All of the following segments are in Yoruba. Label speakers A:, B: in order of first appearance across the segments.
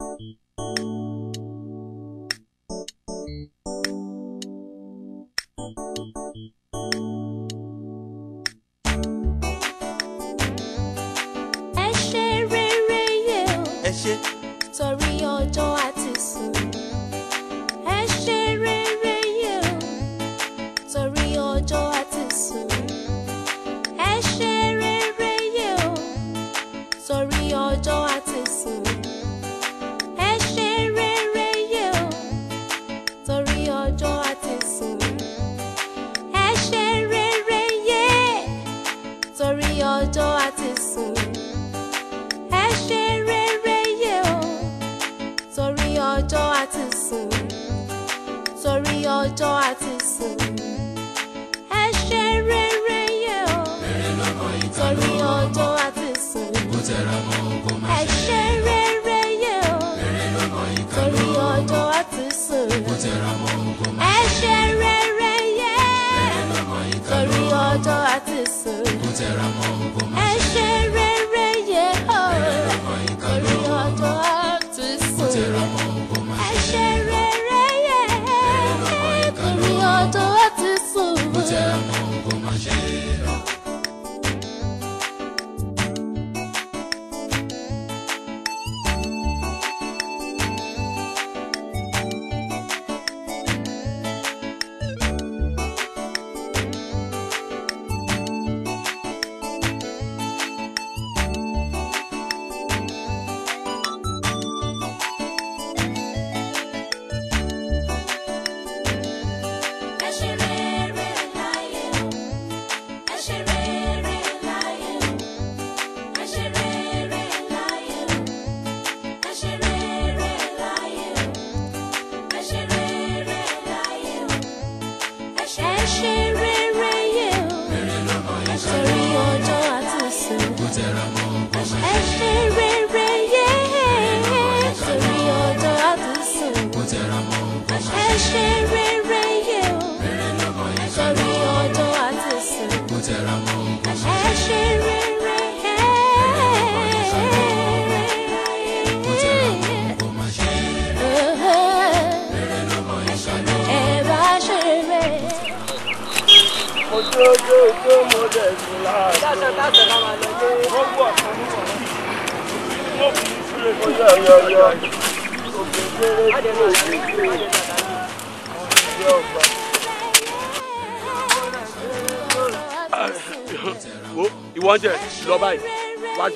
A: you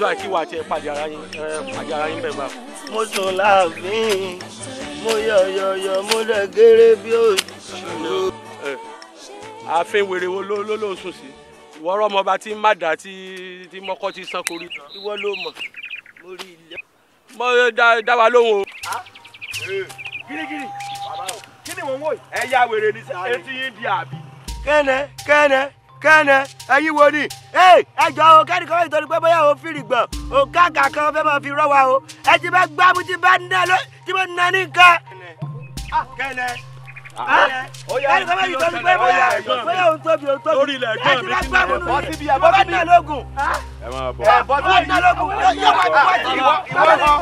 B: gbà kí wà á tiẹ̀ pàdé ara yín pàdé ara yín bẹ́ẹ̀ bá. mo sùn láàfin mo yọ̀yọ̀yọ̀ mo dẹ̀ géré bí òṣèlú. ààfin wèrè wo ló ló sùn sí ìwọ ọmọ ọba tí ń má dà tí tí mọ́kọ́ ti san korí. ìwọ ló mọ̀ mo rí ilé. mo dá wa lóhùn o. gírígírí kí ni mò ń wò yìí. ẹ ya wèrè ní sáré. etí yín di àbí. kẹ́nẹ́ kẹ́nẹ́ kẹ́nẹ ẹ̀yin wo ni ẹjọ́ o kẹ́ni kan ìtọ́ni pé bóyá o fìrì gbọ̀n o káàkà kan fẹ́ máa fi rọ́wà o ẹ ti bá gbámú ti bá nà
C: ló ti bá nà ní nǹkan. Ah, kẹ́nẹ ah, kẹ́ni kan bá ìtọ́ni pé bóyá bóyá o
B: tóbi o tóbi ẹ ti bá gbámú nù mí bọ́ bá nà lógun bọ́ bá nà lógun yóò máa tó wájú lọ.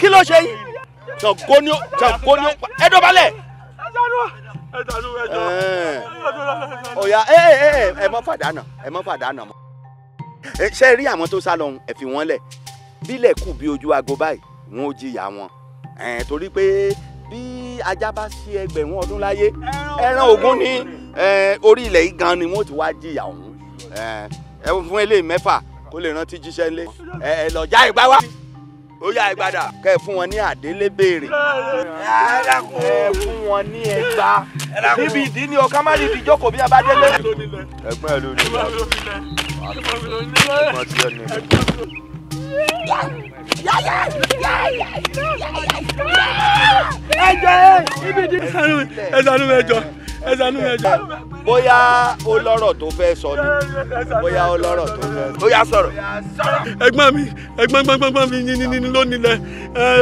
B: kí ló ṣe yìí. Ṣàngó ni ó Ṣàngó ni ó pa ẹ dọ̀bálẹ̀. ọ̀yà ẹ ẹ ẹ ẹ mọ fàdánà ẹ mọ fàdánà mọ. ṣé rí àwọn tó sá lọ́hùn ẹ fi wọ́n lẹ̀ bílẹ̀ kù bí ojú aago báyìí wọn ò jìyà wọn torí pé bí ajá bá sí ẹgbẹ̀rún ọdún láyé
D: ẹran ògún ní
B: orí ilẹ̀ yìí gan ni wọ́n ti wá jìyà ọ̀hún ẹ fún eléyìí mẹ́fà kó lè rántí jíṣẹ́ ńlẹ̀ ẹ lọ já ìgbà wá ó yá ìgbàdà kẹ́ ẹ fún wọn ní àdélé béèrè ẹ
D: fún wọn ní ẹgbà
B: níbi ìdí ni ọ̀ká má dìdí jókòó bí abádélé. ẹ̀gbọ́n ẹ̀ ló ní ìwà ẹ̀gbọ́n tiẹ̀ ní ìwà. ẹjọ ẹ ibi ìdí. ẹ sanu ẹ jọ ẹ ṣàánú mi ẹ ṣàánú mi. bóyá ó lọ́rọ̀ tó fẹ́ sọ ni bóyá ó lọ́rọ̀ tó fẹ́ sọ. bóyá sọ̀rọ̀. ẹ̀gbọ́n mi ẹ̀gbọ́n gbọ́ngbọ́n mi ni ni ní ló nílẹ̀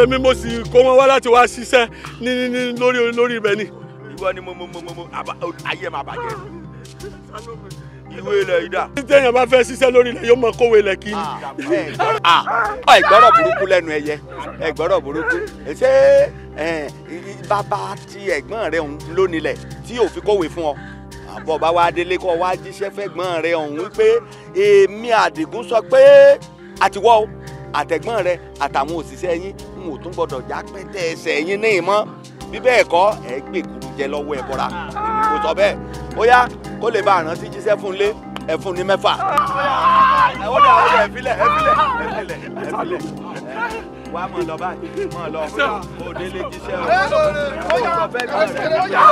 B: èmi mo sì kó wọn wá láti wá ṣiṣẹ́ ni ni ni lórí lórí ibẹ̀ ni. ìwọ ni mo mo mo mo ayé máa bàjẹ́. Ah! ìwé ilẹ̀ ìdá. téèyàn bá fẹ́ ṣiṣẹ́ lórí ilẹ̀ yóò mọ kówó ilẹ̀ kí ni. Ah, ẹgbọ́rọ̀ ah, burúkú lẹ́nu ẹyẹ ẹgbọ́rọ̀ burúkú ṣé bàbá ti ẹ̀gbọ́n rẹ lónìlẹ̀ tí ò fi kówé fún ọ àbọ̀ bá wa délé kọ́ wa jíṣẹ́ fẹ́gbọ́n rẹ ọ̀hún wípé èmi àdìgún sọ pé àtiwọ́ o àtẹ̀gbọ́n rẹ àtàwọn òṣìṣẹ́ yín n ò tún gbọ́dọ̀ já pẹ́tẹ́ ẹsẹ̀ yín ní ìmọ̀ bí bẹ́ẹ̀ kọ́ ẹ gbé kúrú jẹ lọ́wọ́ ẹ bọ́ra èmi kò sọ bẹ́ẹ̀ ó yá kó lè bá àrántí jíṣẹ́ fún lé ẹ fún ní mẹ́fà.
D: ẹ wọ́n dà ọ́ ẹ
B: filẹ̀ ẹ filẹ̀ ẹ filẹ̀ ẹ filẹ̀ wà á mọ̀ lọ báyìí mọ̀ lọ kó délé jíṣẹ́ o. ó yà ó yà ó yà ó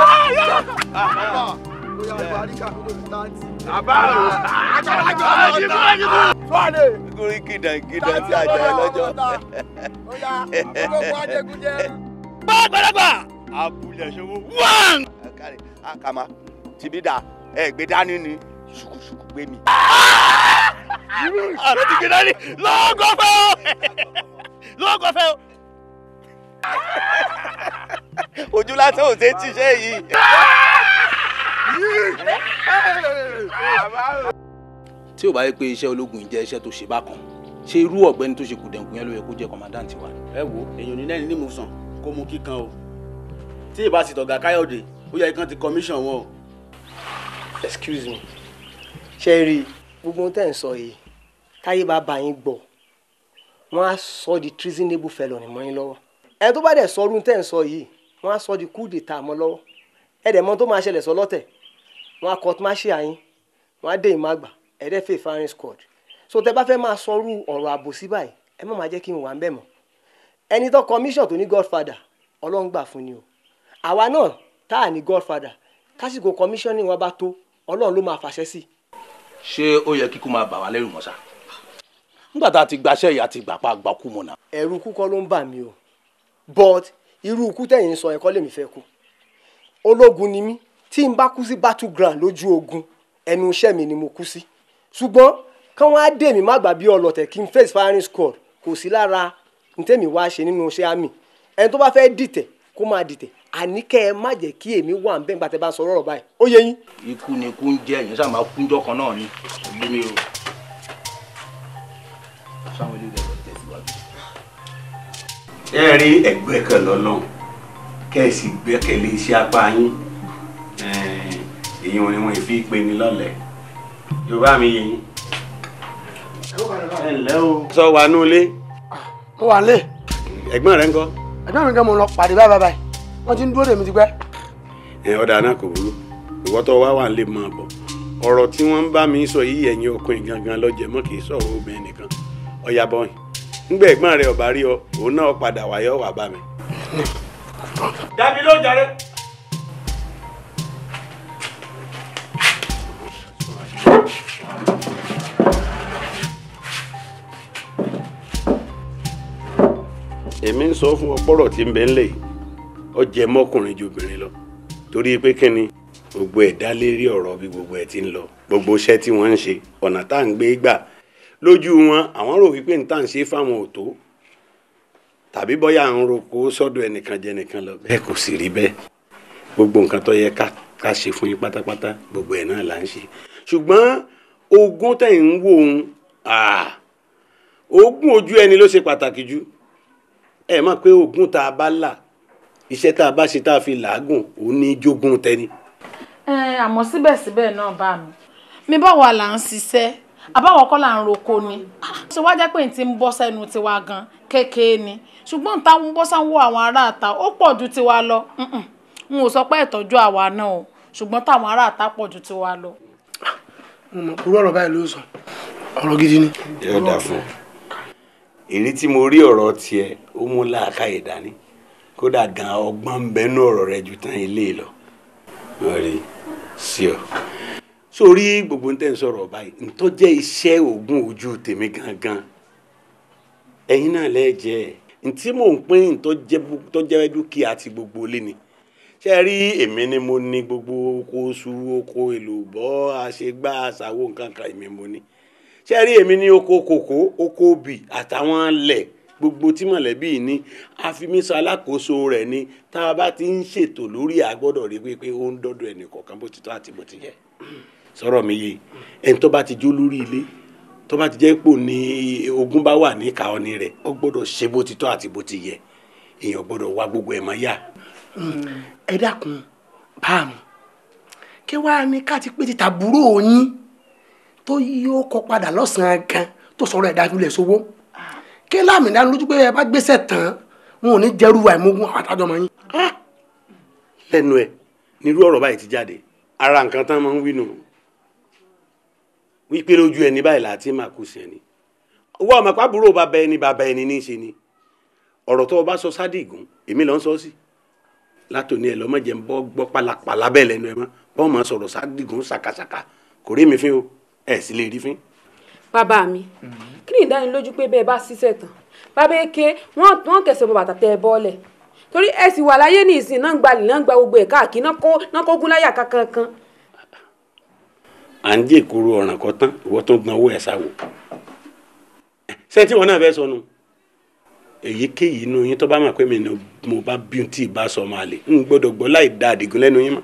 B: yà gúrí kìdànkìdàn tí a jẹ lọ́jọ́ bá àgbàlagbà abúlé ṣòwò
D: wán. akari
B: akama tìbí da ẹ gbé dání ni ṣùkùṣùkù gbé mi. àlọ́ ti gbé dání lọ́gọ́fẹ́
D: o lọ́gọ́fẹ́ o.
B: ojú lásán ò ṣe tíṣẹ́ yìí. tí ò bá yẹ pé iṣẹ́ ológun jẹ́ iṣẹ́ tó ṣe bákan ṣé irú ọ̀gbẹ́ni tó ṣe kùdẹ̀kùn yẹn ló yẹ kó jẹ́ kọ̀mádàntì wa. ẹ wo èèyàn ní lẹ́yìn ní mo sàn kó mu kíkan o tí ìbá sì tọ̀gá káyọ̀dé ó yẹ kí wọ́n ti commission
C: wọn excuse me ṣe rí gbogbo ohun tẹ́ ń sọ yìí táyé bá bá yín gbọ́ wọ́n á sọ di treasonable felon mọ́ yín lọ́wọ́ ẹ tó bá dẹ̀ sọ ọdún tẹ́ ń sọ yìí wọ́n á sọ di coup d'état mọ́ lọ́wọ́ ẹ dẹ̀ mọ̀ tó máa ṣẹlẹ̀ sọ lọ́tẹ̀ wọ́n á court martial àyín wọ́n á dé ìmọ̀ àgbà ẹ̀ dẹ́ fẹ́ firing squad so tẹ́ bá fẹ́ máa sọrú ọ̀rọ̀ àbòsí báyìí ẹ má máa jẹ́ kí n wà ń bẹ̀ mọ́ ẹni tó commission tó ní godfather ọlọ́run gbà fún ni o àwa náà tá à ní godfather kásìkò commissioning wọn bá tó ọlọ́run ló máa fàṣẹ sí.
B: ṣé ó yẹ kíkú máa bà wá lẹ́rù mọ́ṣá. nígbà tá a ti gbaṣẹ́ ìyá ti gbà pa mọ̀nà.
C: ẹ̀rù kú ló ń bà mí o but irú ikú tẹ̀yìn sọ ẹ̀kọ́ lèmi fẹ́ kú ológun ni mí tí n bá kú sí battle ground lójú ogun ẹnu iṣẹ́ mi ni mo kú sí ṣùgbọ́n káwọn á dè mí má gbà bí ọlọ́tẹ̀ kí n face firing squad kò sí lára ntẹ́mi wá ṣe nínú iṣẹ́ àmì ẹni tó bá fẹ́ dìtẹ̀ kó máa dìtẹ̀ àní kẹ́ ẹ má jẹ́ kí èmi wà nbẹ́ nígbà tẹ́ bá sọ ọ̀rọ̀ báyìí ó yẹ
B: yín. ikú ni ikú ń jẹ èyàn sáà máa kú jọkan náà ni ìlú mi o. ẹ rí ẹgbẹ́ kan lọ́nà kẹ́ ẹ sì gbẹ́kẹ̀lé iṣẹ́ apá yín èyí wọn ni wọn fi pe ni lọ́lẹ̀ yorùbá mi yìí. ẹ ǹlẹ́ o. sọ wa nulẹ̀. ó wà nílé. ẹ̀gbọ́n rẹ̀ ń kọ́. ẹ̀gbọ́n mi gan mo lọ pàdé báyìí báyìí wọ́n ti ń dúró dèmi ti pẹ́. ẹ ọ̀dà náà kò burú ìwọ tó wá wà nílé máa bọ̀ ọ̀rọ̀ tí wọ́n ń bá mi sọ yìí ẹ̀yin ọkùnrin gangan lọ́jẹ̀ mọ́ kì í sọ̀rọ̀ obìnrin nìkan ọ̀yà bọ́yìn ńgbẹ́ ẹgbọn rẹ ọ̀bá rí ọ òun náà padà wáyọ̀ wà bá mi. dàbí ló jàre. èmi ń sọ fún ọpọ́rọ̀ tí ń bẹ ńlẹ̀ ọ jẹ mọ́kùnrin ju obìnrin lọ torí pé kíni gbogbo ẹ̀ dá lérí ọ̀rọ̀ bí gbogbo ẹ̀ ti ń lọ gbogbo iṣẹ́ tí wọ́n ń ṣe ọ̀nà tá à ń gbé gbà lójú wọn àwọn rò wípé n tá à ń ṣe fáwọn òtó tàbí bọ́yá à roko sọ́dọ̀ ẹnìkan jẹ nìkan lọ bẹ́ẹ̀ kò sì rí bẹ́ẹ̀ gbogbo nǹkan tó yẹ ká ṣe fún yín pátápátá gbogbo ẹ̀ náà là ń ṣe ṣùgbọ́n ogún tẹ̀ ń wò ó ogún ojú ẹni ló ṣe pàtàkì jù ẹ mọ̀ pé ogún tá a bá là iṣẹ́ tá a bá ṣe tá a fi làágùn òun ní jogún tẹni.
E: ẹ àmọ́ síbẹ̀síbẹ̀ náà bá mi mi báwa là ń ṣiṣẹ́ àbáwọ̀ kọ́ là ń roko ni ṣé wá jẹ́ pé n ti ń bọ́ sẹ́nu tiwa gan kékeré ni ṣùgbọ́n táwọn bọ́ sáwọ́ àwọn aráàta ó pọ̀ ju tiwa lọ n ò sọ pé ìtọ́jú àwa náà o ṣùgbọ́n táwọn aráàta pọ̀ ju tiwa lọ.
C: mo mọ̀ kúrò ọ̀rọ̀ báyìí ló sọ ọ̀rọ̀
B: gidi ni. yóò dà fún un èrí tí mo rí ọ̀rọ̀ tiẹ̀ ó mú làákàyè dání kódà gan ọgbọ́n ń bẹnu ọ̀rọ̀ rẹ ju tán ilé lọ rí sí ọ sórí gbogbo tẹ́ ń sọ̀rọ̀ báyìí ntọ́ jẹ́ iṣẹ́ oògùn ojú tèmi gangan ẹ̀yin náà lẹ́ẹ̀jẹ́ ntí mò ń pín ntọ́ jẹ́ dúkìá ti gbogbo ilé ni ṣe rí èmi ni mo ní gbogbo oko oṣù oko èlò bọ́ àṣegbá àṣàwọ̀ nǹkan kan èmi mo ní ṣe rí èmi ní oko kòkó oko obì àtàwọn lẹ̀ gbogbo tí mọ̀lẹ́bí ní àfimísọ alákòóso rẹ̀ ni tá a bá ti ń ṣètò lórí àgbọ́dọ̀ rí pé ó ń dọ́dọ̀ ẹnì kọ̀ọ̀kan bó ti tọ́ àti bó ti yẹ sọ̀rọ̀ mi yé ẹni tó bá ti jó lórí ilé tó bá ti jẹ́ pò ní ogún bá wà ní kàọ́ni rẹ̀ ó gbọ́dọ̀ ṣe bó ti tọ́ àti bó ti yẹ èèyàn gbọ́dọ̀ wá gbogbo ẹ̀ máa yá. ẹ dákun bá kí wàá ní ká ti pé ti tàbúrò yín tó yóò kọ padà lọ́sàn-án gan tó sọ̀rọ̀ ẹ̀dá ìfilẹ̀ sówó kí láàmì dánú lójú pé ẹ bá gbèsè tán wọn ò ní jẹ́rú àìmógún àtàjọmọ yín. lẹ́nu ẹ̀ nírú ọ̀rọ̀ báyìí ti jáde ara nǹkan tán máa ń wí nù wípé lójú ẹni báyìí láti máa kú sí ẹni owó ọmọ pàbúrò bàbá ẹni bàbá ẹni ní í ṣe ni ọ̀rọ̀ tó o bá sọ sádì ìgún èmi ló ń sọ sí látòní ẹ lọ́mọdé ń bọ́ gbọ́ pálapàla bẹ́ẹ̀ lẹ́nu ẹ mọ́ bọ́ọ̀ máa sọ̀rọ̀ sádì ìgún ṣàkàṣàkà kò rí mi fín o. ẹ sì lè rí fín.
E: bàbá mi kí ni ìdánilójú pé bẹ́ẹ̀ bá ṣiṣẹ́ tán bàbá eke wọ́n kẹsẹ̀ bọ bàtà tẹ bọ́ọ̀lẹ̀ torí ẹ sì wà láyé ní náà gbalè náà gba gbogbo ẹ̀ káàkiri náà kó gún láyà kankan.
B: à ń dé ìkoro ọ̀ràn kan tán ìwọ tó ń owó ẹ̀ sọnù èyíkéyìí inú yín tó bá pé mi ni mo bá bí tí ì bá sọ máa lè da àdìgún lẹ́nu yín mọ́.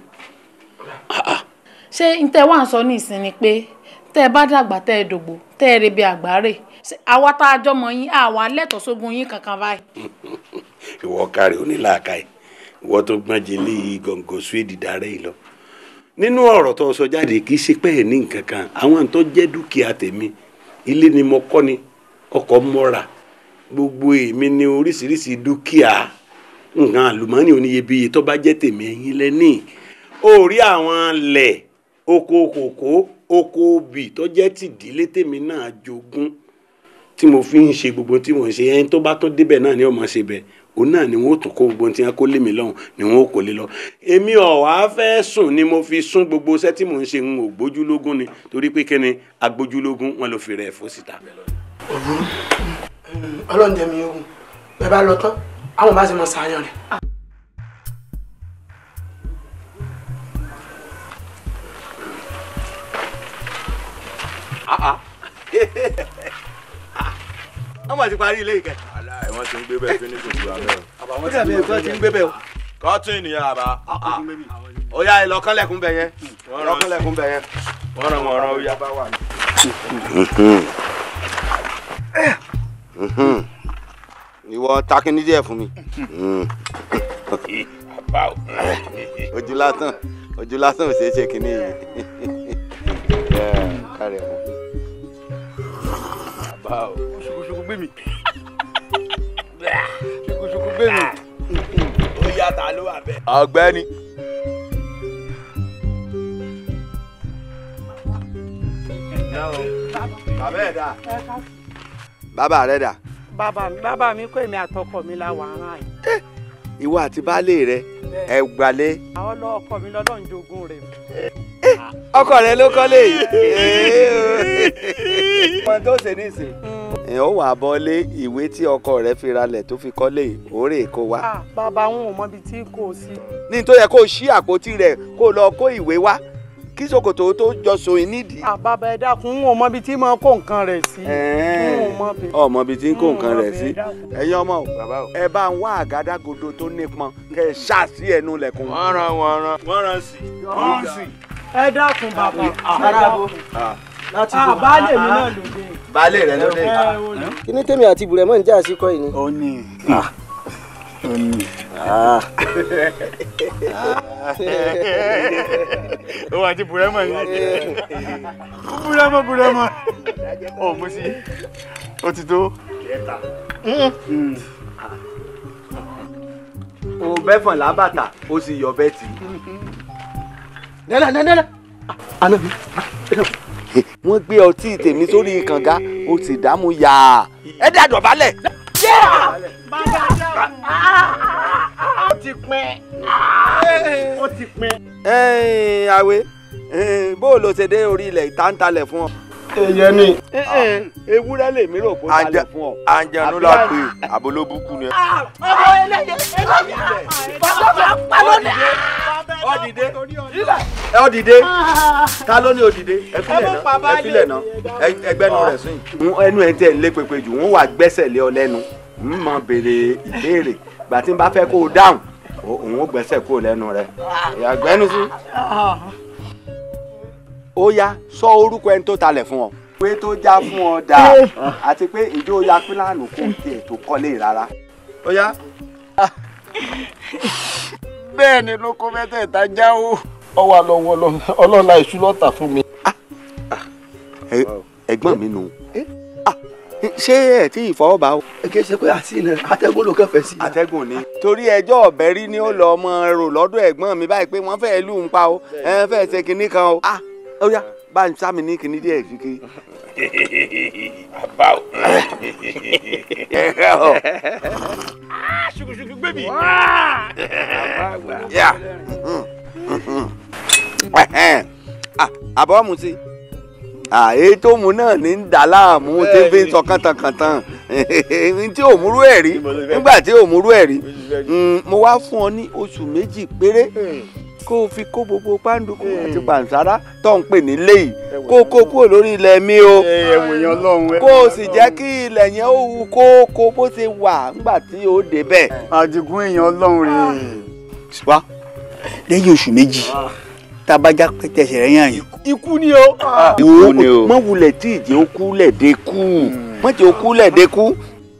E: ntẹ sọ ní tẹ ẹ bá dàgbà tẹ ẹ dògbò tẹ ẹ rebi àgbáre àwa tá a jọmọ yín àwa lẹ́tọ̀ọ́ sógun yín kankan báyìí.
B: ìwọ kárí onílàáká yìí ìwọ tó gbọ́n jẹlé yìí gọ̀ǹgọ̀ suwédì dàrẹ́ yìí lọ. nínú ọ̀rọ̀ tó sọ jáde kì í ṣe pé ẹ̀ ní nǹkan kan àwọn tó jẹ́ dúkìá tèmi ilé ni mo kọ́ ni ọkọ̀ mọ́ra gbogbo èmi ni oríṣiríṣi dúkìá nǹkan àlùmọ́ọ́nì oníyebíye tó bá jẹ́ tèmi ẹ̀yin lẹ́nìí ó àwọn lẹ̀ oko kòkó oko obì tó jẹ́ tìdílé tèmi náà jogún tí mo fi ń ṣe gbogbo tí mo ń ṣe ẹni tó bá tó débẹ̀ náà ni ó máa ṣe bẹ̀ òun náà ni wọn ò tún kó gbogbo tí wọn kó lé mi lọ́hùn ni wọn ò kó lé lọ. èmi ọ̀wá fẹ́ sùn ni mo fi sún gbogbo iṣẹ́ tí mò ń ṣe ń ò gbójúlógún ni torí pé kíni agbójúlógún wọn ló fi rẹ̀ fó síta. ọlọ́run jẹ́ mi ogun bẹ́ẹ̀ bá lọ tán àwọn bá ti mọ sàáyàn rẹ̀. wọ́n mọ̀ ti parí ilé ìkẹ́. aláì wọ́n ti ń gbé bẹ́ẹ̀ fínìṣì ìtura bẹ́ẹ̀. ó dàbí ẹ̀kọ́ ti ń gbé bẹ́ẹ̀ o. kọ́tún ìnìyàn àbá. ó yá ẹ lọ́kànlẹ̀kùn bẹ̀ yẹn. Hmm. lọ́kànlẹ̀kùn bẹ̀ yẹn. wọ́n ràn wọ́n ràn ó yá bá wà ní. Hmm. ìwọ takíní díẹ̀ fún mi. Hmm. ojú lásán ojú lásán ò ṣeé ṣe kínní yìí. kárí ẹ̀ mọ́ báwo. ṣùkùṣùkù gbé mi. ṣùkùṣùkù gbé mi. ó yàtà ló wà bẹ́ẹ̀. ọ̀gbẹ́ni. bàbá ẹ̀ dà. bàbá rẹ̀ dà. bàbá mi bàbá mi kó èmi àtọkọ mi la wà á rìn. Eh, ìwọ àti baálé rẹ ẹ gbalé.
F: àwọn ọlọ́kọ mi lọ́lọ́ ń jogún rẹ̀
B: ọkọ rẹ ló kọ́lé
F: ọmọ tó
B: ṣe níṣe. èèyàn wà bọ́lé ìwé tí ọkọ rẹ fi ralẹ̀ tó fi kọ́lé òórè kó wa. Ah, bàbá wọn ò mọbi tí kò sí. ní tó yẹ kó o ṣí àpótí rẹ kó o lọ kó ìwé wá kí ṣòkòtò tó jọ sòyìn nídìí. àbàbà ah, ẹ dákun n ò mọbi tí mo kó nǹkan rẹ̀ sí. ọ tí n kó nǹkan rẹ̀ sí. ẹ̀yin ọmọ o ẹ bá ń wá àgádágodo tó nípọn kẹ ẹ ṣáà sí ẹnu lẹ̀kùn. wọ́n ran wọ́n ran wọ́n ran sí. wọ́n ran sí
C: ẹ dákun bàbá ah,
B: láti gbọ́. baálé mi náà ló dé. baálé rẹ
C: ló dé. kíní tèmi àti ibùrẹ̀ mọ̀ ń já sí kọ́ yìí ni. ó ní ah. ó ní.
D: Ah. ó wà ti bùrẹ́ ní.
B: bùrẹ́ mọ̀ bùrẹ́ mọ̀. ó mú ó ti tó. o hmm. hmm. bẹ́fọ̀n lábàtà ó sì yọ bẹ́ẹ̀ tì í nana nana àná mi wọ́n gbé ọtí tèmi sórí kànga o sì dààmú yá ẹ dẹ́ àdọ̀bálẹ̀. ó ti pin ó ti pin. àwẹ̀ bó o lọ ṣe dé orí ilẹ̀ ìtàntàlẹ̀ fún ọ
F: èèyàn ni.
B: Eh, eh, ewúrẹ́ lè mí rò bó ta lè fún ọ. àjẹnú la pè àbólóbùkù ni. Ah, ọmọ eléyè eléyè bàbá pa lónìí. ọdìdé ọdìdé ah. ta ló ní odìdé ẹfilẹ náà ẹfilẹ náà ẹgbẹnu sùn. ẹnu ẹ tẹ lé pépé jù wọn wà gbẹ́sẹ̀ lé ọ lẹ́nu n mọ béèrè ìbéèrè gbàtí n bá fẹ́ kó o dáhùn òun ó gbẹ́sẹ̀ kó o lẹ́nu rẹ ah. ìyàgbẹ́nu sí ó yá sọ orúkọ ẹni tó talẹ̀ fún ọ. pé tó já fún ọ dáa àti pé ìjó ya pílánù kò tiẹ̀ tó kọ́lé rárá. ó yá. bẹ́ẹ̀ ni ló kó mẹ́tẹ̀ẹ̀ta jáwó. ọwọ́ àlọ́wọ́ ọlọ́lá iṣu lọ́tà fún mi. ẹ̀gbọ́n mi nù ṣé ẹ tí ìfọwọ́ bá. èké ṣe pé àti ìnà atẹ́gùn ló kẹfẹ́ sí. atẹ́gùn ni. torí ẹjọ́ ọ̀bẹ rí ni ó lọ ọmọ rò lọ́dọ̀ ẹ̀gbọ́n mi báyìí pé wọ́n fẹ́ẹ́ lù ń pa o ẹ fẹ́ẹ́ ṣe kinní kan o ọ̀ya bá ń sá mi ní kinní díẹ̀ kíkí.
D: àbá o. Ah, ṣùkùṣùkù gbẹ̀bí.
B: àbọ̀ mu sí àyè tó mu náà ní ń dà láàmú tí fi ń sọ kàntàkàntàn tí ò múrú ẹ̀ rí nígbà tí ò múrú ẹ̀ rí mm, mo wá fún ọ ní oṣù méjì péré hmm kó o fi kó gbogbo pàǹdùkú àti pàǹsárá tó ń pè nílé yìí kó o kó kúrò lórí ilẹ̀ mi o kó o sì jẹ́ kí ilẹ̀ yẹn ó wu kó o kó bó ṣe wà nígbà tí o débẹ̀. àdìgún èèyàn ọlọ́run rè é. Ah. wá lẹ́yìn oṣù méjì ah. tabajà pẹ̀tẹ̀sẹ̀ rẹ̀ yàn yìí. ikú ni o. wo ah. mọ wulẹ̀ tí ìjẹ́ okú lẹ̀ dé mọ tí okú lẹ̀ dé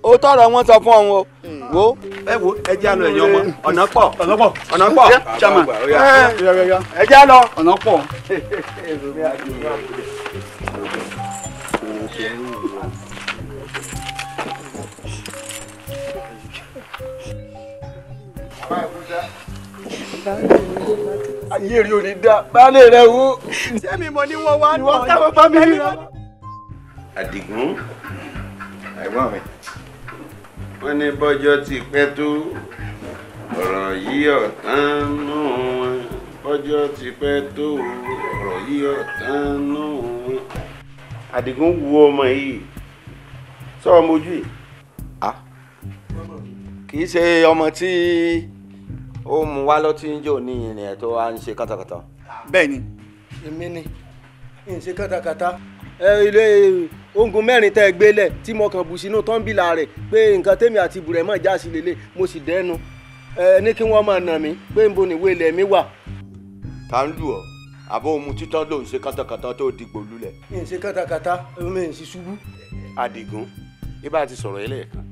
B: o tọrọ wọn sọ fún ọ o wo ẹ wo ẹ jẹ́ àlọ́ ẹ̀yàn ọmọ ọ̀nà pọ̀ ọ̀nà pọ̀ ọ̀nà pọ̀ chama ẹ jẹ́ àlọ́ ọ̀nà pọ̀. ayé rí òní dá baálé rẹ wo. sẹ́mi mo ní wọ́n wá ní wọ́n táwọn bá mi rí. Àdìgún àìwọ́n mi wọ́n ní bọ́jọ́ ti pẹ́ tó ọ̀rọ̀ yìí ọ̀tán nù wọn bọ́jọ́ ti pẹ́ tó ọ̀rọ̀ yìí ọ̀tán nù wọn. àdìgún wu ọmọ yìí sọ ọmọ ojú yìí. kì í ṣe ọmọ tí ó mú wá lọ́tí ń jò ní ìrìn ẹ̀ tó wá ń ṣe kàtàkàtà. bẹ́ẹ̀ èmi ni n ṣe kàtàkàtà ilé oògùn mẹ́rin tẹ́ ẹ gbé lẹ̀ tí mo kàn bù sínú tọ́ńbìlà rẹ̀ pé nǹkan tèmi àti ibùrẹ̀ mọ̀ já sí lélẹ̀ mo sì dẹnu ẹ ní kí wọ́n máa nà mí pé nbo nìwé ilẹ̀ mi wà. ta ń lù ọ àbọ̀ ohun títán lòún ṣe kàtàkàtà tó dìgbò lulẹ̀.
C: mi ń ṣe kàtàkàtà mi ń ṣe ṣubú.
B: Adigun ibà ti sọ̀rọ̀ yẹn lẹ́ẹ̀kan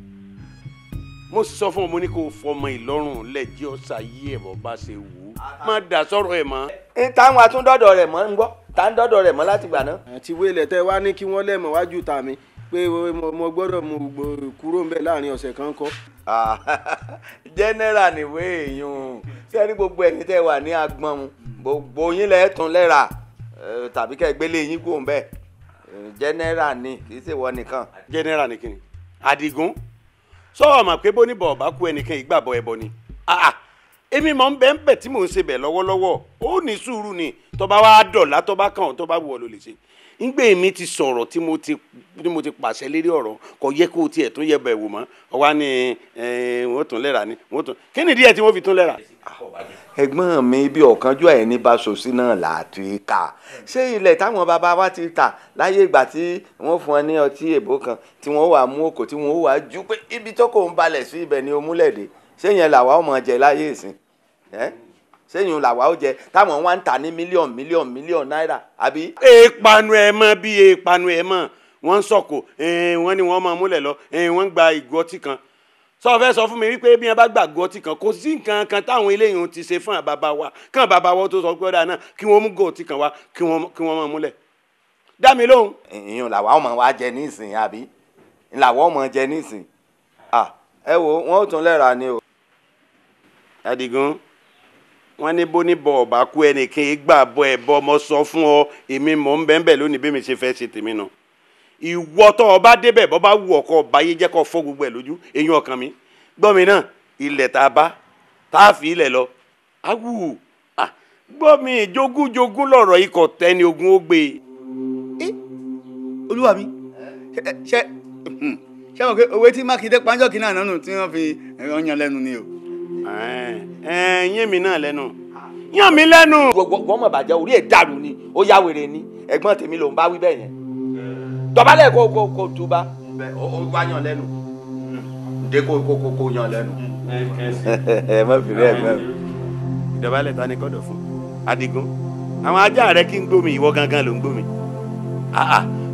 B: mo sì sọ fún ọ mo ní kó fọmọ Ìlọrin lẹ́jọ́ ṣayé ẹ̀ bọ́ bá ṣe wù ú má dà sọ̀rọ̀ ẹ̀ mọ́. ń táwọn rẹ̀ mọ́ ń gbọ́ tá ń dọ́dọ̀ rẹ̀ mọ́ láti gbà náà. àti wílẹ̀ tẹ́ wá ní kí wọ́n lẹ́mọ̀ wájú ta mi pé mo gbọ́dọ̀ mu kúrò ń bẹ̀ láàrin ọ̀sẹ̀ kan kọ́. general nìwé èèyàn sẹ́ni gbogbo ẹ̀yin tẹ́ wà ní agbọ́n mu gbogbo yín lẹ́ẹ̀ tún lẹ́ra tàbí kẹ́ gbélé yín kò ń bẹ̀ general ni kì í ṣèwọ nìkan. general ni Adigun sọ ọ mà pé bóníbọ̀ ọ̀bá kú ẹnìkan ìgbàbọ̀ ẹ̀bọ ni. Ah, ah èmi mọ̀ ń bẹ́ ń bẹ̀ tí mò ń ṣe bẹ̀ lọ́wọ́lọ́wọ́ ó ní sùúrù ni tó bá wá dọ̀lá tó bá kàn tó bá wù ọ́ ló lè ṣe ńgbé mi ti sọ̀rọ̀ tí mo ti tí mo ti pàṣẹ lérí ọ̀rọ̀ kò yẹ kó tiẹ̀ tún yẹ bẹ̀ wò mọ́ ọwá ni wọ́n tún lẹ́ra ni wọ́n tún kí ni díẹ̀ tí wọ́n fi tún lẹ́ra. ẹ̀gbọ́n mi bí ọ̀kanjú ẹ̀ ní basosi náà láti kà ṣé ilẹ̀ táwọn bàbá wa ti tà láyé ìgbà tí wọ́n fún ọ ní ọtí èbó kan tí wọ́n wà mú òkò tí wọ́n wà jú pé ibi tó kò ń balẹ̀ sí ibẹ̀ ni omúlẹ̀dẹ̀ ṣé yẹn làwa ọmọ jẹ láyé ìsìn sẹ́yìn làwa ó jẹ táwọn wá ń tà ní mílíọ̀n mílíọ̀n mílíọ̀n náírà àbí. èèpanu ẹ mọ bí èèpanu ẹ mọ wọn ń sọkò wọn ni wọn máa múlẹ̀ lọ wọn ń gba ìgò ọtí kan sọ fẹ́ sọ fún mi wípé bí wọn bá gbàgbọ́ ọtí kan kò sí nǹkan kan táwọn eléyìí ti ṣe fún àbàbà wa kàn bàbá wa tó sọ pé ọ̀dà náà kí wọ́n mú gò ọtí kan wá kí wọ́n máa múlẹ̀ dá mi lóhùn. ìyún làwa ọmọ wa jẹ nísìn àbí làwa ọmọ jẹ nísìn ẹ wo wọn ò tún lẹ́ra ni o. adigun. wọ́n ní bóníbọ̀ ọ̀bá kú ẹnìkan ìgbàbọ̀ ẹ̀bọ mo sọ fún ọ èmi mò ń bẹ́ẹ̀ lónìí bí mi ṣe ṣe tèmi nù ìwọ tó wù ọkọ ọba yé jẹ́ kó fọ́ gbogbo ẹ̀ lójú eyín ọkàn mi gbọ́ mi náà ilẹ̀ tá a bá tá a fi ilẹ̀ lọ mi tẹni ogun ó gbé e. olúwa mi ṣe ṣe mọ̀ pé tí o. yín mi náà lẹ́nu yàn mí lẹ́nu. wọ́n mọ̀ bàjẹ́ orí ẹ̀ dàrú ni ó yá wèrè ni ẹ̀gbọ́n tèmi ló ń bá wí bẹ́ẹ̀ yẹn dọ̀bálẹ̀ kó kó kó túbá. ó wá yàn lẹ́nu ǹdé kó kó kó kó yàn lẹ́nu. ẹ má fi bẹ́ẹ̀ gbẹ́. ìdọ̀bálẹ̀ ta ni kọ́dọ̀ fún adigun àwọn ajá rẹ kí n gbómi ìwọ gangan ló ń gbómi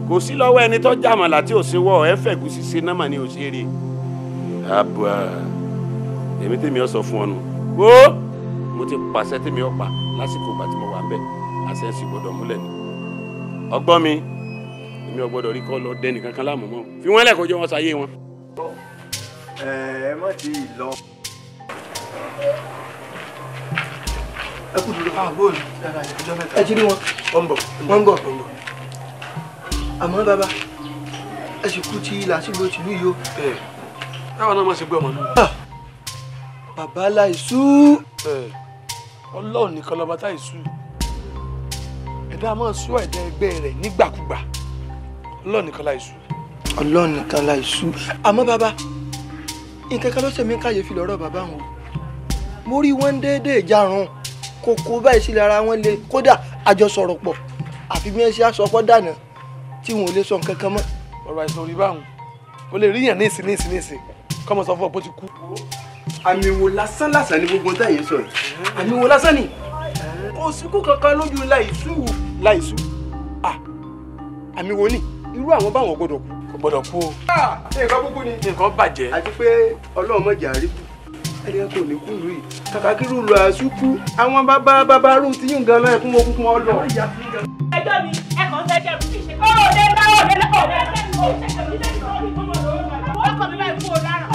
B: kò sí lọ́wọ́ ẹni tó jàmàlà tí ò sí wọ́ ẹ sí námà ni ò sí rí èmi tèmi ọ sọ fún ọ nù wo mo ti pàṣẹ tèmi ọ pa lásìkò ìgbà mo wà bẹ àṣẹ ń sì ni ọgbọ́n mi èmi ò gbọ́dọ̀ rí kọ lọ dẹni kankan láàmú fi wọn lẹkọọ jẹ wọn sáyé wọn.
C: ẹ ẹ má ti lọ. ẹ kú dúró àwọn ah, bóòlù dáadáa ìjọ mẹ́ta. ẹ ti rí wọn. wọn bọ wọn bọ àmọ́ bàbá
B: ẹ sì kú tí làásìgbò tìlú yìí o. ẹ táwọn náà má ṣe gbé ọmọ náà. Ah!
C: Baba láìsú.
B: ọlọ́run nìkan lọ́ba táìsú ẹ̀dá máa sú ẹ̀dá ẹgbẹ́ rẹ̀ nígbàkúgbà ọlọ́run nìkan láìsú. ọlọ́run nìkan láìsú
C: àmọ́ bàbá nǹkan kan lọ́sẹ̀ mi ń káyè fi lọ́rọ̀ bàbá wọn mo rí wọn déédéé jarun kókó báyìí sílẹ̀ ara wọn le kódà àjọsọ̀rọ̀ pọ̀ àfi bí wọ́n ṣe aṣọ́pọ̀ dànù tí wọn ò lè sọ nǹkan kan mọ́. ọ̀rọ̀ àìsàn
B: orí báwọn o lè ríyàn ní ìsìn ní ìsìn ní ìsìn kọ́mọ sọ fún ọ pé ó ti kú àmì wo lásán lásán ni gbogbo táyé sọ yìí àmì wo lásán ni kò síkú kankan lójú láìsú láìsú àmì wo ni irú àwọn báwọn gbọ́dọ̀ kú. kò gbọ́dọ̀ kú o. nǹkan kúkú ni. nǹkan bàjẹ́. àti pé ọlọ́run mọ̀jà rí kú ẹ̀rí kò ní kú lóye kàkà kí ló lọ àṣùkú àwọn bàbá bàbá rú ti yín ganan ẹ̀kún wọn kúkú wọn
E: ẹjọ́ mi ẹ̀kọ́ ń tẹ́jẹ́ mi kì í bá òde lẹ́kọ̀ọ́ ọkọ̀ mi báyìí kú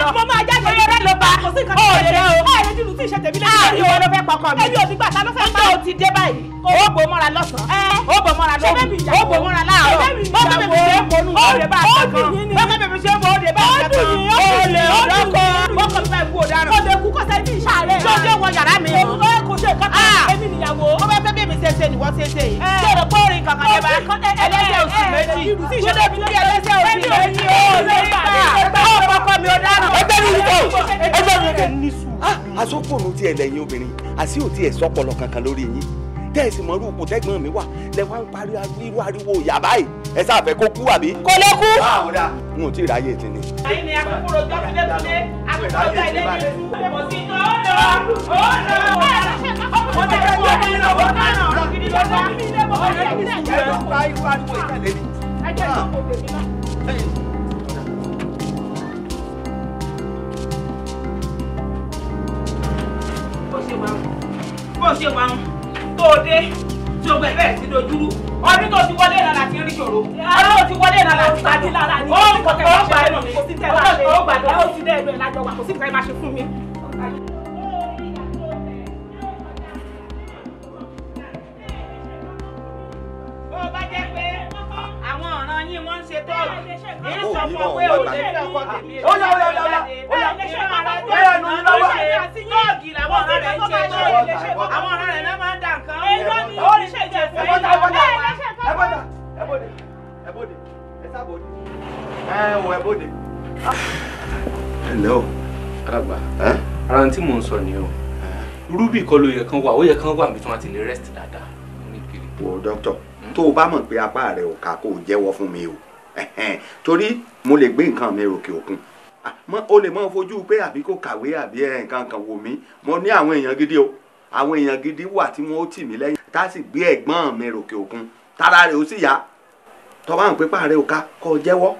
E: lọ. mo máa jáde lọ bá ọ̀rẹ́ o ọ̀rẹ́ dìlù tí ìṣẹ̀tẹ̀ mi lẹ́yìn ah, lórí ìwọ ló fẹ́ pọkọ mi ẹbí òbí gbà ta ló fẹ́ pa ó ti dé báyìí ó bò mọ́ra lọ́sàn-án ó bò mọ́ra lọ́sàn-án ó bò mọ́ra láàárọ̀ bọ́kọ́ bèbè ṣe é bonú ọ̀rẹ́ bá àtàkọ́ bọ́kọ́ bèbè ṣe é bonú ọ̀rẹ́ bá àtàkọ́ olè ọ̀dọ́kọ́ bọ́kọ́ bíbá ìwú ọ̀daràn ọ̀dẹ kú kọ́ sẹ́yìn ìṣá rẹ̀ lọ́jọ́ wọ yàrá mi kò ṣe kọ́tà ah! èmi nìyàwó ó bá fẹ́ bèbè ṣeṣe ni wọ́n ṣeṣe yìí tó eh. eh, eh, rẹ̀ pọ́ọ̀rìn kankan dé bá ẹlẹ́sẹ̀ òsì méjì ṣé débi tí ẹlẹ́sẹ̀ òsì méjì ó lè gbà ó
F: bọ́kọ́ mi ọ̀daràn ọ̀gbẹ́ni yìí ẹgbẹ́ mi
B: kẹ́ ní sùúrù. Ah, àsopọ̀ ló ti ẹlẹ́yin obìnrin àti òtí ẹ̀ sọ́pọ̀lọ kankan lórí yín tẹ́ẹ̀sì mọ́rú òkú tẹ́gbọ́n mi wà lẹ́wọ́ ń parí irú ariwo ìyá báyìí ẹ sáfẹ́ kó kú àbí. kò lè kú. Ah, n ò tí ì ráyè tí ni.
E: àyìn ni akókòrò jọ sílẹ̀ sílẹ̀ akókòrò jọ ilé ní ìlú. kò sí ìjọ ó lọ ó lọ. ó lè kó ọmọ ìlú ọmọ náà ọ̀rọ̀ gidi ló bá. ó lè kó ọmọ ìlú ọmọ náà ọ̀rọ̀ gidi ló bá. ṣe wà wọn bó ṣe wà wọn tó dé tí o gbẹ sí lójúrú ọdún tó ti wọlé lára ti rí ṣòro ọdún tó ti wọlé lára ti ṣàdí lára ni ó ń ti dẹ́ẹ̀dọ́ ẹ̀ lájọ wà kò sí tẹ́ máa ṣe fún mi yín wọ́n ń ṣe tọ́ọ̀lù ní sọ̀kọ̀ pé ò lè fi ó yà ó yà ó yà ó yà ó yà nù yín lọ́wọ́ tọ́ọ̀gì làwọn ọ̀rẹ́ rẹ̀ ń ṣe tọ́ọ̀lù àwọn ọ̀rẹ́ rẹ̀ náà máa ń dà nǹkan ó ní ṣe jẹ fún yín. ẹ bọ́dà ẹ bọ́dà
B: ẹ bọ́dà ẹ sábòdì ẹ wọ ẹ bọ́dà. ẹ ǹlẹ́ o alàgbà ara tí mò ń sọ ni o rúbì kọ́ ló yẹ kán wà ó yẹ kán wà níbi tí wọ́n ti lè rest dáadáa. wò ó tó o bá mọ̀ pé apá rẹ̀ ò ká kó o jẹ́wọ́ fún mi o torí mo lè gbé nǹkan mi ròkè òkun ah, o lè mọ fojú pé àbí kò kàwé àbí nǹkan kan wò mí mo ní àwọn èèyàn gidi o àwọn èèyàn gidi wà tí wọ́n ó tì mí lẹ́yìn tá a sì gbé ẹ̀gbọ́n mi ròkè òkun tára rẹ̀ ó sì yá tọ́ba àwọn pépà rẹ̀ ò ká kọ́ ọ jẹ́wọ́.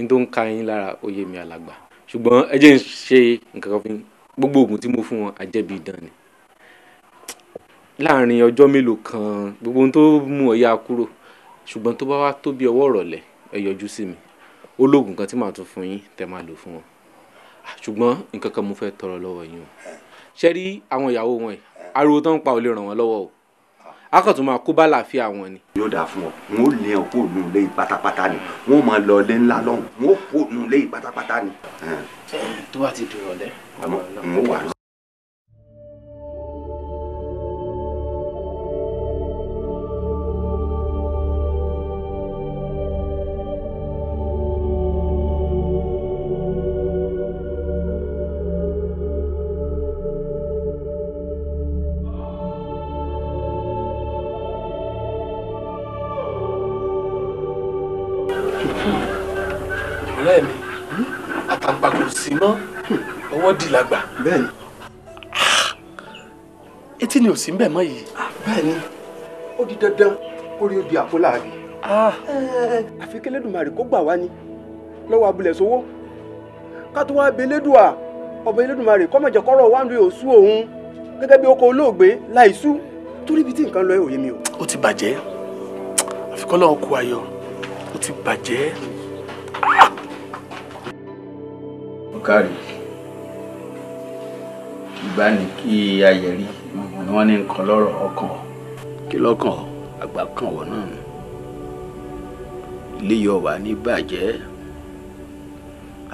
B: n tó ń ka yín lára oyè mi alàgbà ṣùgbọ́n ẹ jẹ́ ń ṣe nǹkan kan fún gbogbo oògùn tí mo fún wọn àjẹbí idán ni láàrin ọjọ́ mélòó kan gbogbo ohun tó mú ọ yá kúrò ṣùgbọ́n tó bá wá tó bí ọwọ́ ìrọ̀lẹ́ ẹ yọjú sí mi ó lóògùn kan tí màá tún fún yín tẹ́ máa lò fún wọn ṣùgbọ́n nǹkan kan mo fẹ́ tọrọ lọ́wọ́ yín o ṣe rí àwọn ìyàwó wọn yìí ariwo tó ń pa ò lè ràn wọ́n lọ́wọ́ o a máa kó bá làáfíà ni. yóò dáa fún ọ wọn ò lé ọ kó nù lé pátápátá ni wọn ò máa lọ lé ńlá lọhùnún wọn ò kó nù lé
E: pátápátá ni. tó bá ti dùn
B: ọ̀lẹ́. sí ń bẹ̀ mọ́ yìí. Ah, bẹ́ẹ̀ni ó di dandan kó rí obì àfọláàbí. Ah. Eh, àfi kẹlẹ́dùmarè kó gbà wá ni lọ́wọ́ abúlẹ̀ sówó
C: ká tó wá bẹ elédùà ọba elédùmarè kó má jẹ́ kọ́rọ̀ wá ń lè òsú òun gẹ́gẹ́ bí ọkọ̀ olóògbé láìsú torí ibi tí nǹkan lọ òye mi o.
B: ó ti bàjẹ́ àfikọ́ lọ́wọ́ kú ayọ̀ ó ti bàjẹ́. ọ̀kàrí ìbánikí ayẹ̀rí wọn ni wọ́n ní nǹkan lọ́rọ̀ ọkàn kí lọ́kàn àgbà kan wọ̀ náà nù ilé yọ wà ní bàjẹ́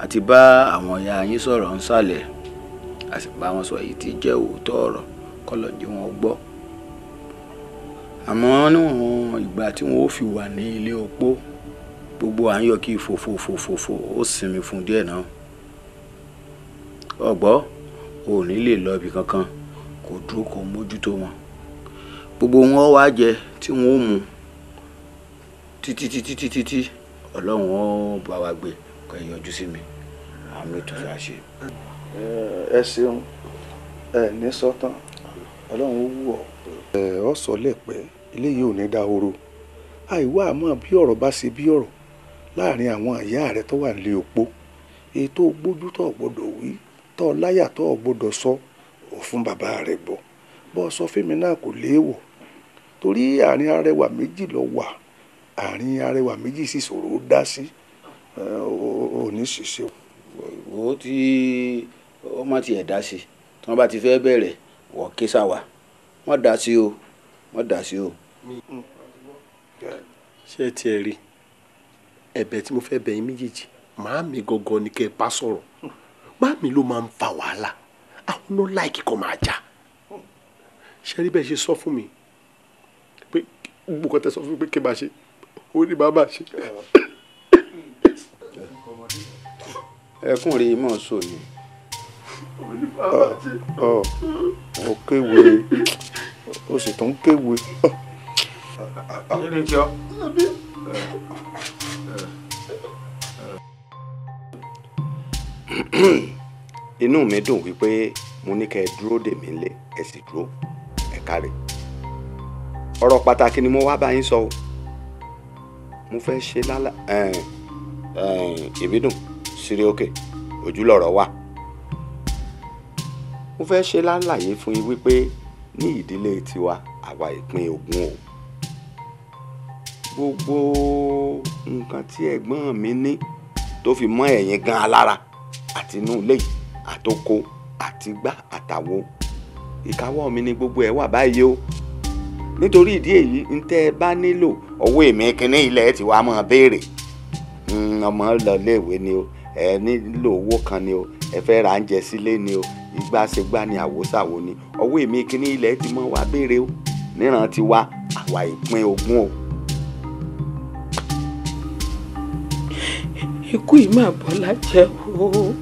B: àti bá àwọn ìyá yín sọ̀rọ̀ ń sàlẹ̀ a sì bá wọn sọ èyí tí jẹ́ òótọ́ ọ̀rọ̀ kọ́lọ̀ jẹ́ wọn gbọ́ àmọ́ níwọ̀n ìgbà tí wọ́n ó fi wà ní ilé opó gbogbo à ń yọ kí fòfòfòfòfò ó sinmi fún díẹ̀ náà ọ̀gbọ́ ò ní lè lọ ibì kankan kò dúró kò mójútó wọn gbogbo wọn wá jẹ tí wọn ò mú títí títí títí tí ọlọ́run ó bá wa gbé kó ẹ yọjú sí mi àmì tó fẹ́ ṣe. ẹ ṣeun ẹ ní
D: sọtán ọlọ́run ó wù ọ́.
B: ẹ ọ sọ lẹ́pẹ́ eléyìí ò ní dá horo àìwá àmọ́ bí ọ̀rọ̀ bá ṣe bí ọ̀rọ̀ láàrin àwọn ìyá rẹ tó wà nílé opó ètò gbójú tó gbọ́dọ̀ wí tó láyà tó sọ. So ò fún bàbá rẹ gbọ́ bọ́ sọ fíìmù náà kò léèwọ̀ torí àárín arẹwà méjì lọ wà àárín arẹwà méjì sì ṣòro dá sí ò ní ṣiṣẹ́. wo ti ọmọ tiẹ̀ dá sí tí wọ́n bá ti fẹ́ bẹ̀rẹ̀ wọ́ kí sáwà wọ́n dá sí o wọ́n dá sí o. ṣé ẹ tiẹ̀ rí ẹ̀bẹ̀ tí mo fẹ́ bẹ̀ yín méjèèjì màámi gangan ni kẹ́ ẹ bá sọ̀rọ̀ màámi ló máa ń fa wàhálà ló láìkí kó máa jà ṣe rí bẹ́ẹ̀ ṣe sọ fún mi pé gbogbo kan tẹ sọ fún mi pé kí n máa ṣe ó ní bàbá ṣe. ẹkún rèé mọ̀ sọ ni ọ kéwe o sì tún kéwe. kíni kí ọ. inú mi dùn wípé mo ní kẹ́ ẹ dúró dè mí lé ẹ sì dúró ẹ káre ọ̀rọ̀ pàtàkì ni mo wá bá yín sọ o mo fẹ́ ṣe lálá ìbídùn sírí òkè ojúlọ̀rọ̀ wà mo fẹ́ ṣe lálàyé fún yín wípé ní ìdílé tiwa àwa ìpín ogun o gbogbo nǹkan tí ẹ̀gbọ́n mi ní tó fi mọ́ ẹ̀yin gan alára àti inú ilé àtòkò àti gbá àtàwo ìkáwọ́ mi ni gbogbo ẹ̀ wà báyìí o nítorí ìdí èyí ń tẹ́ ẹ bá nílò owó èmi kínní ilẹ̀ tí wàá máa béèrè ọmọ lọ léèwé ni o ẹ nílò owó kan ni o ẹ fẹ́ ra oúnjẹ sílé ni o ìgbà ṣègbà ni àwòsàwò ni owó èmi kínní ilẹ̀ ti mọ wá béèrè o níran ti wá àwa ìpín ogún o.
E: ikú yìí máa bọ́ lájẹ́ o.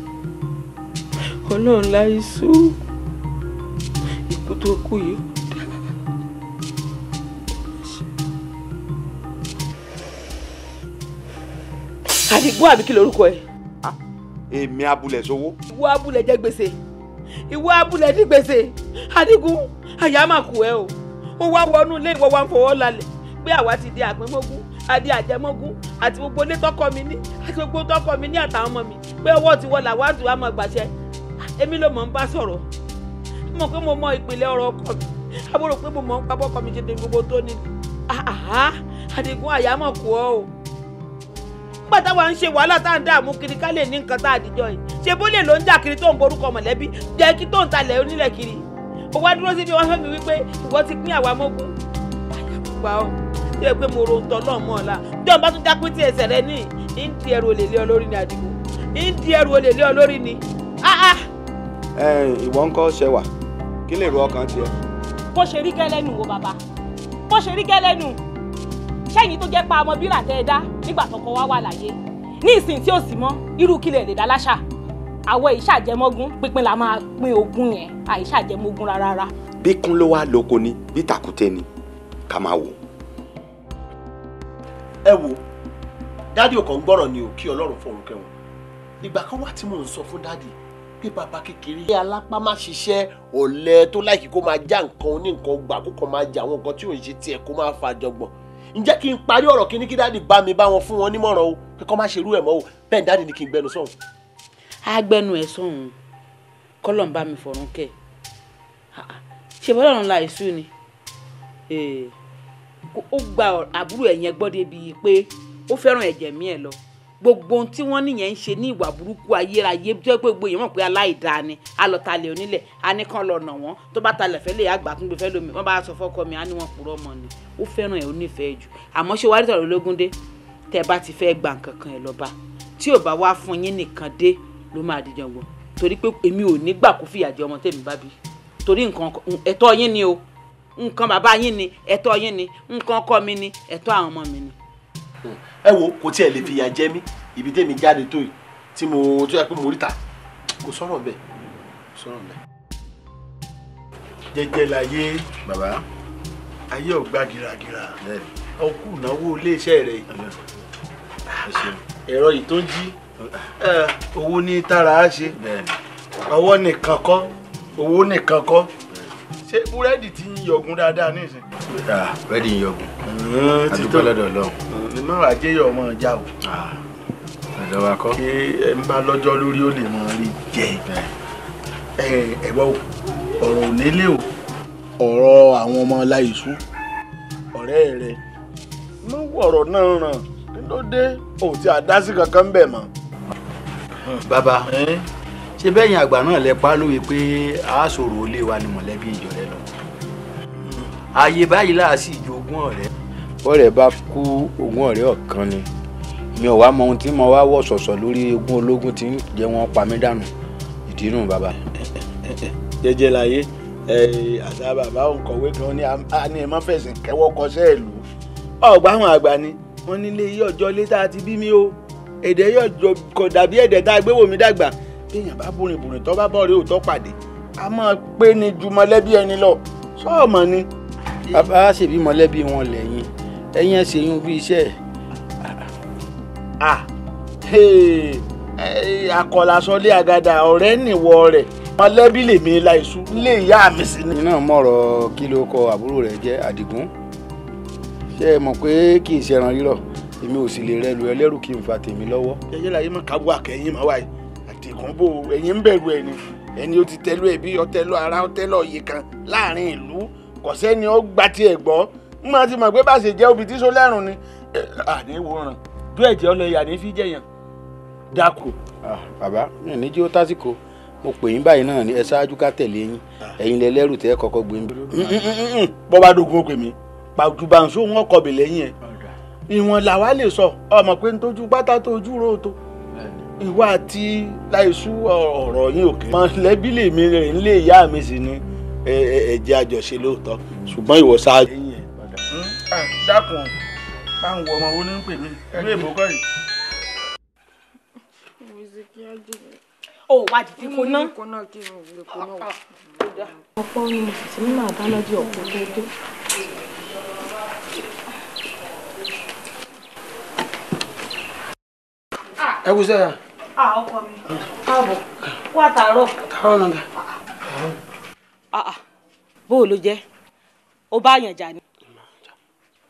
E: ọlọ́run láyé sú ikú tó kú yìí àdìgbò àbí kí lorúkọ ẹ. Ah,
B: èmi abulẹ̀ sówó.
E: ìwọ abulẹ̀ jẹ gbèsè ìwọ abulẹ̀ ní gbèsè àdìgún àyà máa kù ẹ o ó wá wọnú ilé ìwọ wa ń fọwọ́ lálẹ̀ pé àwa ti di àpínmógún adé àjẹmọ́gún àti gbogbo ilé mi ní àti gbogbo tọkọ mi ní àtàwọn ọmọ mi pé owó tiwọn làwọn àdùn àmọ́ gbàṣẹ èmi ló mọ̀ ń bá sọ̀rọ̀ mo pé mo mọ ìpìlẹ̀ ọ̀rọ̀ ọkọ mi àbúrò pé mo mọ̀ ń pa bọ́kọ mi jẹ́ni gbogbo tó ní àdìgún àyámọ̀ kù ọ́ o nígbà táwa ń ṣe wàhálà tá à ń dààmú kiri ká lè ní nǹkan tá a dìjọ yìí ṣe bó lè ló ń jà kiri tó ń borúkọ mọ̀lẹ́bí jẹ́ kí tó ń talẹ̀ onílẹ̀ kiri ó wá dúró síbi wọn fẹ́ mi wípé ìwọ ti pín àwa mọ́gbọ́n àyàmùgbà ọ́ tí ẹ pé mo ro ntọ́ náà mọ́ ọ̀la bí ọba tún dákú tí ẹsẹ̀ rẹ ní ìdí ẹrù olè lé ọ lórí ni àdìgún ìdí ẹrù olè lé ọ lórí ni áá
B: ìwọ ń kọ́ ṣẹwà kí lè ro ọkàn tiẹ̀.
E: bó ṣe rí gẹ́lẹ́nu wo bàbá bó ṣe rí gẹ́lẹ́nu sẹ́yìn tó jẹ́ pa ọmọ bírà tẹ́ ẹ dá nígbà tọkọ wá wà láyé ní ìsìn tí ò sí mọ́ irú kílẹ̀ lè dá láṣà àwọ̀ ìṣàjẹmọ́gún pínpín la máa pín ogún yẹn àìṣàjẹmọ́gún rárá.
B: bí kún ló wá lóko ni bí tàkúté ni ká máa wò. ẹ wo dádì ò kàn ń gbọ́rọ̀ ni ò kí ọlọ́run fọ̀rùn kẹwọn ìgbà kan wá tí mò ń sọ fún dádì pé bàbá kékeré alápá má ṣiṣẹ́ ọ̀lẹ tó láìkí kó máa já nǹkan ní nǹkan gbà kó kàn máa jẹ àwọn nǹkan tí ò ṣe tiẹ̀ kó máa fa àjọgbọ̀n ǹjẹ́ kí n parí ọ̀rọ̀ kí ní kí dáàdì bá mi bá wọn fún wọn nímọ̀ràn o kí kọ́ má ṣe irú ẹ̀ mọ́ o bẹ́ẹ̀ dáàdì ni kí n gbẹnu sọ̀hún.
E: a gbẹnu ẹ sọ̀hún kọ́lọ̀ bá mi fọ̀rún kẹ́ ah, ah. ṣe bọ́lá ọ̀run la ìṣú ni ó gba àbúrò ẹ̀yẹn gbọ́dọ̀ bíi pé ó fẹ́ràn ẹ̀jẹ̀ mi ẹ̀ lọ gbogbo ohun tí wọ́n nìyẹn ń ṣe ní ìwà burúkú ayérayé tó yẹ pé gbogbo èèyàn mọ̀ pé aláìdáa ni alọ́talẹ̀ onílẹ̀ anìkan lọ nà wọ́n tó bá talẹ̀ fẹ́ lè àgbà tún gbé fẹ́ lómi wọ́n bá sọ fọ́kọ mi á ní wọn purọ́ mọ́ ni ó fẹ́ràn ẹ̀ ó nífẹ̀ẹ́ jù àmọ́ ṣé wàá rí tọ̀rọ̀ lógúndé tẹ́ bá ti fẹ́ gbà nǹkankan ẹ̀ lọ́ba tí ò bá wá fún yín nìkan dé ló máa dìjọ́ gbọ́ torí pé èmi ò ní gbà kó fìyà jẹ ọmọ tèmi bá bí torí nǹkan ẹ̀tọ́ yín ni o nǹkan bàbá yín ni ẹ̀tọ́ yín ni nǹkan ọkọ mi ni ẹ̀tọ́ àwọn ọmọ mi ni
B: ẹ wo kò tiẹ̀ lè fìyà jẹ mí ibi tèmi jáde tó yìí tí mo tó yẹ pé mo ríta kò sọ̀rọ̀ bẹ́ẹ̀ kò sọ̀rọ̀ bẹ́ẹ̀. jẹ́jẹ́ láyé bàbá ayé ọgbà gíragíra ọkù náwó iléeṣẹ́ rẹ ẹ̀rọ yìí tó ń jí owó ní tara á ṣe ọwọ́ nìkan kọ́ owó nìkan kọ́ ṣé búrẹ́dì ti ń yọgun dáadáa nísìn. búrẹ́dì ń yọgun àdúgbò eh, lọ́dọ̀ ọlọ́run. ní eh, má wàá jẹ́ yọ̀ ọmọ ìjà o. ọ̀dọ̀ wa kọ́. ṣé ẹ ń bá lọ́jọ́ lórí ó lè mọ rí jẹ. ẹ̀gbọ́n eh, ọ̀rọ̀ onílé o ọ̀rọ̀ àwọn ọmọ láìsú ọ̀rẹ́ rẹ̀ mú ọ̀rọ̀ náà ràn ló dé òun ti àdásí kankan ń bẹ̀ mọ́. bàbá ṣé bẹ́yìn àgbà náà lẹ pa lóye pé aṣòro ilé wa ni mọ̀lẹ́bí ìjọ rẹ lọ ààyè báyìí láàṣì ju ogún ọ̀rẹ́. ọ̀rẹ́ bá kú ogún ọ̀rẹ́ ọ̀kan ni mi ò wá mọ ohun tí mo wá wọ̀ sọ̀sọ̀ lórí ogún ológun tí ń jẹ́ wọn pa mí dànù ìdínú bàbá. jẹ́jẹ́ láyé àṣà bàbá òǹkọ̀wé kan ní àní ẹ̀ mọ́fẹ̀sìn kẹwọ́ kọsẹ́ ìlú ọ̀gbá àgbà ni wọ́n nílé iye létà àti bí o èdè yóò kọ̀ dàbí ẹ̀dẹ̀ tá a gbé wò dàgbà téèyàn bá bùrìn tó bá bọ̀ rí òótọ́ pàdé a máa pé ni ju mọ̀lẹ́bí ẹni lọ sọ́ọ̀mọ̀ ni. bàbá ṣèbí mọ̀lẹ́bí wọn lẹ́yìn ẹ̀yìn ẹ̀sẹ̀ yún bí iṣẹ́ ẹ̀. à àkọlàsọlé àgàdà ọ̀rẹ́ nìwọ rẹ̀ mọ̀lẹ́bí lèmi láìsú lè yá mi sí ni. iná mọ̀rọ̀ kí ló kọ àbúrò rẹ̀ jẹ́ àdìgún ṣé ẹ mọ̀ pé kì í ṣẹran rírọ̀ èmi ò sì lè rẹ lu ẹlẹ́rù kí n fa tèmi lọ́wọ́. jẹjẹrẹ ayé má kábọ̀ àkẹ́yìn má wáyé ìkúnbó ẹ̀yin ń bẹ̀rù ẹni ẹni ó ti tẹ́lú ẹ̀bí ọtẹ́lọ́ ara ọtẹ́lọ́ yìí kan láàrin ìlú kọ̀sẹ́ni ó gba tiẹ̀ gbọ́ ń máa ti mọ̀ pé báṣe jẹ́ obì tí so lẹ́rùn ni àní wòran bí ẹ̀jẹ̀ ọlọ́yà ní fi jẹ̀yàn dákú. bàbá mi ò ní jí ó tásìkò mo pè yín báyìí náà ni ẹ ṣáájú ká tẹ̀lé yín ẹ̀yin lẹ lẹ́rù tẹ́ kọ́kọ́ gbé mi. Mm, mm, mm, bọ́ bá dogun ó pè mí pàtùbàǹsó wọn kọ̀bì lẹ́yìn ẹ̀ ìwọ̀n làwa lè sọ ọmọ pé ń tójú pátá tó ojú ròótọ́ ìwà àti láìsú ọ̀rọ̀ yín òkè. mọ̀lẹ́bí lèmi rẹ̀ ń lé ìyá mi sí ni ẹ̀jẹ̀ àjọṣe lóòótọ́ ṣùgbọ́n ìwọ ṣáájú. Hmm? Ah, dákun bá ń wọ ọmọ wo ní pè mí ẹgbẹ́ ìmọ̀kọ́ yìí.
E: o wá di ti kóná. ọ̀pọ̀ orin mo sì ti ní màá bá lọ́jọ́ ọ̀pọ̀ tó ẹ wo sẹ́yà. Ah, ọkọ mi. Káàbọ̀. Kú àtàárọ̀. Àtàárọ̀ nàdà. Ah, ah. Bó o ló jẹ́? O bá àyàn jà ni.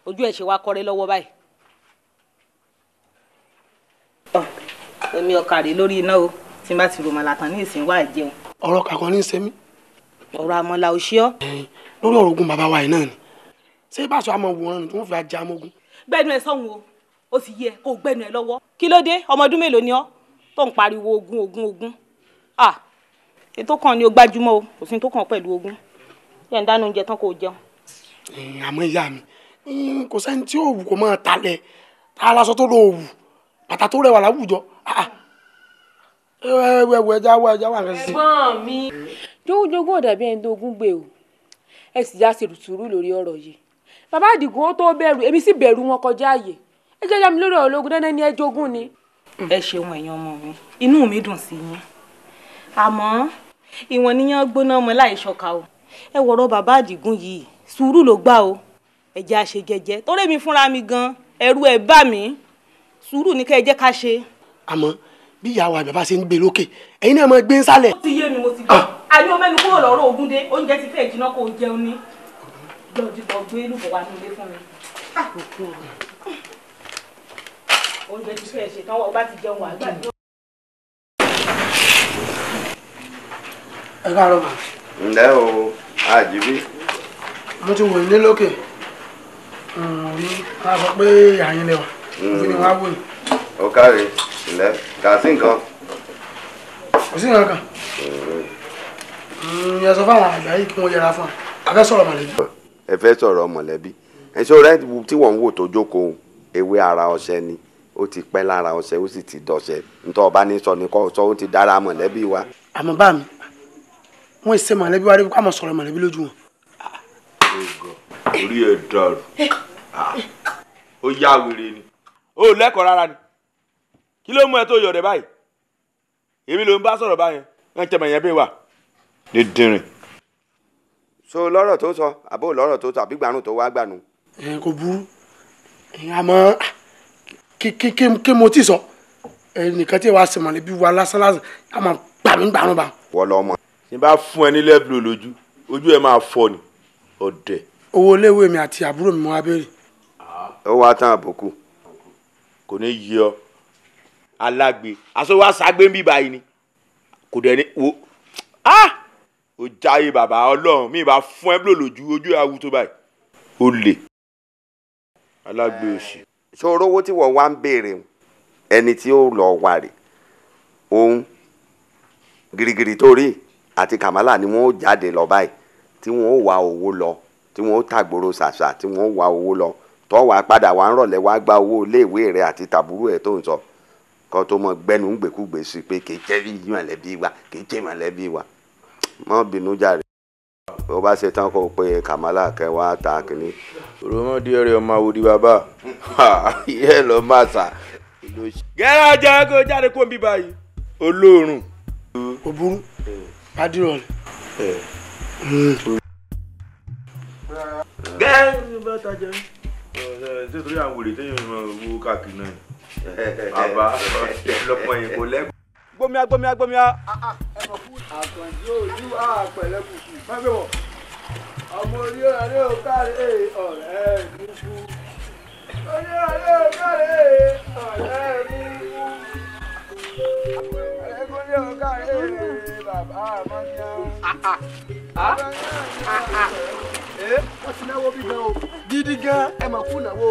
E: Ojú ẹ̀ ṣe wá kọ́rẹ́ lọ́wọ́ báyìí. Èmi ọkà rèé lórí iná o. Tí n bá ti ròmọ̀ làtàn ní ìsìn wá ìjẹun. Ọ̀rọ̀ kàkan ní sẹ́mi. Ọ̀rọ̀ àmọ́là ò ṣíọ́. Lórí ọ̀rọ̀ ogun bàbá wa yìí náà ni. Ṣé báṣọ àmọ̀ wòran ni tí wọ́n fi ajá ọmọ ogun? Gbẹ́nu ẹ sọ́hun o. Ó sì yẹ kó gbẹ́nu ẹ lọ́wọ́. Kí ló dé? Ọmọ mélòó ni ọ́? tó ń pariwo ogun ogun ogun ah ètò kan ni o gbájúmọ́ o kò sí tó kàn pẹ̀lú ogun yẹn ń dáná oúnjẹ tán kò jẹun. àmọ́ ìyá mi kò sẹ́ni tí òwú kò máa talẹ̀ tá a lásọ tó lọ òwú bàtà tó rẹwà láwùjọ ẹwẹwẹ ẹja wá ẹja wà lẹsìn. ẹ̀gbọ́n mi. jogunjogun ọ̀dà bíi ẹni tó ogún gbé o ẹ sì já sí rùtùrù lórí ọ̀rọ̀ yìí bàbá àdìgún ó tó bẹ̀rù èmi sì bẹ̀rù wọn kọjá àyè ẹ jẹ́ yá mi lórí ọ̀rọ̀ ológun dandan ni ẹ jogún ni. Mm. ẹ ṣeun ẹ̀yin ọmọ mi inú mi dùn sí yín àmọ́ ìwọ̀n níyàn gbóná ọmọ láì ṣọ̀ka o ẹ wọ̀rọ̀ bàbá àdìgún yìí sùúrù ló gbà o ẹ jẹ́ a ṣe jẹ́jẹ́ torí mi fúnra mi gan ẹ̀rù ẹ̀ bà mí sùúrù ni ká ẹ jẹ́ ká ṣe. àmọ́ bí ìyàwó àbẹ̀bá ṣe ń gbé lókè ẹ̀yin náà máa gbé ń sálẹ̀. ó ti yé mi mo ti gbọ́ àní ah. o mẹ́nu kúrò lọ́rọ̀ ogun oúnjẹ ti fẹ́ jiná kó o jẹun ní lọ́ọ́ dìbò gbé lùbọ̀ wà nílé fún mi. Ah, oúnjẹ tí fẹ́ẹ́ ṣe tán ọba ti jẹun àgbà.
B: ẹ káàárọ̀ mà. ǹlẹ́ o àjíbí. mo ti wòye ní lókè rí a sọ pé àyìn lè wà kí ni wàá wò yìí. ó káre ǹlẹ́ kà sí nǹkan. kò sí nǹkan kan ẹ sọ fáwọn àgbà yìí kí wọ́n yẹra fún wa a fẹ́ sọ̀rọ̀ mọ̀lẹ́bí. ẹ fẹ́ sọ̀rọ̀ mọ̀lẹ́bí ẹ sọ rẹ tí wọ́n ń wò tó jókòó ewé ara ọṣẹ ni ó ti pẹ́ lára ọ̀sẹ̀ ó sì ti dọ̀sẹ̀ nítorí ọba ní sọ ní kọ́ sọ ó ti dára mọ̀lẹ́bí wa. àmọ́ bá mi wọ́n ṣe mọ̀lẹ́bí wa débi ká mọ̀ sọ̀rọ̀ mọ̀lẹ́bí lójú wọn. orí ẹ dàrú ó yá wèrè ni ó lẹ́kọ̀ọ́ rárá ni kí ló mú ẹ tó yọ̀rẹ̀ báyìí èmi ló ń bá sọ̀rọ̀ báyẹn ń tẹ̀mọ̀ yẹn bí wà lè dìrìn. so lọ́rọ̀ tó sọ àbó lọ́rọ̀ tó sọ àbí gbanú tó wá gbanú. ẹ kò burú àmọ́ kí mo ti sọ ẹnìkan tí wàá sèmọ̀lẹ́ bí wàá lásán lásán a máa gbà mí gbàrún bá. wọ́n lọ mọ̀. ní bá fún ẹ ní lẹ́bùlù lójú ojú ẹ máa fọ ni ọ̀dẹ̀. owó iléèwé mi àti àbúrò mi mo wá béèrè. ó wá tán àbùkù kò ní yí ọ alágbe aṣọ wa ṣàgbé ń bí báyìí ni kò dẹ̀ ní wo ó jáyé bàbá ọlọ́run mi bá fún ẹ lójú ojú àwùjọ báyìí ó lè alágbe òsì ṣòro owó tí wọ́n wá ń béèrè ẹni tí ó lọ wà rè òun girigiri tó àti kàmálà ni wọ́n ó jáde lọ báyìí tí wọ́n ó wá owó lọ tí wọ́n ó tàgbòrò ṣàṣà tí wọ́n ó wá owó lọ tó wàá padà wàá rọ̀lẹ́ wàá gba owó iléèwé rẹ àti tàbúrò ẹ̀ tó ń sọ kó tó mọ gbẹnu gbèkúgbèsì pé kì í jẹ́ mọ̀lẹ́bí wa kì í jẹ́ mọ̀lẹ́bí wa mọ́ bínú jàre o bá ṣe tán kó o pe kamala kẹ wá ta kínní. romodi ẹrẹ ọmọ awudi bàbá yẹ lọ máa sà. gẹ́rájà kó jáde kó bí báyìí olóòórùn. o burú adúrò rẹ. bá tajà. ṣé torí àwọn wèrè téèyàn máa wú káàkiri náà. àbá lọ́pọ̀ yẹn kò lẹ́gbẹ̀ẹ́ gbómiá gbómiá gbómiá. àkànjí ojú àpẹlẹ ah, kùkù fẹbẹ wọ
C: ọmọ orí ọ̀rẹ́ ò káre eh, ọ̀rẹ́ mi kú
D: orí ọ̀rẹ́ ò káre eh, ọ̀rẹ́ mi kú orí ọ̀rẹ́ ò káre eh, bàbá àmọ́jà. Ah, ah,
E: wọ́n ti náwó bí gan o. gidi gan ẹ mọ̀ fún náwó.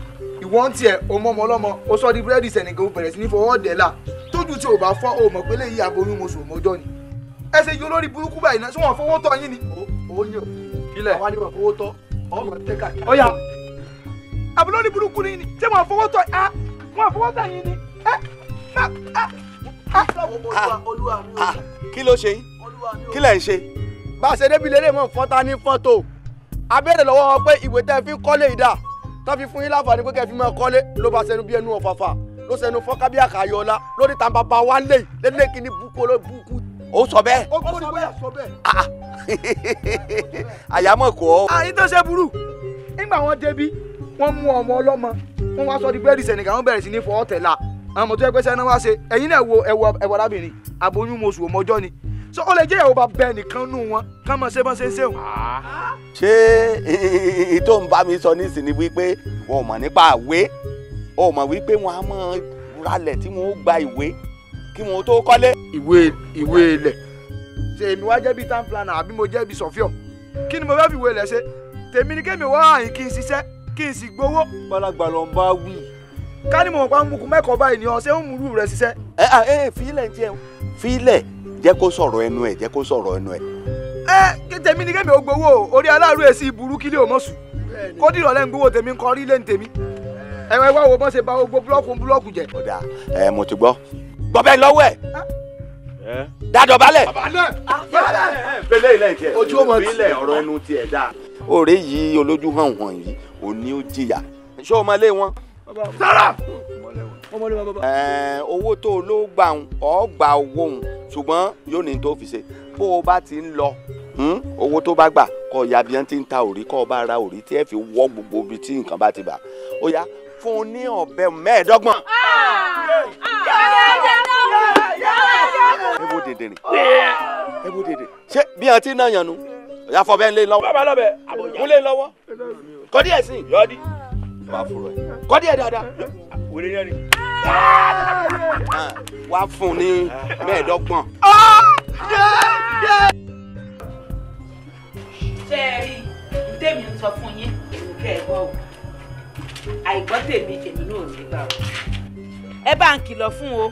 B: wọ́n tiẹ̀ o mọ ọmọ ọlọ́mọ o sọ di búrẹ́dì sẹ̀nìkan o bẹ̀rẹ̀ sí ní fọwọ́ dẹ̀ la tójú tí o bá fọ́ o mọ̀ pé lè yí aboyún mo sòmọ́ ọjọ́ ni ẹsẹ̀ yìí olórí burúkú báyìí náà ṣé wọ́n fọwọ́ tọ́ yín ni. o ní o kílẹ̀ àwa ni wọ́n fọwọ́ tọ́ ọmọ tẹ́ka kí. ọ̀ya àbúlórí burúkú ni ṣé wọ́n fọwọ́ tọ́ a ah, wọ́n fọwọ́ tọ́ yín ni. Eh, ah, ah, kí ló ṣe yín kí lẹ̀ ń ṣe. bá a ṣe débi lérè mọ́ fọ́ta ní fọ́tò abẹ́rẹ́ lọ́wọ́ wọn pé ìwé tẹ́ fi kọ́lé ìdá tán fi fún yín láǹfààní pé kẹ́ fi máa kọ́lé ló bá sẹnu bí ẹnu ọ̀fàfà ló sẹnu fọ́nká bí àkàyọ́lá lórí tá bàbá wa lè lélẹ́ kí ni búkú ló búkú. ó sọ bẹ́ẹ̀. ó gbọ́dọ̀ bẹ́ẹ̀ sọ bẹ́ẹ̀. àyàmọ̀ kọ́. àyè tó ṣe burú nígbà wọn débi wọn mú ọmọ ọlọ́mọ wọn wá sọ di bẹ́ẹ̀rì sẹ̀nìkà wọn bẹ̀rẹ̀ sí ní fọ́ tẹ̀la àwọn mọ̀tò ẹgbẹ́ sẹ́ni wá ṣe ẹ̀yin náà wo ẹ̀wọ̀ ẹ̀wọ̀ arábìnrin àbóyún mọ̀ọ́sù ọmọjọ́ ni so ó lè jẹ́ ìyàwó bàbá ẹnìkan nù wọn kán mọ̀ ṣe bọ́n ṣe ń ṣe wọn. Ah. ṣé tó ń bá mi sọ nísìnyí wípé wọn ò mọ̀ nípa àwé ò mọ̀ wípé wọn á mọ̀ ralẹ̀ tí wọn ó gba ìwé kí wọn ó tó kọ́lé. ìwé ìwé ilẹ̀ ṣe èmi wá jẹ́ bíi town planner àbí mo jẹ́ bíi sọ̀fíọ̀ kí ni mo fẹ́ fi ìwé ilẹ̀ ṣe tèmi ni kémi wá àyìn kí n ṣiṣẹ́ kí n sì gbowó. balagbà ló ń bá wí. ká ní mọ̀ pa mukú mẹ́kọ̀ọ́ báyìí ni ọ̀sẹ̀ ń mú rú rẹ̀ ṣiṣẹ́. ẹ ẹ fi ń tiẹ̀ fi jẹ́ kó sọ̀rọ̀ ẹnu ẹ̀ jẹ́ kó sọ̀rọ̀ ẹnu ẹ̀. ẹ kí tèmi ni kémi ò gbowó orí aláàrú èsì ìburú kílé ò mọ̀sù kó dìrọ̀ lẹ́nu gbowó tèmi ń kọ́ orí lẹ́nu tèmi ẹ wá wo bọ́n ṣe ba gbogbo búlọ́ọ̀kù búlọ́ọ̀kù jẹ. ọ̀dà ẹ mo ti gbọ́ gbọ́bẹ́ lọ́wọ́ ẹ̀ dadọ balẹ̀. bẹ́lẹ̀ ilẹ̀ tiẹ̀ ojú ọmọ ti ilẹ̀ ọ̀rọ̀ ẹnu tiẹ̀ dáa. ọ̀rẹ́ o máa lé wọn. sára owó tó ló gbà ń ọ́ gbà owó ń ṣùgbọ́n yóò ní tó fi ṣe bó o bá ti ń lọ hmm, owó tó bá gbà kọ ya bí wọn ti ń ta òrí kọ bá ra òrí tí ẹ fi wọ gbogbo ibi tí nǹkan bá ti bà ó yá fún un ní ọ̀bẹ mẹ́ẹ̀ẹ́dọ́gbọ̀n. ẹ
D: ah! ah! ah!
B: wo dèdè rè ẹ wo dèdè ṣé bí wọn ti ń náyàn nu ọ̀yà fọ bẹ́ẹ̀ ń lé lọ́wọ́. bàbá lọ́bẹ̀ mú lé lọ́wọ́ kọ́ díẹ̀ sí i. yọ́ọ́dí. kọ́ díẹ̀ dáadáa. wèrè yẹn ni wá fún ní mẹ́ẹ̀ẹ́dọ́gbọ̀n.
E: ṣé ẹ rí tèmi ń sọ fún yín èmi kẹ́ ẹ bọ́ ọ̀ àìgbọ́ tèmi èmi náà ní gbà ọ́. ẹ bá ń kìlọ̀ fún o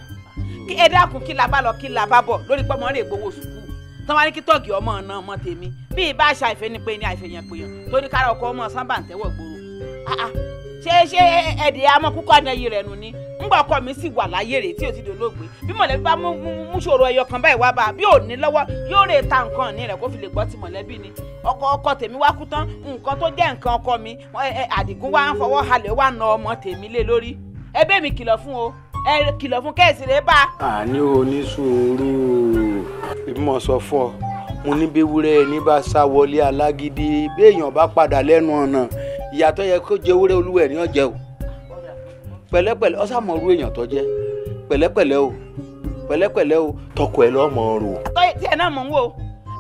E: kí ẹ dákun kí la bá lọ kí la bá bọ̀ lórí pé ọmọ rẹ̀ gbowó sùkúù tán wá ní kí tọ́ọ̀gì ọmọ náà ọmọ tèmi bí ìbá àṣà ìfẹ́ ni pé ní àìfẹ́yàn pèèyàn torí kára ọkọ ọmọ sábà ń tẹ́wọ̀ gbòòrò ṣé ṣé ẹ̀dẹ̀ amọ̀kúkọ anayi rẹ̀ nù ni ńgbà ọkọ mi sì wà láyé rẹ̀ tí ò ti dolóògbé bí mọ̀lẹ́bí bá mú ṣòro ẹyọ kan báyìí wá bá a bí ò ní lọ́wọ́ yóò rè ta nǹkan ní rẹ̀ kó fi lè gbọ́ ti mọ̀lẹ́bí ni ọkọ ọkọ tèmi wá kú tán nǹkan tó jẹ́ nǹkan ọkọ mi àdìgún wá ń fọwọ́ halẹ̀ wá na ọmọ tèmi lé lórí ẹbẹ́ mi kìlọ̀ fún o ẹ kìlọ̀ fún kẹ́sì rẹ bá.
B: àní onísùúrù ìmọ̀ sọ fún ọ mo ní bí ewúrẹ́ ẹni bá sá wọlé alágídí bí èèyàn bá padà lẹ́nu ọ̀nà ìyàtọ̀ yẹ kó jẹ ewúrẹ́ olúwa ẹ̀ ní ọ̀jẹ̀ o pẹ̀lẹ́pẹ̀lẹ́ ọ̀sàmọ̀ ru èèyàn tó jẹ́ pẹ̀lẹ́pẹ̀lẹ́ o pẹ̀lẹ́pẹ̀lẹ́ o tọkọ ẹ lọ́mọ rò.
E: tọ́yẹ tí ẹ náà mò ń wò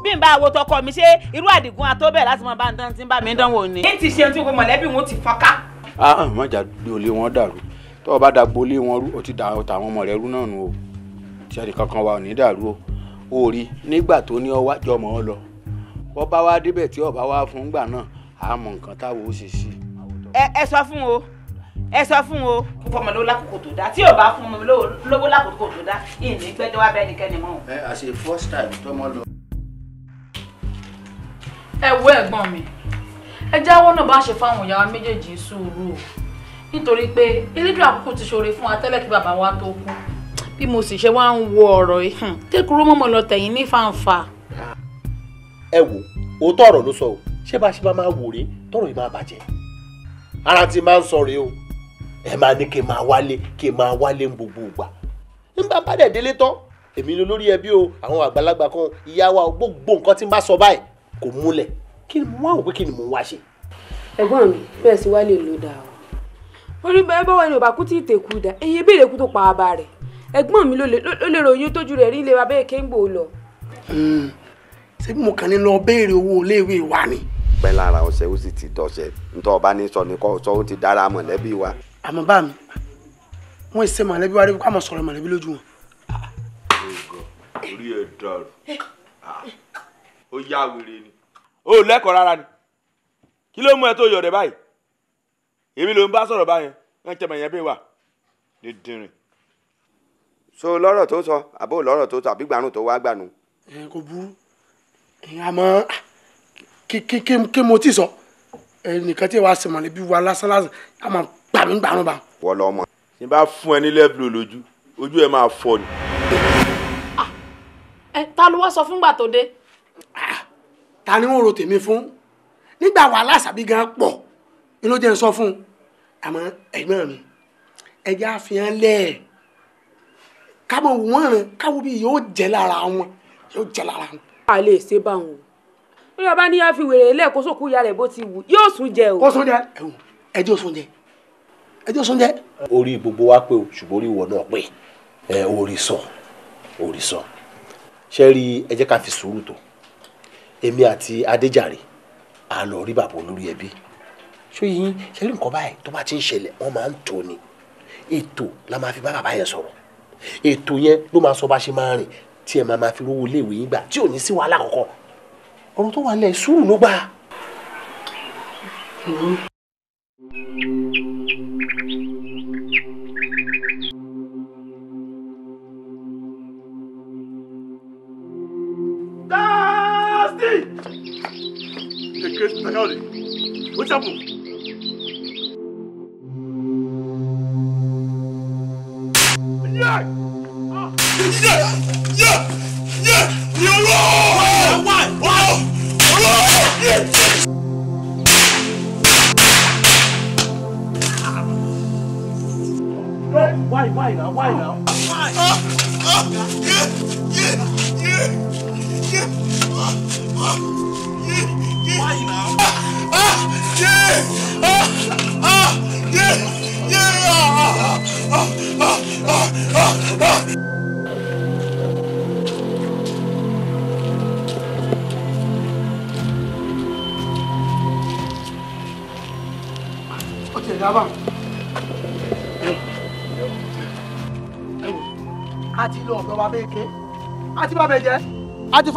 E: bí n bá wo tọkọ mi ṣe irú àdìgún ató láti máa bá tí ń bá mi dán ni. ní ti ṣe tí mọ̀lẹ́bí wọn ti fọ́ká.
B: ahàn mọ̀jà gbolé wọn dàrú tọ́ ọ bá da gbolé wọn rú ó ti da àwọn ọmọ rú náà nù o tí ẹnì kankan wa ò ní dàrú o ó rí nígbà tó ní ọwájọ mọ́ ọ lọ bọ́ bá wá débẹ̀ tí ọba wá fún gbà náà àmọ́ nǹkan táwo ó ṣe sí.
E: ẹ sọ fún o ẹ sọ fún o. fọmọ ló lákòókò tó dá tí ò bá fún mi lówó lákòókò tó dá ìní gbẹ́jọ́ wá bẹ́ẹ̀ nìkẹ́ni mọ́. ẹ
B: àṣẹ first time tọmọ lọ.
E: ẹ wo ẹ̀gbọ́n mi ẹ jáwọ́ náà bá ṣe fáwọn ìyá wa méjèèjì sùúrù o nítorí pé elédùn àkókò ti ṣoore fún wa tẹ́lẹ̀ kí bàbá wa tó kú bí mo sì ṣe wá ń wo ọ̀rọ̀ yìí tẹ́kùrú mọ́mọ́ lọ tẹ̀yìn ní fàǹfà.
B: ẹ wo òótọ́ ọ̀rọ̀ ló sọ o ṣé bá ṣe máa wò rèé tọ́rọ̀ yìí máa bàjẹ́ ara ti máa ń sọ rèé o ẹ máa ní kí n máa wálé kí n máa wálé ń gbogbo ìgbà nígbà bá dẹ̀ délé tán èmi ni olórí ẹbí o àwọn àgbàlagbà kan ìyá wa gbogbo nǹkan tí n bá sọ báyìí kò múlẹ̀
E: kí ni mo wá wò pé kí ni mo wá ṣe. ẹ̀gbọ́n mi bẹ́ẹ̀ sì wá lè lò dáa o orí bẹ́ẹ̀ bọ́wọ́ ni òbá kú tí ìtẹ̀kù dà èyí ìbéèrè kú tó pa ara rẹ̀ ẹ̀gbọ́n mi ló lè ròyìn tójú rẹ̀ rí ilé wa bẹ́ẹ̀ kéńgbò lọ. Hmm. ṣé bí mo kàn ní lọ béèrè owó iléèwé wa ni
B: pẹ́ lára ọṣẹ ó sì ti dọṣẹ nítorí ọba ní sọ ní kọ́ sọ ó ti dára mọ̀lẹ́bí wa. àmọ́ bá mi wọ́n ṣe mọ̀lẹ́bí wa débi ká mọ̀ sọ̀rọ̀ mọ̀lẹ́bí lójú wọn. orí ẹ̀ dàrú ó yá wèrè ni ó lẹ́kọ̀ọ́ rárá ni kí ló mú ẹ tó yọ̀dẹ̀ báyìí èmi ló ń bá sọ̀rọ̀ báyẹn wọ́n tẹ̀ yẹn bí wà dídìrín. so lọ́rọ̀ tó sọ àbó lọ́rọ̀ tó sọ àbí gbanú tó wá gbanú. ẹ kò burú àmọ́ kí mo ti sọ ẹnìkan tí wàá sèmọ̀ níbi wa lásán a máa gbà mí gbà rúbà. wọ́n lọ mọ̀ ní bá fún ẹ ní lẹ́bùlù lójú ojú ẹ máa fọ ni.
E: Ah! ẹ ta ló wá sọ fúngbà tó dé.
B: Ah! ta ni wọn ro tèmi fún nígbà wàhálà sàbí gan pọ̀ inú jẹ́ ń sọ fún un àmọ́ ẹ̀gbọ́n mi ẹ̀jẹ̀ àfihàn lẹ́ẹ̀ ká mọ̀ wọ́n rìn káwọ́ bí yóò
E: jẹ́ lára wọn yóò jẹ́ lára wọn. a lè ṣe báwọn o bí ọba ní yàá fi wèrè lẹ kó sókú ya rẹ bó ti wù yóò sùn jẹ o. kó sùn jẹ ẹjọ sùn jẹ ẹjọ sùn jẹ.
B: orí gbogbo wa pé o ṣùgbọ́n orí ìwọ náà pé ẹ orí sọ orí sọ ṣe rí ẹ jẹ́ ká fi sùúrù tó èmi àti adéjàre à lọ rí bàbá olórí ẹbí ṣó yín ṣe rí nǹkan báyìí tó bá ti ń ṣẹlẹ̀ wọ́n máa ń tò ní ètò la máa fi bá bàbá yẹn sọ̀rọ̀ ètò yẹn ló máa sọ bá ṣe máa rìn tí ẹ máa máa fi rówó iléèwé yín gbà tí ò ní sí wàhálà kankan ọ̀rọ̀ tó wà lẹ̀ sùúrù ló gbà.
D: Thirsty! The case is What's happened?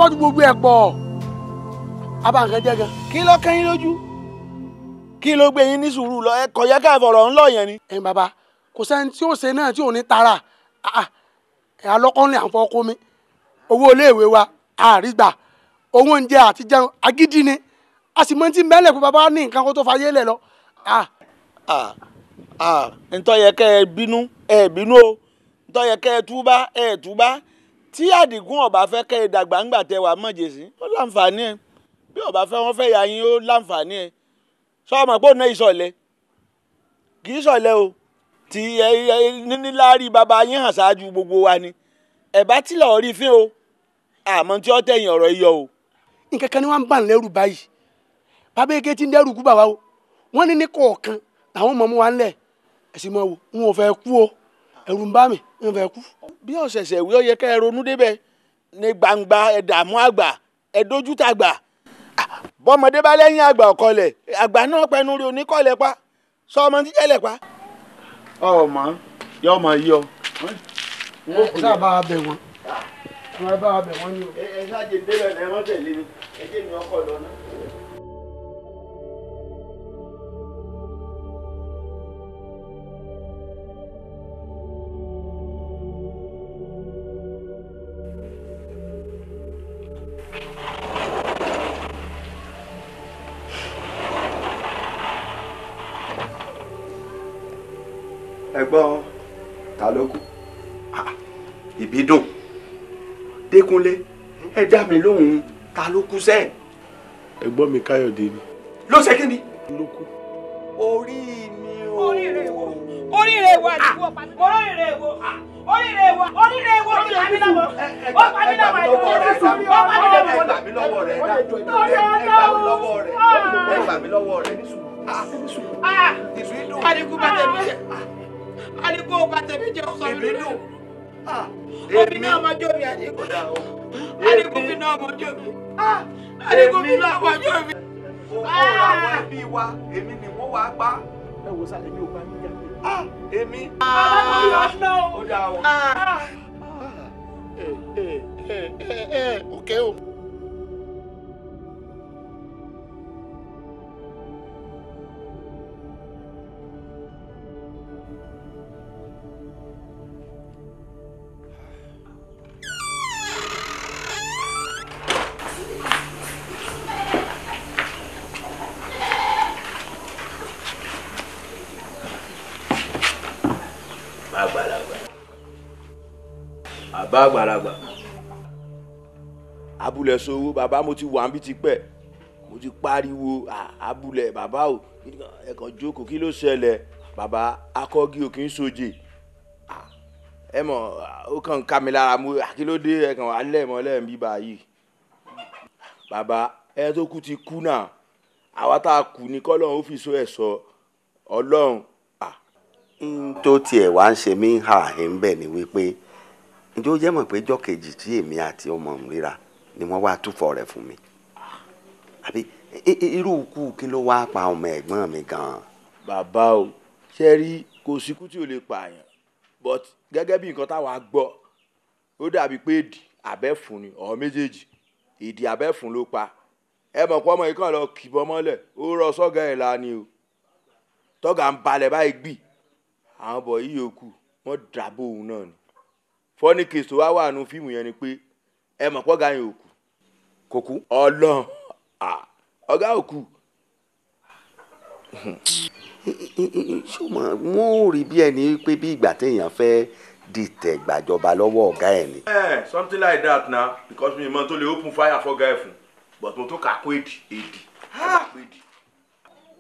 B: kọ́ọ̀tù gbogbo ẹ̀ pọ̀ abànkànjẹ́ kí ló kẹ́yìn lójú kí ló gbé yín ní sùúrù lọ ẹ kọ̀ yẹ ká ìfọ̀rọ̀ ńlọ yẹn ni. ẹ bàbá kò sẹ́ni tí ó ṣe náà tí ò ní tara ah, ah. ẹ alọ́kọ́ ní àǹfọ̀ kó mi owó iléèwé wa àrígbà owó oúnjẹ àti jẹun agídí ni a sì mọ tí mẹ́lẹ̀ pé bàbá ní nǹkan kó tó fayé lẹ̀ lọ. Ah. ntọ́ yẹ kẹ́ ẹ bínú ẹ bínú o ntọ́ yẹ kẹ́ ẹ túbá ẹ túbá tí àdìgún ọba fẹ́ kẹ́ ẹ dàgbà ńgbà tẹ wà mọ̀jẹ̀ sí ó láǹfààní ẹ bí ọba fẹ́ wọ́n fẹ́ ya yín ó láǹfààní ẹ sọ ọmọ pé òun ìsọ̀lẹ̀ kì í sọ̀lẹ̀ o ti ẹ ẹ níláárí baba yín hàn ṣáájú gbogbo wa ni ẹ bá tilẹ̀ ọ̀rí fín o àmọ́ tí ó tẹ̀yìn ọ̀rọ̀ yọ o. nǹkan kan ni wọ́n ń bà ń lẹ́rù báyìí bàbá eke ti ń dẹ́rù kú bàbá o wọ́n ní ní kọ̀ọ̀kan làwọn ọmọ mu wa ń lẹ̀ ẹ̀sìn mọ́ wo wọn ò fẹ́ kú o. ẹ̀rù ń bá mi kú. bí ọ̀sẹ̀sẹ̀ wí ó ká ẹ ronú débẹ̀ ní gbangba ẹ̀dààmú àgbà ẹ̀dójútà àgbà bọ́mọdé bá lẹ́yìn àgbà ọ̀kọlẹ̀ àgbà náà pẹnu rí oníkọ̀lẹ̀ pa sọ ọmọ tí jẹ́lẹ̀ pa. ọmọ yóò máa yọ. ẹ sáà bá a bẹ̀ wọ́n ẹ o. ṣáà jẹ tẹ̀lé mi ẹ jẹ́ mi ọkọ̀ Kúnlé ẹ dá mi lóhùn ta ló kú sẹ́ẹ̀. ẹ̀gbọ́n mi Káyọ̀dé ni. ló ṣe kí ni. ló kú.
E: orí mi o. orí rẹ̀ wò orí rẹ̀ wò àti wọ́n pa mí. orí rẹ̀ wò orí rẹ̀ wò orí rẹ̀ wò ó pa mí lọ́wọ́ ó pa mí lọ́wọ́ ó pa mí lọ́wọ́ ó
B: pa mí lọ́wọ́ rẹ̀ ó pa mí lọ́wọ́ rẹ̀ ó pa mí lọ́wọ́ rẹ̀ nísùn.
E: Ah! Ah! àdìgún bàtẹ̀mí jẹ́ ah! àdìgún bàtẹ̀mí jẹ́ ó omi ah. náà mọ jó mi àdìgún àdìgún fi náà mọ jó mi àdìgún ah. fi náà mọ jó mi.
B: owó àwọn ah. ẹbí wa èmi ni wọ́n wá gbá. ẹ wo sáré mi ò bá yín jà. èmi. ó dà o. òkè eh, eh, eh, o. bàbá àgbàlagbà. abúlé sowó bàbá mo ti wà níbi ti pẹ́ mo ti pariwo abúlé bàbá o ẹ̀kan jókòó kí ló ṣẹlẹ̀ bàbá akọ́gi ò kì í sojè ẹ mọ̀ ó kàn ń ká mi lára mo àkílódé ẹ̀kan alẹ́ mọ́ lẹ́ẹ̀mí báyìí bàbá ẹ tó kú ti kú náà àwa tá a kù ní kọ́lọ́run ó fi so ẹ̀ sọ ọlọ́run. n tó tiẹ̀ wá ń ṣe mí hà ń bẹ̀ ni wípé ǹjẹ́ ó jẹ́ mọ̀ pé jọ́ kejì tí èmi àti ọmọ mi ríra ni wọ́n wá túfọ̀ rẹ̀ fún mi àbí irú ikú kí ló wá pa ọmọ ẹ̀gbọ́n mi gan bàbá o ṣe rí kò síkú tí ò lè pààyàn but gẹ́gẹ́ bí nǹkan táwa gbọ́ ó dàbí pé èdì abẹ́fun ni ọ̀ méjèèjì èdì abẹ́fun ló pa ẹ mọ̀ pọ́mọ ikán lọ kìbọn mọ́lẹ̀ ó rọ sọ́gà ẹ̀ lani o tọ́gà ń balẹ̀ báyìí gbì àwọn bọ̀ yìí yòókù wọ́n dàbò òun náà ni fọ́nì case tó wá wà nù fíìmù yẹn ni pé ẹ mọ̀ pọ́ga yẹn òkú kò kú ọ̀gá òkú. ṣùgbọ́n mo rí bí ẹni pé bí ìgbà téèyàn fẹ́ dìtẹ̀ gbàjọba lọ́wọ́ ọ̀gá ẹ̀ ni. Eh, something like that na because mi mọ tó lè open fire fọ́gá ẹ̀ fún but mo tó kà kó èdì èdì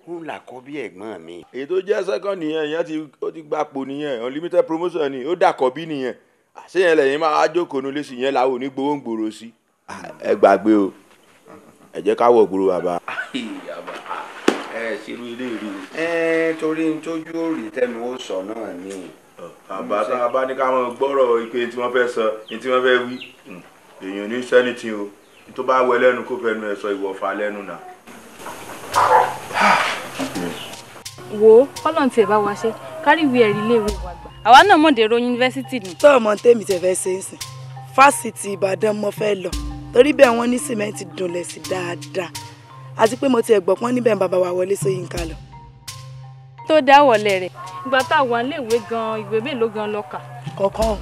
B: ń là kọ́ bí ẹ̀gbọ́n mi. èyí tó jẹ́ second nìyẹn ìyẹn ti ó ti gbapò nìyẹn unlimited promotion ni ó dà kọ́ bí nìyẹn àṣeyàn lẹ́yìn máa jókòó nulẹ̀ sí yẹn làwọn onígbòho ń gbòòrò sí ẹ gbàgbé o ẹ jẹ́ ká wọ̀ gbòòrò bàbá. ẹ ṣerú ilé rí o. ẹ torí n tójú ó rí tẹnu ó sọ náà ni. bàbá tá a bá ní ká máa gbọ́rọ̀ ìpè tí wọ́n fẹ́ sọ ní tí wọ́n fẹ́ wí èèyàn ní sẹ́ni tí o tó bá wẹ lẹ́nu kó fẹnu ẹ̀ sọ ìwọ̀fà lẹ́nu náà
E: wo kọ́lọ́n tiẹ̀ bá wa ṣe kárí ìwé ẹ̀rí iléèwé wa gbà àwa náà mọ̀ dèrò yunifásitì ni. tó ọmọ tèmi tẹ fẹ́ ṣe ń sìn fásitì ìbàdàn mo fẹ́ lọ torí bẹ́ẹ̀ wọ́n ní sìmẹ́ǹtì dunlẹ̀ sí dáadáa àti pé mo ti ẹ̀gbọ́n pọ́n níbẹ̀ bàbá wa wọlé Ṣóyínká lọ. tó dá wọlé rẹ̀. ìgbà tá a wà nílé ìwé gan ìwé mélòó gan lọ kà. kọ̀ọ̀kan.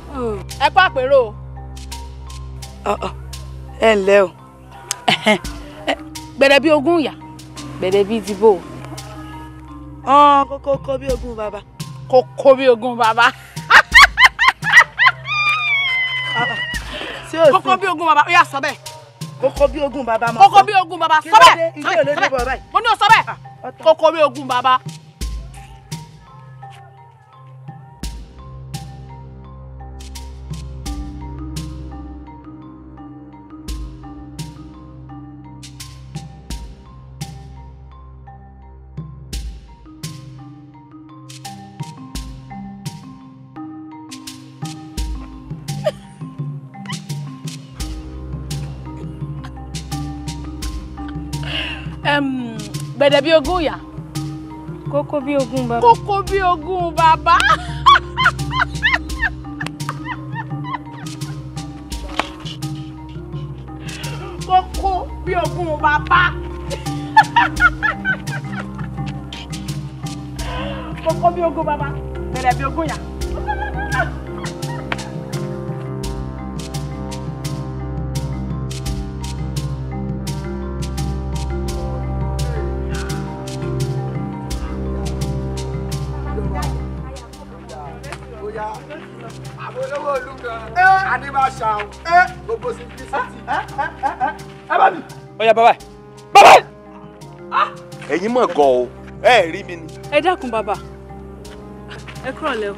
E: ẹ kó àpérò. ẹ ǹlẹ́ o. gbẹ̀rẹ̀ bí ogún ìyá gbẹ̀rẹ̀ bí ìdìbò. ọ̀ọ́n kókó kó bí ogún bàbá kó bí ogun bàbá. kó kó bí ogun bàbá ó yà sọ bẹ́ẹ̀. kó bí ogun bàbá mọ̀ sọ. kó bí ogun bàbá sọ bẹ́ẹ̀. kí ló dé ilé olódé bọ̀ báyìí. mo ní o sọ bẹ́ẹ̀. Ah, kó kó bí ogun bàbá. ọ̀gẹ̀dẹ̀ bí ogún ìyá. kókó bí ogún bàbá. kókó bí ogún bàbá. kókó bí ogún bàbá. kókó bí ogún bàbá. ọ̀gẹ̀dẹ̀ bí ogún ìyá.
F: yá bàbá bàbá.
B: ẹ̀yin mọ̀ gan o ẹ rí mi ni.
F: ẹ dákun bàbá ẹ kúrò lẹ o.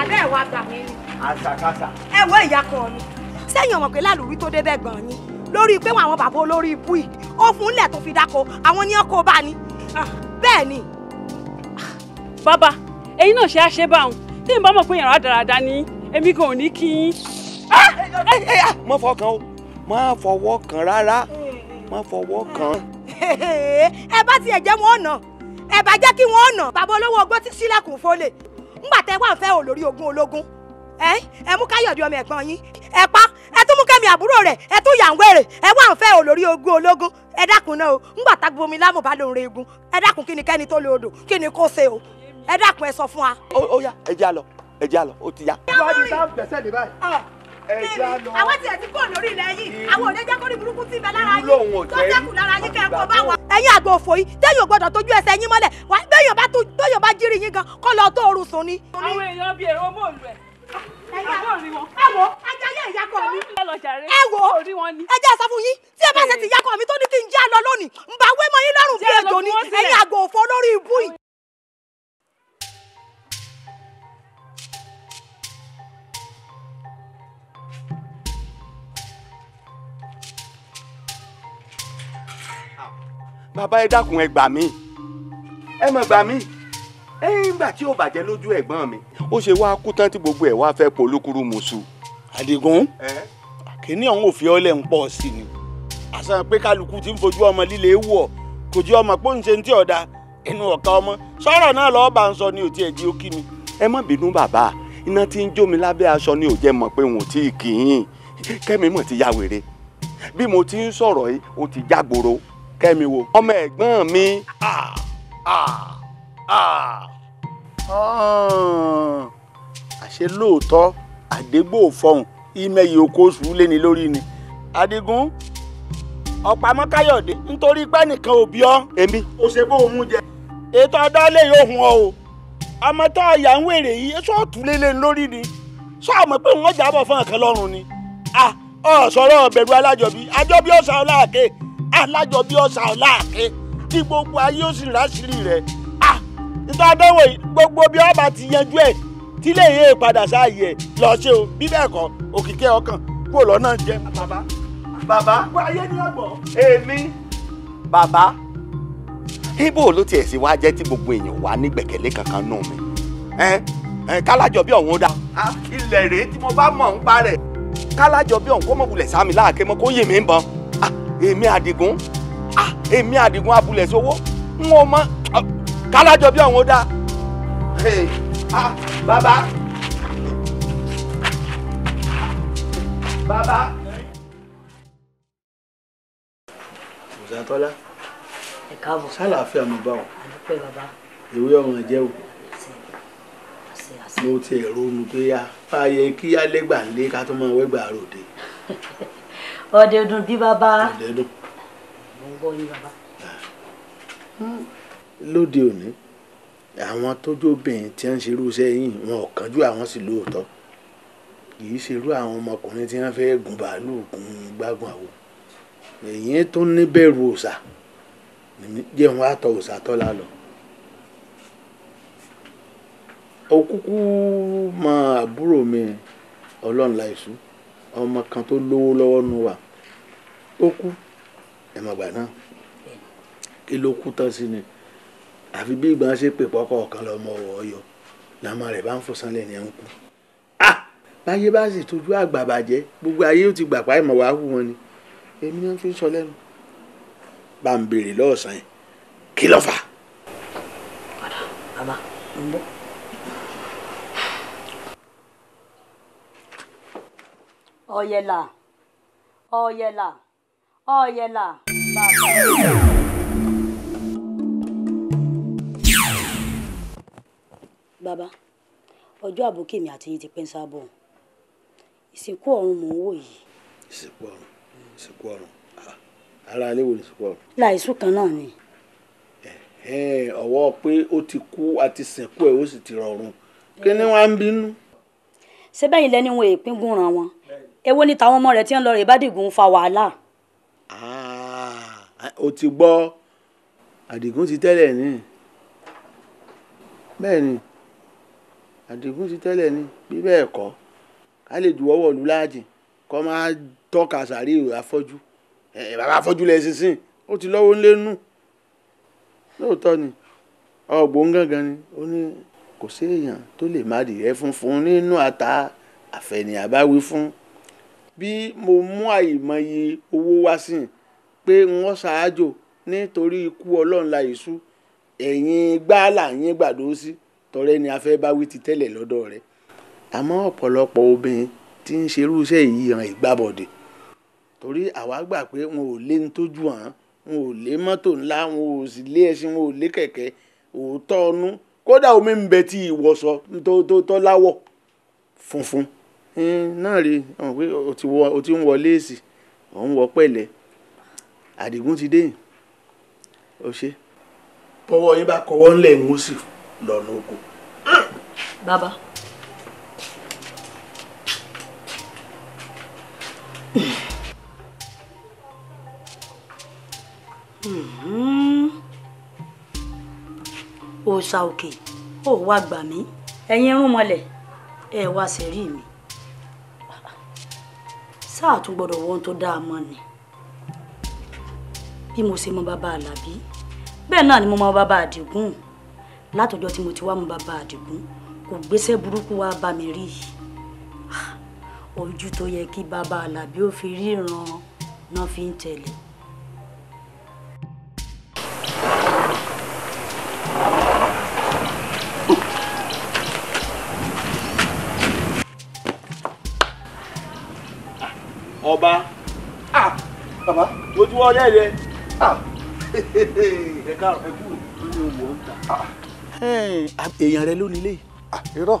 F: àbẹ́ ẹ̀ wá gbà mí ni. àṣàkáṣà. ẹ wọ ìyá kan mi sẹ́yìn ọmọ pé lálùwí tó débẹ̀ gan-an ni lórí pé àwọn bàbá olórí ibú yìí ó fún ilẹ̀ tó fi dáko àwọn ní ọkọ̀ bá ni ah. bẹ́ẹ̀ ni. bàbá ẹ̀yin náà
E: ṣe àṣẹ báwọn tí n bá mọ̀ pé yàrá dáradára ni èmi kò ní kí yín. Ah!
B: Eh, eh, ah! má fọwọ́ kan o má fọwọ́ kan rárá eh. má fọwọ́ kan.
F: ẹ bá tiẹ̀ jẹ́ wọn ọ̀nà ẹ bá jẹ́ kí wọn ọ̀nà. bàbá olówó ọgbọ́n ti sílẹ̀kùn fọlẹ̀ ńgbà tẹ́ wà ń fẹ́ olórí ogun ológun ẹ mú káyọ̀dé ọmọ ẹ̀gbọ́n yín ẹ pa ẹ tún mú kẹ́mi àbúrò rẹ̀ ẹ tún yà ń wèrè ẹ wà ń fẹ́ olórí ogun ológun ẹ dákun náà o ńgbà tá gbogbo mi lámùbá lòún re egun ẹ dákun kí ni kẹ́ni tó lè odò kí ni kó ṣe o ẹ dákun ẹ sọ fún wa. ó yá
B: ẹ já lọ ẹ já lọ ó ti yá.
F: wọ́n ti sá gbẹ̀sẹ̀ ní báyìí. Ah, ẹja lọ àwọn tiẹ̀ ti kúrò lórí ilẹ̀ yìí àwọn òde jẹ́ kórìí burúkú ti bẹ lára yín tó jẹ́kù lára yín kẹ́ ẹ kó bá wa. ẹ̀yin àgbà òfò yìí tẹ́yìn ò gbọ́dọ̀ tójú ẹsẹ̀ yín mọ́lẹ̀ wà bẹ́yìn bá tóyìn bá jírí yín gan kọ́ lọ tó oorun sùn ni. àwọn èèyàn bíi èrò mọ́ọ̀lù ẹ̀ ẹ wo ajáyé ìyàkọ mi ẹ wo ẹ jẹ́ sọ fún yín tí ẹ bá ṣe ti ìyàkọ mi tó ní kí n já lọ lónìí ń bá wé mọ́ ẹ̀yin àgbò òfò lórí ibú yìí
B: bàbá ẹ dákun ẹ gbà mí ẹ mọ̀ gbà mí ẹ ńgbà tí ó bàjẹ́ lójú ẹ̀gbọ́n mi. ó ṣe wá kú tán tí gbogbo ẹ̀ wá fẹ́ polúkúrú mùsù. àdìgún kìíní ọ̀hún òfin ọ̀lẹ̀ ń pọ̀ sí ni àṣà pé kálukú ti ń fojú ọmọ líle wọ̀ kò jẹ́ ọmọ pé ó ń ṣe ti ọ̀dà inú ọ̀ka ọmọ sọ̀rọ̀ náà lọ́ọ́ bá ń sọ ni ò tiẹ̀ di ó kí mi. ẹ má bínú bàbá iná tí ń jó mi lábẹ́ aṣọ ni ò jẹ́ mọ̀ pé wọn ò tí ì kì í kẹ́mi mọ̀ ti ya wèrè bí mo ti ń sọ̀rọ̀ yìí ó ti jágboro kẹ́mi wo ọmọ ẹ̀gbọ́n mi. àṣé lóòótọ́ àdégbò fọhùn ìmẹ̀yì oko sùúrù léni lórí ni. adigun ọ̀pamọ́ káyọ̀dé nítorí pé nìkan ò bí ọ́. èmi. o ṣe bó o mú jẹ. ètò ọ̀dọ́lé yóò hun ọ o ọmọ tó ọ̀yà ń wèrè yìí ẹ sọ́ọ̀tù lélẹ̀ lórí ni sọ́ọ̀ mọ̀ pé wọ́n jábọ̀ fún ọ̀kan lọ́rùn ni. a ọ̀ sọ̀rọ̀ ọ̀bẹ̀rù alájọbí àjọbí ọ̀sán ọláàkè alájọbí ọ̀sà ọ̀làákin tí gbogbo ayé ó sì ráṣìírí rẹ̀ ah ìtọ́ adéwò gbogbo bí ọba ti yanjú ẹ̀ tí lè yé padà sáàyè ẹ̀ lọ ṣe o bí bẹ́ẹ̀ kọ́ òkìkẹ́ ọkàn kúrò lọ́nà jẹ́. bàbá bàbá gbogbo ayé ní ọgbọ̀n. èmi bàbá ibo ló tiẹ̀ sí wá jẹ́ tí gbogbo èèyàn wà ní gbẹ̀kẹ̀lé kankan nù mí kálájọ bí ọ̀hún dá. ilẹ̀ rèé tí mo bá mọ̀ ń parẹ̀ kálájọ bí ọ̀hún kó mọ̀ wulẹ̀ sámi láàké mọ́ kó yè mí ń bọ́n èmi àdìgún ah, èmi àdìgún abulẹ̀ sówó n ò mọ ah, kálájọ bí ọ̀hún dá ah, bàbá bàbá. Òsàtọ́lá káàbọ̀. sálàáfíà mo bá wọn. àdúpẹ́ bàbá. ìwé ọ̀ràn jẹ́ o. mo ti ẹ̀rọ nu pé a fààyè kí alẹ́gbà ń lé ká tó máa wẹ́gbà ròde.
G: ọdẹ dùn bí bàbá. ọdẹ dùn. mo ń gbọ́ yín bàbá.
B: Hmm. lóde òní àwọn tójú obìnrin tí wọ́n ń ṣerú iṣẹ́ yìí wọn ò kánjú àwọn sì lóòótọ́ kì í ṣerú àwọn ọmọkùnrin tí wọ́n fẹ́ gun bàálù gun gbágun àwò èyí tó ní bẹ̀rù òòṣà jẹ́ wọn àtọ̀ òòṣà tọ́lá lọ. òkúkú mọ àbúrò mi ọlọ́run láìsú ọmọ kan tó lówó lọ́wọ́ nu wà ó kú ẹ mọ̀ gbà náà kí ló kú tán sí ni àfi bí ìgbà ṣe pè pọ́kọ́ ọ̀kan lọ́mọ ọ̀yọ́ làmọ rẹ̀ bá ń fòsàn lẹ́ni ẹ̀ ń kú. Ah! báyé bá sì tójú àgbà bàjẹ́ gbogbo ayé ó ti gbà pa ìmọ̀ wàá hù wọn ni èmi náà fi ń sọ lẹ́nu bá ń béèrè lọ́ọ̀sán yẹn kí ló fà. padà bàbá
G: Oyela bàbá. bàbá ọjọ́ àbókè mi àti yín ti pẹ́ ń sábọ̀ ìsìnkú ọ̀run mò ń wò yìí.
B: ìsìnkú ọ̀run ìsìnkú ọ̀run ah, ara ní wo ni ìsìnkú ọ̀run.
G: láìsùn kan náà ni.
B: ọwọ́ pé ó ti kú àti sìnkú ẹ̀ ó sì ti rọrùn kí ni
G: wọ́n á ń bínú. ṣé bẹ́yìn lẹ́ni wọn èèpín gúnran wọn èwo ni tàwọn ọmọ rẹ̀ ti ń lọ rè bá dìgún fa wàhálà.
B: Ah, o ti gbọ́ àdìgún ti tẹ́lẹ̀ ní bẹ́ẹ̀ ni àdìgún ti tẹ́lẹ̀ ní bí bẹ́ẹ̀ kọ́ ká lè juwọ́ wọ̀lú láàjì kọ́ máa tọ́ka sàárè àfọ́jú ẹ̀ bàbá àfọ́jú lẹ̀ sísìn ó ti lọ́wọ́ ńlẹ́nu lóòótọ́ ni ọgbọ́n gangan ni o ní kò sí èèyàn tó lè má dìrẹ́ funfun nínú ata àfẹ̀yìn àbáwí fún bí mo mú àìmọye owó wá sí i pé wọ́n ṣáájò nítorí ikú ọlọ́run la yìí sú ẹ̀yin gbáàlà yín gbàdó sí tọ̀rẹ́ ni a fẹ́ bá wí ti tẹ́lẹ̀ lọ́dọ̀ rẹ̀ àmọ́ ọ̀pọ̀lọpọ̀ obìnrin tí ń ṣerú iṣẹ́ yìí hàn ìgbàbọ̀dẹ̀ torí àwa gbà pé wọn ò lé ní tójú hàn wọn ò lé mọ́tò ńlá wọn ò sì lé ẹṣin wọn ò lé kẹ̀kẹ́ òótọ́ ọnú kódà omi ń bẹ tí ìwọ̀sọ tó tó tọ́ funfun náà rè ọmọ pé o ti ń wọ léèsì ò ń wọ pẹ̀lẹ́ àdìgún ti dé yìí ó ṣe. bọ́wọ́ yín bá kọ́wọ́ ńlẹ̀ ń wọ́n sì lọ́nà oko.
G: bàbá. òòṣà òkè ó wá gbà mí ẹ̀yin irúnmọlẹ̀ ẹ wá sẹ́rí mi sáà tún gbọ́dọ̀ wọ́n tó dáa mọ́ ni bí mo ṣe mọ bàbá Àlàbí bẹ́ẹ̀ náà ni mo mọ bàbá Àdìgún látọjọ́ tí mo ti wá mọ bàbá Àdìgún kò gbéṣẹ́ burúkú wá bá mi rí yìí ah, ojú tó yẹ kí bàbá Àlàbí ó fi ríran náà fi ń tẹ̀lé
B: ọba. bàbá mo ti wọ ọjọ́ ìrẹ. ẹ káàrọ̀ ẹ kúrò lórí òwò ọ̀ǹtà. èèyàn rẹ ló nílé. irọ́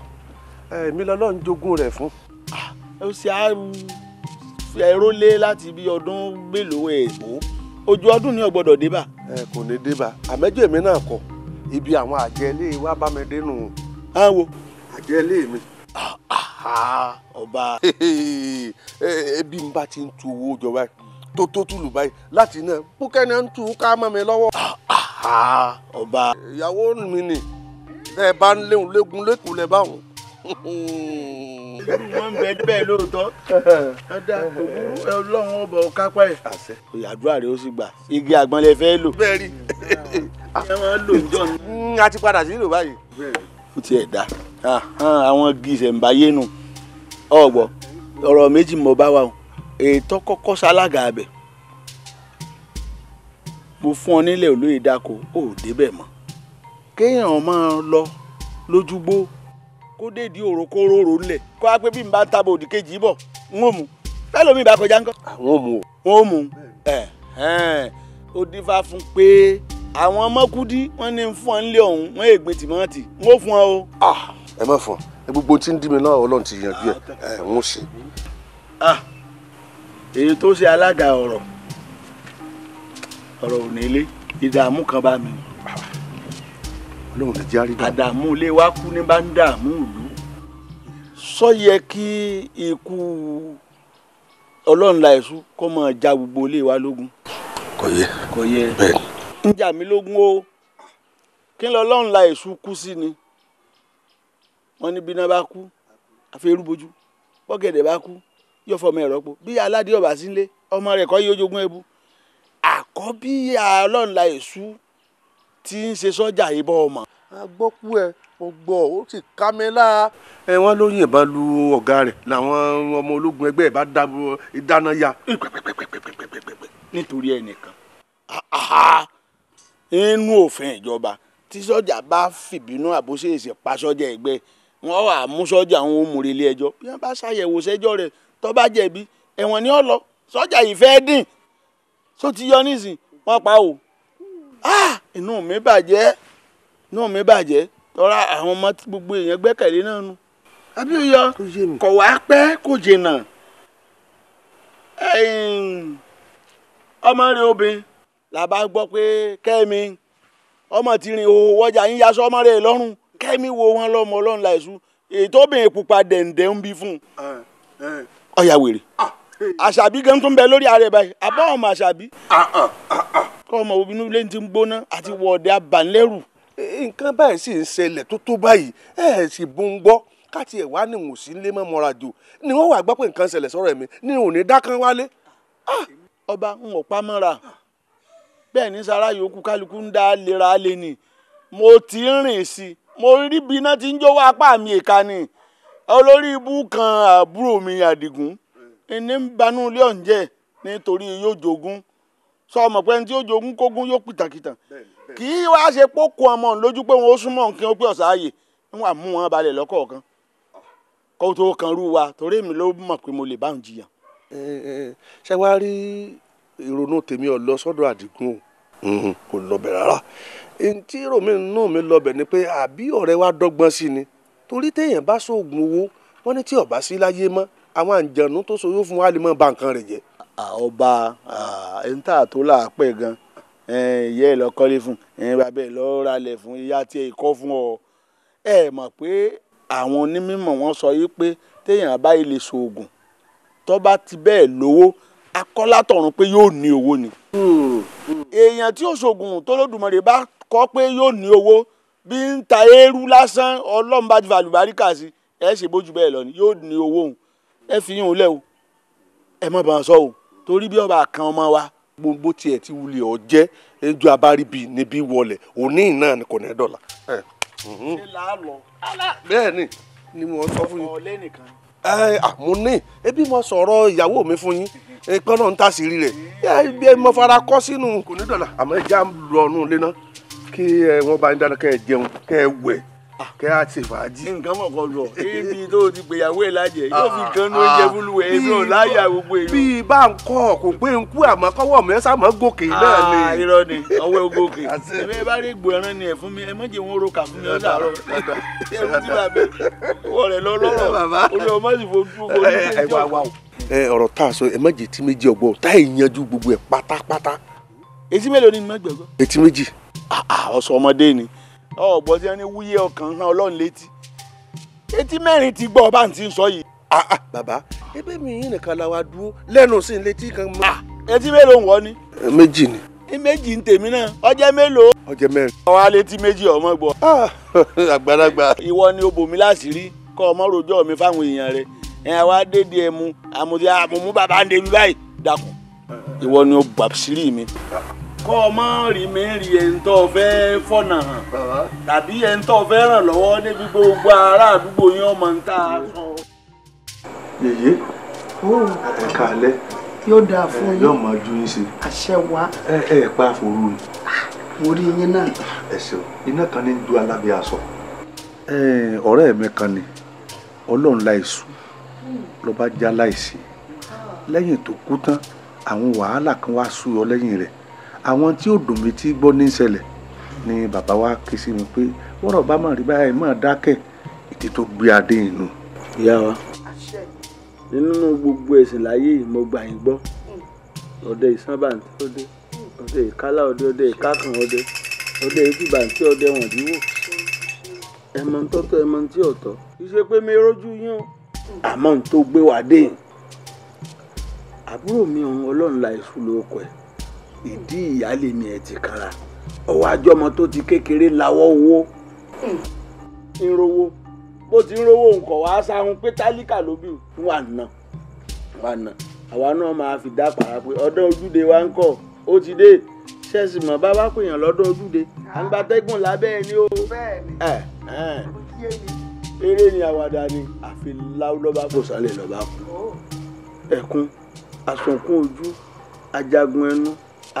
B: èmi lọ́lọ́ ń jogún rẹ̀ fún. ó ṣe ẹ̀rọ lé láti bí ọdún mélòó ẹ̀ ó ojú ọdún ni ó gbọ́dọ̀ débà. ẹ kò ní débà àmẹ́jọ èmi náà kọ ibi àwọn àjẹlé wa bá mi dénú. á wo àjẹlé mi ọba ebi eh, eh, n bá ti ń tu owó jọba tó tó tùlù báyìí láti náà búkẹ́ ń tu ká mọ́ mi lọ́wọ́. ọba ìyàwó mi nì ẹ bá ń léwu léegun lẹ́kùn lẹ́ bá wọn. wọ́n bẹ bẹ́ẹ̀ lóòótọ́ ọ̀dà kò burú ọlọ́run ọba ò kápá ẹ̀. ìyàdúrà rẹ ó sì gbà igi àgbọn lè fẹ́ lò. bẹ́ẹ̀ ni ẹ máa lò jọ ni. Hmm, a ti padà sí ìlú báyìí ó ti ẹ̀ dá àwọn gíìsẹ̀ ń báyé nù ọ̀gbọ́ ọ̀rọ̀ méjì mo bá wa o ètò kọ́kọ́ sálága abẹ̀ mo fún ọ nílẹ̀ olóyè dáko ó débẹ̀ mọ́ kéèyàn máa lọ lójúgbó kó déèdì òrókóróró ńlẹ̀ kó wá pé bí n bá ń tabo òdì kejì bọ̀ n ó mu fẹ́ẹ́ lómi ìbá kọjá ńkọ́. àwọn ò mu o. ó mu ẹ̀ ẹ̀ ó dífá fún pé àwọn mọ́kúdí wọ́n ní fún ọ nílé ọ̀hún wọ́n ègbè tìmọ́tì wọ́n fún ọ o. Ah, ẹ má fún ọ gbogbo tí ń dí mi náà ọlọ́run ti yanjú ẹ ẹ ń ṣe. Ah, èyí tó ṣe alága ọ̀rọ̀ ọ̀rọ̀ ò nílé ìdààmú kan bá mi. ọlọ́run lè jẹ́ àrídà. àdààmú ilé wa kú ní bá ń dààmú ìlú. sọ yẹ kí ikú ọlọ́run la ẹ̀sùn kó máa ja gbogbo ilé wa lógun. kò yẹ kò yẹ bẹ́ẹ̀ ń jà mí lógún o kí lọ lọ́run la èṣù kú sí ni wọ́n ní bí iná bá kú àfi eru bojú bọ́gẹ̀dẹ̀ bá kú yóò fọmọ ẹ̀rọ po bí aládé ọba sí lé ọmọ rẹ̀ kọ́ yóò jogún ẹbu àkọ́bí ọlọ́run la èṣù tí ń ṣe sọ́jà yìí ọmọ. a gbọ́ kú ẹ mo gbọ́ ó sì ká mi lá. ẹ wọn ló yìnbọn lu ọ̀gá rẹ̀ làwọn ọmọ ológun ẹgbẹ́ ẹ̀ dáná ya. nítorí ẹnìkan inú òfin ìjọba tí sọ́jà bá fìbínú àbóṣèṣe pa sọ́jà ẹgbẹ́ wọn wà mú sọ́jà wọn ó múre ilé ẹjọ́ bí wọ́n bá ṣàyẹ̀wò sẹ́jọ́ rẹ̀ tó bá jẹ̀bi ni ó lọ sọ́jà yìí fẹ́ dín só ti yọ nísìn wọ́n pa o ah! inú mi bàjẹ́ inú mi bàjẹ́ tọ́ra àwọn ọmọ gbogbo èèyàn gbẹ́kẹ̀lé náà nu abíyọ kọ̀ wá pẹ́ kò jìnnà ọmọ rẹ obìnrin la bá gbọ́ pé kẹ́mi ọmọ ti rìn òwò wọ́jà yín yaṣọ ọmọ rẹ̀ lọ́rùn kẹ́mi wo wọn lọ́mọ ọlọ́run láìsú ètò obìnrin pupa dẹ̀ǹdẹ̀ ń bí fún un ọ̀yà wèrè àṣàbí gan tó bẹ lórí ààrẹ báyìí àbọ̀ ọmọ àṣàbí kọ́ ọmọ obìnrin ilé ti ń gbóná àti wọ̀ọ̀dẹ abànlẹ́rù. nǹkan báyìí sì ń ṣẹlẹ̀ tó tó báyìí ẹ̀ sì bó ń gbọ́ káti ẹ̀ wá ní mò sí lé mọ́ mọ́ra ni wọ́n wà gbọ́ pé nǹkan ṣẹlẹ̀ sọ́rọ̀ mi ni òní dákan wálé. ọba ń wọ̀ pamọ́ra bẹ́ẹ̀ ní sara yòókù kálukú ń dá lera lé ni mo ti ń rìn sí i mo rí bí iná ti ń jó apá mi ìka ni olórí ibú kan àbúrò mi àdìgún ẹni ń banú ilé ọ̀njẹ́ nítorí yóò jogún sọ ọmọ pé ẹni tí yóò jogún kógún yóò pìtàkìtàn kì í wá ṣe pókó ọmọ lójú pé wọn ó súnmọ́ nǹkan ó pé ọ̀sà ààyè wọn àmú wọn balẹ̀ lọ́kọ̀ọ̀kan kó tó kan rú wa torí èmi ló mọ̀ pé mo lè bá òun jiyàn. ṣé wàá rí ìrònú tèmi ọ̀ lọ sọ́dọ̀ àdìgún o mm-hmm. kò lọ́bẹ̀ rárá ntí ròmí nù mí lọ́bẹ̀ ni pé àbí ọ̀rẹ́ wa dọ́gbọ́n sí ni torí téèyàn bá sóògùn owó wọ́n ní tí ọba sí láyé mọ́ àwọn àǹjànú tó so yóò fún wa lè mọ ba nǹkan rẹ̀ jẹ́. ọba ẹni tá a tó là á pẹ̀ gan ìyá ẹ̀ lọ kọ́lé fún ẹ̀yin bàbá ẹ̀ lọ́ọ́ ralẹ̀ fún ìyá tí ẹ̀ kọ́ fún ọ ẹ mọ̀ pé àwọn onímọ̀ wọn sọ yìí pé téèyàn bá ilé sóògùn tó bá ti bẹ́ẹ̀ lówó akọ́látọ̀run pé yóò ní owó ni. Hmm, hmm. èèyàn tí òṣogùn tólódùmarè bá kọ́ pé yóò ní owó bí ń ta eérú lásán ọlọ́run bá ti fà lùbáríkà sí ẹ ṣe bójú bẹ́ẹ̀ lọ ni yóò ní owó òun ẹ fi yín òun o ẹ mọ̀ bá wọn sọ o torí bí ọba kan ọmọ wa gbogbo tiẹ̀ ti wulẹ̀ ọ jẹ́ ẹjọ́ abáríbi níbí wọlé òní náà ni kò ní dọ̀la. Mhm. ṣé làá bẹ́ẹ̀ ni ni mo sọ fún yín. ọ̀lẹ́ nìkan mo ní ebi mo sọ̀rọ̀ ìyàwó mi fún yín ìpẹ́ náà ń ta sírí rẹ̀ ẹ mo fara kọ́ sínú kò ní dọ̀là àmọ́ ẹ já lọ ọ̀nù lẹ́nà kí wọ́n bá ń dáná kẹ́ ẹ jẹun kẹ́ ẹ wẹ̀ Ah, kí á ti fàájì. nǹkan mọ̀ kọ́ lọ ibi tó o ti gbéyàwó ẹ̀ lájẹ̀ yóò fi ah, kan ní oúnjẹ búlúwẹ̀ èmi ò láyà gbogbo èlò. bí bá ń kọ́ kò pé ń kú àmọ́ kọ́wọ́ mi ẹ sàmọ́ gòkè náà ni. Ah, irọ́ ni ọwọ́ ẹ gòkè ẹ bá rí gbò ẹran ni ẹ fún mi ẹ mọ̀jẹ̀ wọn ro kà fún mi ọ̀dà rọ ẹ fún mi bàbá wọ rẹ lọ lọ́rọ̀ orí ọmọ sì fojú fojú ọ̀rọ̀ tá a sọ ẹ má jẹ́ tí méjì ọgbọ́n tá ì yanjú gbogbo ẹ̀ pátápátá. etí mélòó ni mo gbẹ̀gbọ́. etí méjì. ọ̀sọ̀ ọmọdé ni ọ̀gbọ́n tí wọ́n ní wúyẹ́ ọkàn hàn ọlọ́run létí etí mẹ́rin ti gbọ́ ọba ti ń sọ yìí. Ah, ah, bàbá ebe mi yín nìkan la wa dúró lẹ́nu sí létí kan mọ́. Ah, etí mélòó wọ́n ni. Eh, méjì ni. ní méjì ń tèmi náà ọjẹ́ mélòó. ọjẹ́ mẹ́rin. ọwọ́ alétí méjì ọmọ gbọ́. àgbàlagbà. ìwọ ni o bò mí láṣìírí kọ́ ọmọ rojọ́ mi fáwọn èèyàn rẹ̀ ẹ̀ wá dédé ẹ̀ mu àmùtí àmùmú bàbá ń delu báyìí dàkún. Eh, eh. ìwọ ni o gbàṣírí mi kọ́ ọ mọ́ rí mi rí fẹ́ fọ̀nà hàn tàbí ẹni fẹ́ ràn lọ́wọ́ débi gbogbo ará àdúgbò yín ọmọ ń tà yèyé ẹ kàálẹ́ yóò dáa fún yín yóò máa ju yín sí. àṣẹ wa. ẹ ẹ pa àforú ni. mo rí yín náà.
C: ẹ ṣeun iná kan ní ju alábẹ́ aṣọ.
B: ọ̀rẹ́ mi kan ni ọlọ́run láìsù ló já láìsí lẹ́yìn tó kú tán àwọn wàhálà kan wá sú ọ lẹ́yìn rẹ̀ àwọn tí ò dùn mí tí gbọ́ ní ṣẹlẹ̀ ni bàbá wa ké sí mi pé wọ́rọ̀ bá mọ̀ rí báyìí mọ̀ dákẹ́ ìdí tó gbé adé inú. ìyá wa nínú gbogbo ẹ̀sìn láyé mo gbà yín gbọ́ ọdẹ ìsánbàǹtí ọdẹ ọdẹ ìkálá ọdẹ ọdẹ ìkákan ọdẹ ọdẹ ìdìbàǹtí ọdẹ wọn ní wò ẹmọ tọ́tọ́ ẹmọ tí ọ̀tọ̀ iṣẹ́ pé mi rójú yín o àmọ́ n tó gbé wá dé àbúrò mi ọ̀hún ọlọ́run la ìṣúlò ọkọ̀ ẹ̀ ìdí ìyáálé ni ẹ ti kanra ọwọ́ àjọmọ tó ti kékeré lawọ́ owó hmm. ń rówó bó ti ń rówó nǹkan wàá sáhun pé tálíkà ló bí wà ná wà ná àwa náà máa fi dá pàrà pé ọdún ojúde wa ń kọ ó ti dé ṣẹ́ẹ̀sì mọ̀ bá wá pèèyàn lọ́dún ojúde à ń gbatẹ́gùn lábẹ́ ẹni o eré ni àwàdà ni àfi láwù lọ́ba kò sálẹ̀ lọ́ba kù oh. ẹkún asunkun ojú ajagun ẹnu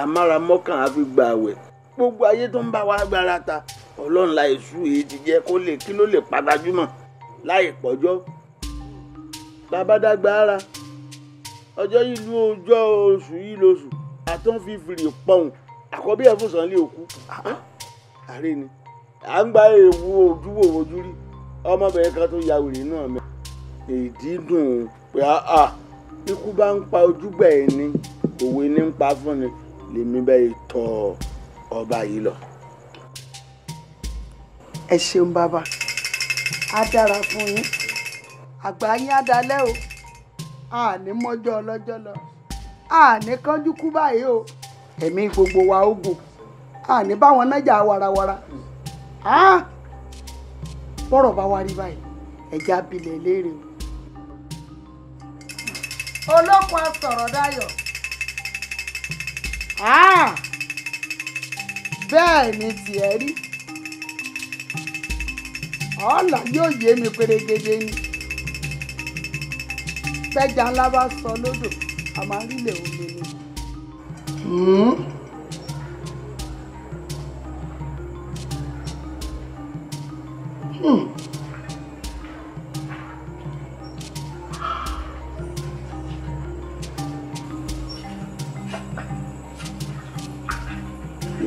B: amáramọ́kàn á fi gbà àwẹ̀ gbogbo ayé tó ń bá wa gbára ta ọlọ́run la èṣù èyí ti jẹ́ kó lè kí ló lè padàjúmọ̀ láì pọ́jọ́ bàbá dàgbà ara ọjọ́ yìí ló ọjọ́ oṣù yìí lóṣù àtọ́n fi fìrì pọ̀hùn àkọ́bí ẹ̀ fún sànlẹ̀ òkú àárẹ̀ ni à ń gba èèwù òdúwò ojú rí ọmọbìnrin kan tó ya wèrè náà mẹ́ èdè dùn pé ikú bá ń pa ojúgbà ẹni òwe ní ń pa fún ni. lèmi bẹ́ẹ̀ tọ ọba yìí lọ. ẹ ṣeun bàbá
E: á dára fún yín àgbà yín o a ní ọlọjọ lọ
C: a ní kánjú kú báyìí o
B: ẹ̀mí gbogbo wa ogun. gùn
C: a ní
E: báwọn nájà warawara bọ́rọ̀ bá wá rí báyìí
C: ẹ̀já abilẹ̀ léèrè o.
E: olókun asọ̀rọ̀ dayọ̀. Ah! bẹ́ẹ̀ ni tiẹ̀ rí ọ̀la yóò yé mi pérégede ni pẹ́jà ńlá bá sọ lódò a máa ń rílẹ̀ omi ni.
D: Hmm. hmm.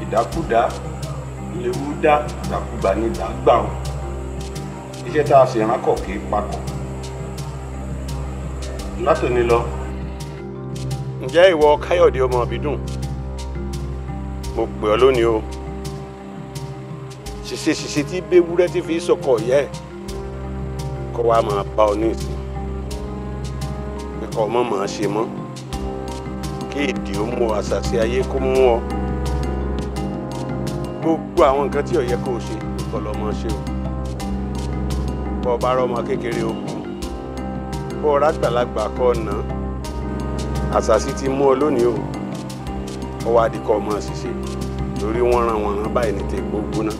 B: ìdákúdá léwu dá ìdákúgbà ní ìdágbà o iṣẹ́ tá a sì ránkọ̀ kì í papọ̀ látòní lọ. ǹjẹ́ ìwọ káyọ̀dé ọmọ ọ̀bídùn mo pè ọ́ lónìí o ṣìṣe ṣìṣe tí bẹ́wúrẹ́ ti fi sọ̀kọ̀ yẹ kó wàá máa bá ọ ní ìsìn kọ́ mọ́ mọ́ ṣe mọ́ kí èdè ó mú àṣàṣe ayé kó mú ọ gbogbo àwọn nǹkan tí ó yẹ kó o ṣe kọ́ lọ́ mọ́ ṣe o bọ́ bá rọ́mọ kékeré ogun kó o rágbàlagbà kọ́ ọ̀nà àṣàṣì ti mú ọ lónìí o ó wá di kọ́ ọmọ ṣiṣẹ́ lórí wọ́n ràn wọ́n rán báyìí ní tègbó gbóná.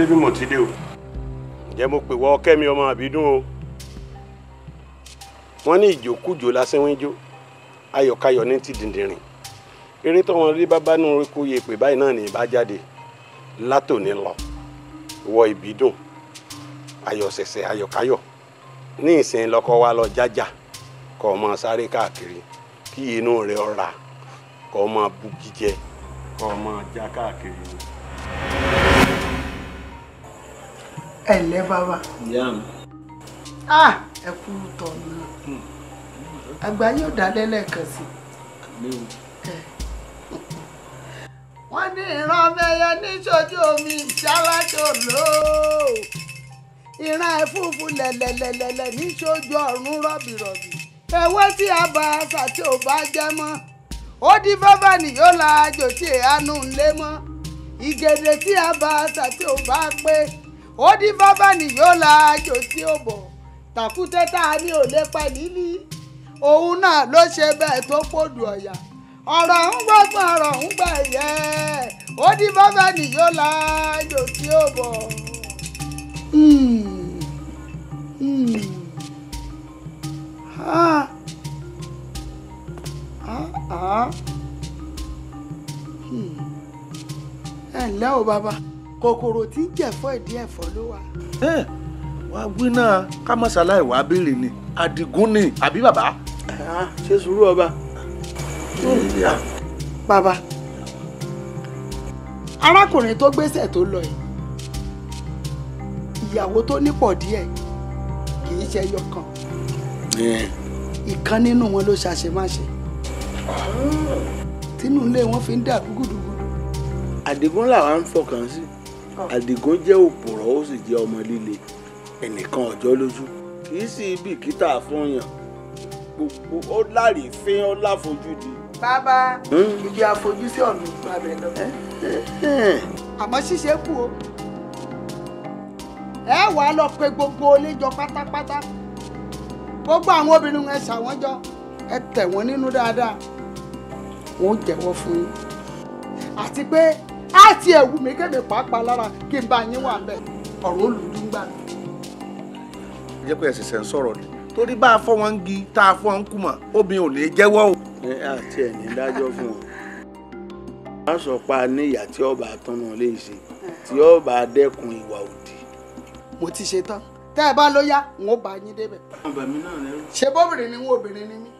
B: dé bí mo ti dé o. ǹjẹ́ mo pè wọ kẹ́mi ọmọ àbídún o. wọ́n ní ìjókújó lásìwínjó ayọ̀kayọ̀ ní ti dìndìnrìn eré tó wọn rí bábá nù rí kú yèpè báyìí náà ní ìbá jáde látòní lọ wọ ìbídùn ayọ̀sẹ̀sẹ̀ ayọ̀kayọ̀ ní ìsìn lọ́kọ́ wa lọ jájà kọ́ ọ sáré káàkiri kí inú rẹ̀ ọ̀ra kọ́ ọ bu jíjẹ kọ́ ọ já káàkiri ni
C: ẹ ǹlẹ́ bàbá.
B: ìyá mi. ẹ kú tọ̀ náà
C: àgbà
E: yóò dálẹ́ lẹ́ẹ̀kan sí
B: i.
C: wọ́n ní ìran mẹ́yẹ níṣojú omi ìṣáláṣọ lóò ìran ẹ̀fúùfù lẹ̀lẹ̀lẹ̀lẹ̀ níṣojú ọ̀run rọ̀bìrọ̀bì ewé tí a bá aṣà tí ò bá jẹ́ mọ́ ó di bábà nìyó la àjò tí èánú ń lé mọ́ ìgèdè tí a bá aṣà tí ò bá pé ó dín bábà nìyó la àjò tí ó bọ̀ tàkútẹ́ tá a ní òde pẹ̀lú ní òun náà ló ṣe bẹ́ẹ̀ tó pòdù ọ̀yà ọ̀rọ̀ ń gbọ́gbọ́n ọ̀rọ̀ ń gbà yẹ
E: ó dín bábà nìyó la àjò tí ó bọ̀.
C: Ah. Ah, ah. Hmm.
B: ẹ ǹlẹ́ o bàbá kòkòrò tí ń jẹ̀fọ́ ìdí ẹ̀fọ́ ló wà. wàá wí náà kámọ́sáláì wàá béèrè ni àdìgún ni àbí bàbá. Ah, ṣe sùúrù ọba. bàbá arákùnrin tó gbéṣẹ̀ tó lọ yìí ìyàwó tó
C: nípọ̀ díẹ̀ kì í ṣe yọkan ìkan nínú wọn ló ṣàṣemáṣe ah. tínú ilé wọn fi ń dà gúgúdùgúdù.
B: àdìgún làwa ń fọkàn sí àdìgún jẹ́ òpòrọ̀ ó sì jẹ́ ọmọ líle ẹnìkan ọ̀jọ́ lójú kì í sì bìkítà fún yàn gbogbo ó lárí fín ó láfojúdi.
E: bàbá hm?
B: ìdí àfojúsí ọ̀nà ìgbà rẹ̀ lọ.
C: àmọ́ ṣíṣe kù o ẹ wà á lọ pe gbogbo oléjọ pátápátá gbogbo àwọn obìnrin ẹ ṣàwọn jọ
B: ẹ tẹ̀ wọ́n nínú dáadáa
C: wọ́n jẹ́wọ́ fún yín
B: àti pé á ti ẹ̀wù mi kébè pàápàá lára kí n bá yín wà bẹ́ẹ̀ ọ̀rọ̀ olùdí ń gbà mí. jẹ́ pé ẹ̀sìn sẹ́ ń sọ̀rọ̀ ni torí bá a fọ́ wọn ń gi tá a fọ́ wọn ń kùmọ̀ obìnrin ò lè jẹ́wọ́ o. ẹ àti ẹ̀ ní dájọ́ fún ọ. wọ́n sọ pa ní ìyá tí ọba tọ́nà lè ṣe tí ọba dẹ́kun ìwà òdì. mo ti ṣe tán tẹ́ ẹ bá ló yá n ó bá yín débẹ̀. ṣé bóbìnrin ni n ó obìnrin ni mí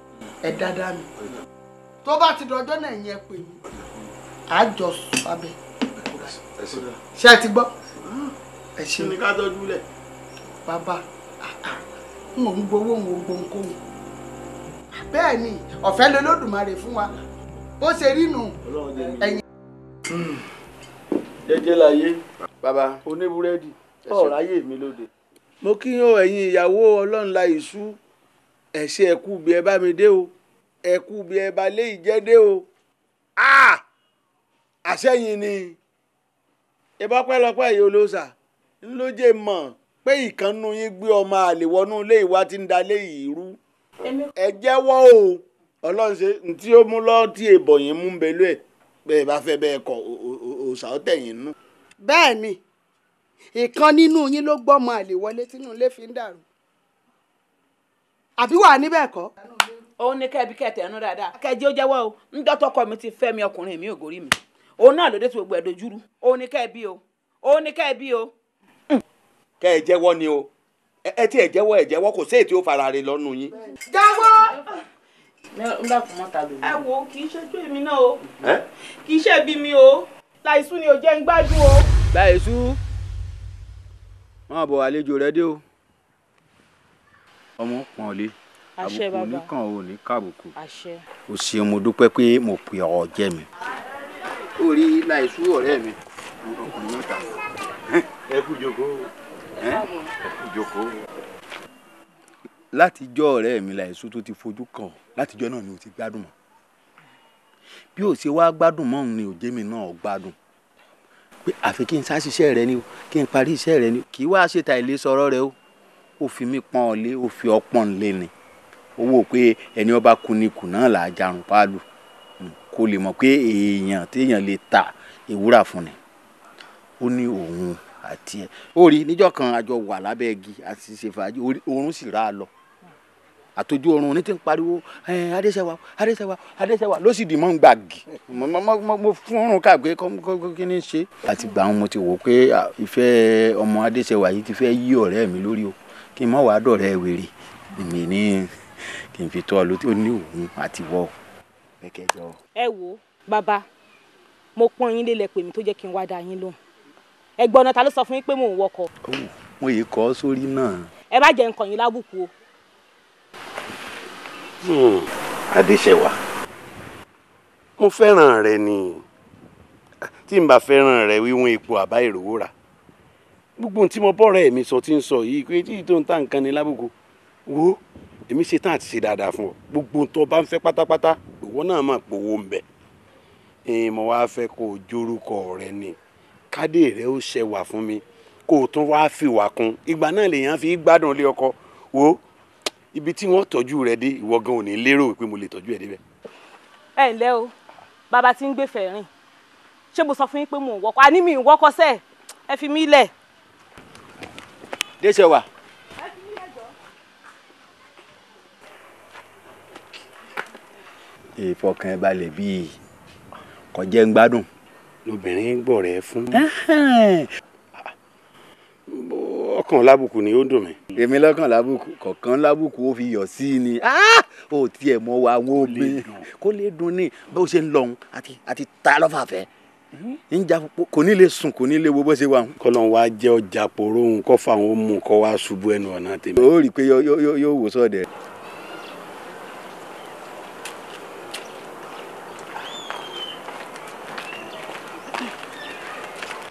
B: ẹ̀ dáadáa mi
C: tó bá ti dọjọ́ náà yẹn pè mí àjọ abẹ ṣé ẹ ti gbọ́
B: ẹ ṣe ní ká tọ́jú lẹ̀.
C: bàbá n ò ń gbowó n ò gbohùnkóhùn bẹ́ẹ̀
B: ni ọ̀fẹ́ lolódùmarè fún wa bó ṣe rí nù ẹ̀yìn. Hmm. jẹ́jẹ́ láyé bàbá oníbúrẹ́dì ọ̀rọ̀ ayé mi lóde. mo kí yín o ẹ̀yin ìyàwó ọlọ́nla ìṣú ẹ ṣé ẹ bí ẹ bá mi dé o ẹ bí ẹ bá lé ìjẹ́ dé o. Ah! àṣẹyìn ni ìbọ́pẹ́lọpẹ́ yìí olóòṣà ńlójé mọ̀ pé ìkànnù yín gbé ọmọ àlè ilé ìwà tí ń da yìí rú ẹ jẹ́wọ́ o ọlọ́run ṣe tí ó mú mú belú ẹ̀ bẹ́ẹ̀ bá fẹ́ bẹ́ẹ̀ kọ
E: òòṣà ó tẹ̀yìn nú. gbọ́ ọmọ tínú ilé fi ń dàrú àbí wà níbẹ̀ kọ́. òun kẹ́ẹ̀bí kẹ́ẹ̀tẹ̀ ẹnu dáadáa ó jẹ́wọ́ o ń mi ti fẹ́ mi ọkùnrin mi ò mi. òun náà ló dé tí gbogbo ẹ̀ dojúrú òun ni kẹ́ ẹ bí o òun ni kẹ́ ẹ bí o.
B: kẹ́ ẹ jẹ́wọ́ ni o ẹ tí ẹ jẹ́wọ́ ẹ jẹ́wọ́ kò sí èyí tí ó fara rẹ̀ lọ́nu yín.
E: jẹ́wọ́ ẹ wo kì í ṣojú èmi náà o kì í ṣe bí mi o láìsú ni ò jẹ́ ń gbádùn o.
B: láìsú wọn bọ àlejò rẹ dé o ọmọ pọn ò lé àbùkù oníkan ò ní kàbùkù o ṣeun mo dúpẹ́ pé mo pè ọ́ jẹ́ mi orí láìsú ọ̀rẹ́ mi ọkùnrin mẹ́ta ẹ kú jókòó ẹ kú jókòó. látijọ́ ọ̀rẹ́ mi láìsú tó ti fojú kàn látijọ́ náà ni o ti gbádùn mọ́ bí o ṣe wá gbádùn mọ́ òun ni òjé mi náà gbádùn pé àfi kí n ṣàṣìṣe rẹ ni o kí n parí iṣẹ́ rẹ ni o kì í wá ṣètà ilé sọ̀rọ̀ rẹ o ó fi mí pọ́n ọ lé ó fi ọ pọ́n lé ni owó pé ẹni ọba kunikù náà là á jarun páálù kó lè mọ̀ pé èèyàn téèyàn lè ta ìwúrà fún ni ó ní òun àti ẹ̀ ó rí níjọ́ kan àjọ wà lábẹ́ igi àti ṣe fàájì oorun sì rà á lọ àtòjú oorun ní ti ń pariwo ẹ adéṣẹwà adéṣẹwà adéṣẹwà ló sì di mọ́ ń gbàgì mo fún oorun kàgbé kí ni ṣe. àti gbà wọn mo ti wò pé ìfẹ́ ọmọ adéṣẹwà yìí ti fẹ́ yí ọ̀rẹ́ mi lórí o kí n má wàá dọ̀rẹ́ wèrè mi ní kí n fi tọ́ ọ lótí ó ní òun àti wọ́ pẹ́kẹ́jọ́
E: ẹ wò ó bàbá mo pọ́n yín lélẹ̀ pèmí tó jẹ́ kí n wá da yín lóhùn ẹ̀gbọ́n ọ̀nà ta ló sọ fún yín pé mò ń wọkọ̀.
B: mo yìí kọ́ sórí náà.
E: ẹ bá jẹ́ nǹkan yín lábùkù o.
B: Hmm. adéṣẹwà mo fẹ́ràn rẹ ni tí n bá fẹ́ràn rẹ wíwọ́n ipò àbá ìrówó gbogbo tí mo bọ́ọ̀rẹ́ mi sọ ti ń sọ yìí pé tí ìtò ń ta nǹkan ni lábùkù wo èmi ṣe tán àti ṣe dáadáa fún ọ gbogbo tó bá ń fẹ́ pátápátá ìwọ náà máa pòwó ń bẹ ẹ̀yin mo fẹ́ kó o jórúkọ rẹ ni kádé rẹ ó ṣẹwà fún mi kó o tún wáá fìwà kún ìgbà náà lèèyàn fi gbádùn ilé ọkọ wo ibi tí wọ́n tọ́jú rẹ dé ìwọ gan ò ní lérò pé mo lè tọ́jú ẹ débẹ̀.
E: ẹ ǹlẹ́ o bàbá tí ń gbé fẹ̀ rìn ṣé mo sọ fún yín pé mo ò wọ́kọ àní mi ò sẹ́ẹ̀ ẹ fi mí lẹ̀.
B: dé ṣe wà. ìfọkànbalẹ̀ bíi kọjá ń gbádùn. lobìnrin gbọ̀rẹ́ fún. ọkàn lábùkù ni ó dùn mí. èmi lọ́kàn lábùkù kọ̀ọ̀kan lábùkù ó fi yọ̀ sí i ni ó tiẹ̀ mọ wa wọ́n mi kó lè dùn ní bó ṣe ń lọ́hùn àti ta lọ́fàfẹ́ njá kò ní lè sùn kò ní lè wo bó ṣe wà. kọlọ́n wa jẹ́ ọjà pòrò òun kọ́ fáwọn ohun kọ́ wa ṣubú ẹnu ọ̀nà tèmi. o rí i pé yóò wò sọ́ọ̀dẹ̀.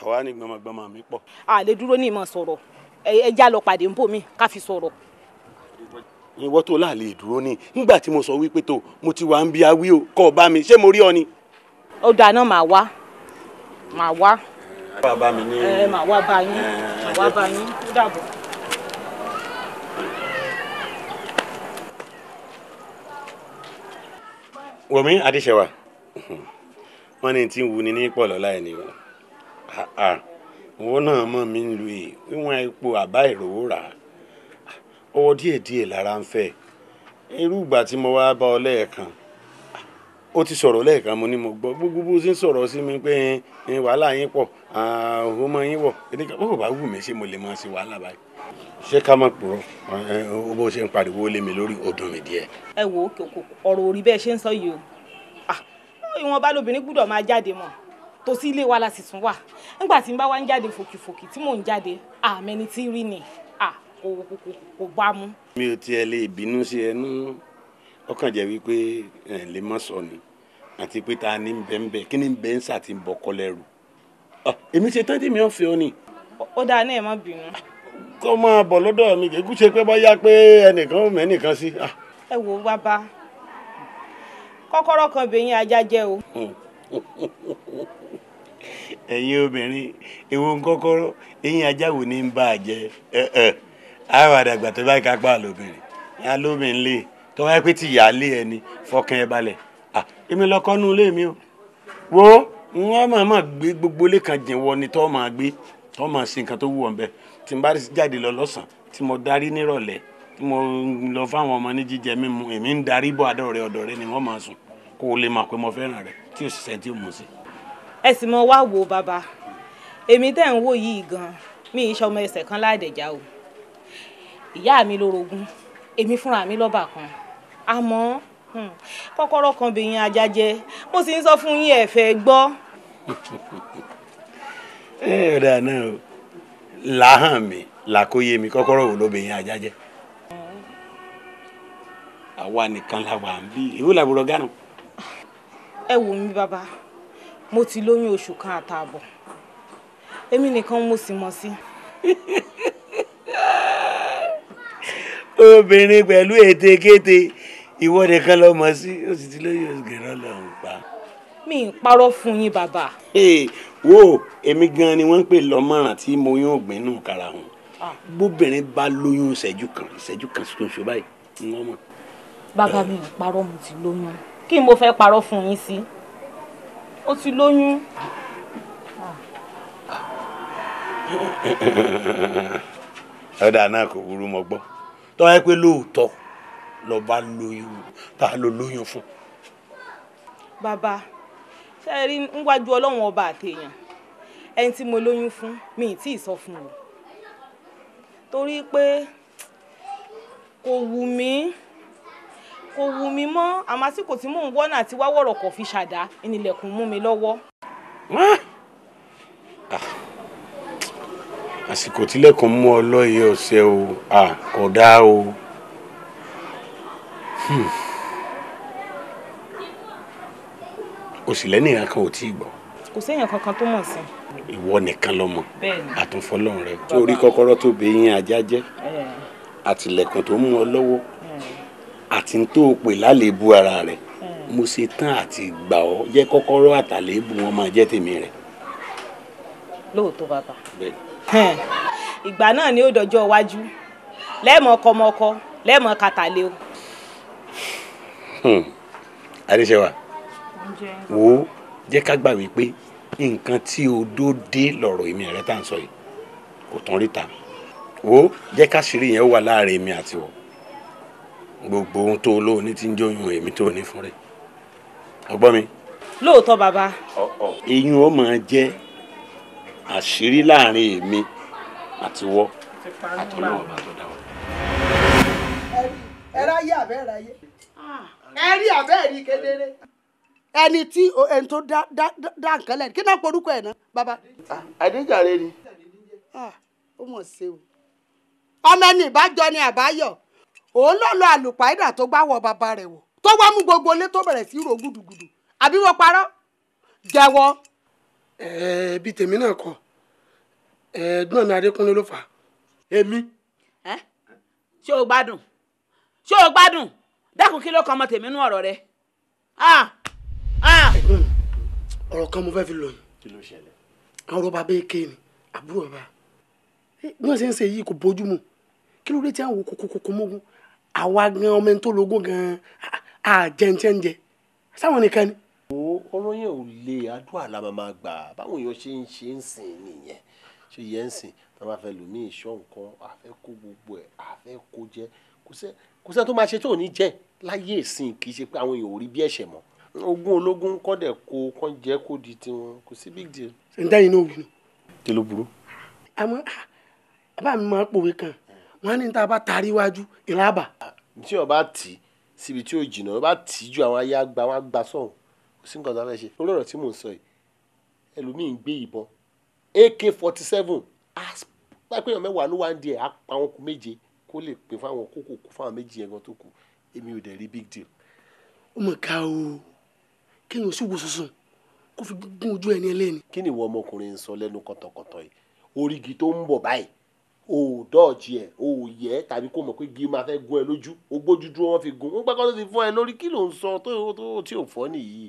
E: àwa ni gbọmọgbọmọ mi pọ̀. a lè dúró ní ìmọ̀ sọ̀rọ̀ ẹ já lọ pàdé nbó mi ká fi sọ̀rọ̀.
B: ìwọ tó láàlè dúró ní nígbà tí mo sọ wípé tó mo ti wà ń bí awí o kọ́ ọ bá mi ṣé mo rí ọ ni.
E: ó dáa náà màá wá màá wá.
B: màá bá mi ní. ẹ màá
E: wá bá yín màá wá bá yín ó dàbọ̀.
B: wòmí adéṣẹwà wọn ní tí ń wuni ní pọ̀ lọ́la ẹ̀ nìyẹn wọn náà mọ̀ mí ń lu yìí wíwọ́n epo àbá ìrówó rà á ọwọ́ díẹ̀díẹ̀ lára ń fẹ́ irú ìgbà tí mo wá bá ọ lẹ́ẹ̀kan ó ti sọ̀rọ̀ lẹ́ẹ̀kan mo ní mo gbọ́ gbogbo bó ṣe ń sọ̀rọ̀ sí mi pé wàhálà yín pọ̀ ọmọ yín wọ̀ ẹ̀dẹ́gbà bó bá wù mí ṣé mo lè máa ṣe wàhálà báyìí ṣé ká má purọ́ ó bó ṣe ń pariwo lé mi lórí ọdún mi
E: díẹ̀. ẹ wo ọ̀rọ̀ òrí bẹ́ẹ̀ ṣe ń sọ yìí o ìwọ̀nba lobìnrin gbúdọ̀ máa jáde mọ́ tòsí ilé wa la sì tún wà nígbà tí n bá wá ń jáde fòkìfòkì tí mò ń jáde àmẹni tí rí ni kò bá mu.
B: mi ò tiẹ̀ lè bínú sí ẹnu ọkàn jẹ́ wípé ẹ̀ lè má sọ ni àti pé ta ni bẹ́ńbẹ́ kí ni bẹ́ń sà ti bọ̀ kọ́ lẹ́rù èmi ṣe tán tí mi ò fi ọ ni.
E: ó dáa náà ẹ má bínú.
B: kó máa bọ̀ lọ́dọ̀ mi kì ṣe pé bóyá pé ẹnìkan ò mẹ́nìkan sí.
E: ẹ wo bàbá kọ́kọ́rọ́ kan bẹ̀yìn ajá jẹ́ o.
B: ẹ̀yin obìnrin ewo ń kọ́kọ́rọ́ eyín ní ń bá a jẹ àwọn àdàgbà tó bá ká pa lóbìnrin ìyá lóbìnrin lè tó wáyé pé ti yàá lé fọkàn ẹ balẹ̀ èmi lọkọ nú o wo wọn máa máa gbé gbogbo ilé kan wọ ni tó máa gbé tó máa sin nǹkan tó wù tí n bá jáde lọ tí mo darí tí mo lọ fáwọn ọmọ ní jíjẹ mímu èmi ń darí bọ̀ ni
E: ẹ sì mọ wá wo bàbá èmi tẹ́ ń wò yìí gan mi ì sọmọ ẹsẹ̀ kan láìdẹ̀já o ìyá mi ló rogún èmi fúnra mi lọ́bà kan àmọ́ hmm, kọ́kọ́rọ́ kan bẹ̀yìn ajá jẹ mo sì ń sọ fún yín ẹ fẹ́ gbọ́. ẹ
B: ẹ rà náà làhàn mi làkóyè mi kọ́kọ́rọ́ wo ló bẹ̀yìn ajá jẹ àwa nìkan la wà ń bí ìwé làbúrò gánà.
E: ẹ wò mí bàbá mo ti lóyún oṣù kan àtààbọ̀ èmi nìkan mo sì mọ̀ sí.
B: obìnrin pẹ̀lú ètekéte ìwọ nìkan lọ mọ̀
E: sí ó sì ti lóyún oṣù kan lọ ń pa. mi ń parọ́ fún yín bàbá.
B: wo èmi gan ni wọ́n ń pè lọ́mọ̀ràn tí mo yún ògbìn nù kára hùn gbóbìnrin ah. bá lóyún ìṣẹ́jú kan ìṣẹ́jú kan ṣoṣo báyìí ni wọ́n mọ̀.
E: bàbá mi ń parọ́ mo ti lóyún kí n mo fẹ́ parọ́ fún yín sí. Si ó ti lóyún.
B: ọ̀dà náà kò burú mọ́ gbọ́ tó wáyé pé lóòótọ́ lọ bá lóyún tá a lọ lóyún
D: fún.
E: bàbá ṣe é rí níwájú ọlọ́run ọba àtẹ̀yàn ẹni tí mo lóyún fún mi ì tí ì sọ fún o torí pé kò wù mí kò wù mí mọ́ àmọ́ àsìkò tí mò ń wọ́n náà ti wá wọ̀rọ̀ kọ̀ fi ṣàdá ìnìlẹ̀kùn mú mi lọ́wọ́. Ah. Ah.
B: àsìkò tílẹ̀kùn mú ọ lọ́yẹ ọ̀sẹ̀ o kò dáa o. o hmm. sì lẹ́nìyàn kan ò tí ì gbọ́.
E: kò séèyàn kankan tó mọ̀ sí.
B: ìwọ nìkan ló mọ̀ àtúnfọlọ́run rẹ. torí kọ́kọ́rọ́ tó bẹ yín ajá jẹ́ àtìlẹ̀kùn tó mú ọ lọ́wọ́ àti tó o pè lálébù ara rẹ hmm. mo ṣe tán àti gbà ọ jẹ́ kọ́kọ́rọ́ àtàlébù wọn máa jẹ́ tèmi rẹ.
E: lóòótọ́ bàbá hmm. ìgbà náà ni ó dọjọ́ iwájú lẹ́ẹ̀mọ ọkọmọkọ lẹ́ẹ̀mọ kàtàlẹ́ o.
B: Hmm. adéṣẹ́wà wo jẹ́ ká gbà wípé nǹkan tí odó dé lọ̀rọ̀ èmi rẹ tá à ń sọ yìí kò tán ríta wo jẹ́ ká ṣeré yẹn wà láàrin èmi àti wọ́n gbogbo ohun tó lóò ní ti ń jóyún èmi tó ní fún rẹ ọgbọ́n mi. lóòótọ́ bàbá. eyín ó máa jẹ́ àṣírí láàrin èmi àtiwọ́ àtọ́lọ́wọ́ bá tó dá wa.
C: ẹ ráyé àbẹ́ ráyé ẹ rí àbẹ́ rí kedere ẹni tí ẹni tó dá nǹkan lẹ́nu kí náà porúkọ ẹ̀ náà
E: bàbá. àdéjàre ah, ni. Ah, ó ṣe o ọmọ ẹni ìbájọ ni àbáyọ òun ló lọ àlùpàìdà tó gbá wọ bàbá rẹ̀ wò tó wá mú gbogbo ilé tó bẹ̀rẹ̀ sí rò gùdùgùdù àbí wọ́n parọ́ jẹ́wọ́. ẹ̀ẹ́ bíi tèmi náà kọ ẹ̀ẹ́dùn mi adékúnlé ló fà á. èmi. ẹ ṣé o gbádùn ṣé o gbádùn dákun kí ló kọ ọmọ tèmi nú ọ̀rọ̀ rẹ.
B: ọ̀rọ̀ kan mo fẹ́ fi lọ yìí. kí ló
C: àwọn ọ̀rọ̀ bàbá èké ni àbúrò bàbá bí wọ́n ṣe ń ṣe yìí kò bójú mu kí ló dé tí àwọn kòkòkò mọ́gun àwa gan ọmọ ẹni tó lógún gan
B: àjẹntẹ́njẹ sáwọn nìkan ni. o ọ̀rọ̀ yẹn ò le àdúrà la máa máa gbà báwọn èèyàn ṣe ń ṣe ń sìn nìyẹn ṣe yẹ ń sìn tí wọn bá fẹ́ lùmí ìṣọ nǹkan àfẹ́ kó gbogbo ẹ̀ àfẹ́ kó jẹ kò sẹ́ tó máa ṣe tó ní jẹ láyé ìsìn kì í ṣe pé àwọn èèyàn ò rí bí ẹ̀ṣẹ̀ mọ́ ogún ológun kọ́dẹ̀ kó kán jẹ́ kó di tiwọn kò sí big deal. ṣe ń dá iná òwì nù. kí ló burú. àmọ́ bàbá mi máa ń pòwe kan wọ́n ní tá a bá taari iwájú ìlàbà. tí o bá tì í síbi tí o jìnnà o bá tì í ju àwọn ayé àgbà wọn àgbà sọ̀hún kò sí nǹkan tó a fẹ́ ṣe lórí ọ̀rọ̀ tí mò ń sọ yìí ẹlòmíì ń gbé ìbọn ak forty seven pápẹ́yàn mẹ́wàá ló wá ń di ẹ̀ apá wọn kú méje kó lè pè fáwọn kókò kú fáwọn méjì ẹ̀gàn tó kù èmi ò dẹ̀ rí big deal. ó mọ̀ ká o kéèyàn sì wo sùsùn kó fi gún ojú ẹni ẹlẹ́ni. kí ni ìwọ ọmọkùnrin ń sọ lẹ́nu kọ̀tọ̀kọ̀tọ̀ yìí orígi tó ń bọ̀ báyìí o ò ẹ̀ o tàbí kó mọ̀ pé gí fẹ́ gún ẹ lójú o dúró wọn fi gún un gbàgbọ́ tó ti fọ́ ẹ lórí kí ló ń sọ tó tí ò fọ́ nìyí.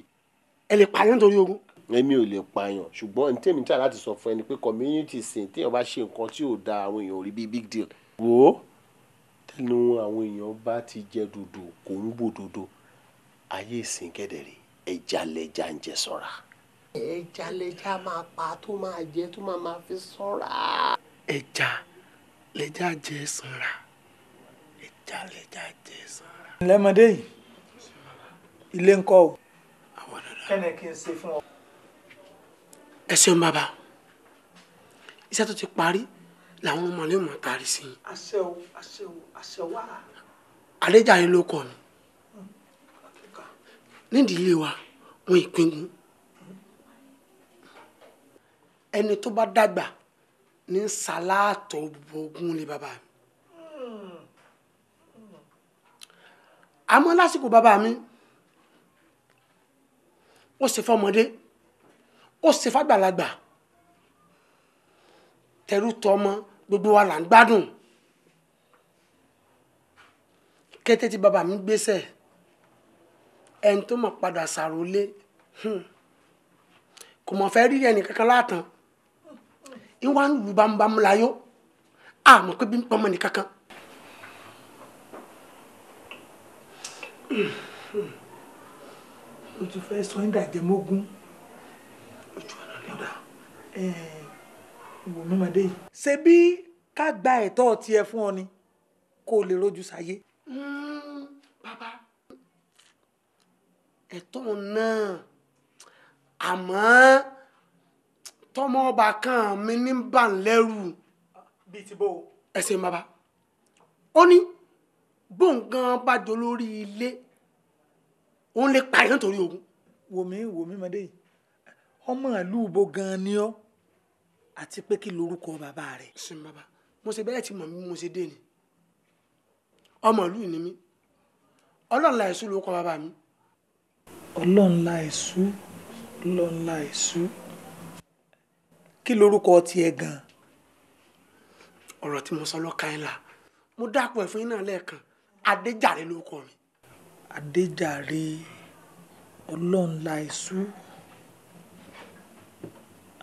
B: ẹ lè pààyàn nítorí ogun. èmi ò lè pààyàn ṣùgbọ́n ní tèmi tà láti sọ fún ẹni pé community sin téèyàn bá ṣe nǹkan tí ò da àwọn èèyàn rí bíi big deal. wo tẹnu àwọn èèyàn bá ti jẹ dòdò kò ń bò dòdò ayé ìsìn kẹ́dẹ̀rẹ́ ẹja lẹja ń jẹ sọ́ra. ẹja lẹja máa pa tó máa lẹja jẹ sanra lẹja lẹja jẹ sanra. lẹ́mọdé yìí ilé ń kọ́ o kẹ́nẹ̀ kí n ṣe fún ọ. ẹ ṣeun bàbá iṣẹ́ tó ti parí làwọn ọmọ ilé mọ̀ tari sí i. àṣẹ o
E: àṣẹ o àṣẹ wà.
C: àlejàre ló kọ mi hmm, nídìí wa wọn ìpinnu
B: ẹni tó bá dàgbà Ni sàlátọ̀ bọ̀gún lé bàbá mi àmọ́ lásìkò bàbá mi ó ṣe fọmọdé ó ṣe fàgbàlagbà tẹrú tọmọ gbogbo wa là ń gbádùn kété tí bàbá mi gbéṣẹ́ ẹni tó mọ̀ padà sàrólé hmm, kò mọ̀ fẹ́ rí ẹnì kankan látàn ń wá ń lu bámúbámú láyọ̀ àmọ́ pé bí ń pọ́nmọ́ ní kankan. o ti fẹ́ sọ ń dàjẹ́mógún ojú ọ̀nà lọ́dà wò mímọdé yìí. ṣé bí ká gba ẹ̀tọ́ tiẹ̀ fún ọ ni kó o lè rojú sáyé.
D: Hmm, bàbá
B: ẹ̀tọ́ náà àmọ́ tọmọ ọba kan mi ní bà ń lẹ́rù. bíi ti bó. ẹsẹ̀ ń bàbá ó ní bóńgàn bá dolórí ilé òun lè pa èèyàn torí ogun. wòmí wòmí mọdé yìí ọmọ ìlú ibo gan ni ọ àti pé kí lorúkọ bàbá rẹ. sin bàbá mo ṣe bẹ́ẹ̀ tí mọ̀ mi mo ṣe dé ni ọmọ ìlú ni mí ọlọ́run láìsú ló kọ bàbá mi. ọlọ́run láìsú ọlọ́run láìsú kí lorúkọ tiẹ̀ gan. ọ̀rọ̀ tí mo sọ lọ́ka ẹ̀ la mo dápọ̀ ẹ̀ fún yín náà lẹ́ẹ̀kan adéjàre lórúkọ mi. adéjàre ọlọ́nla ìṣú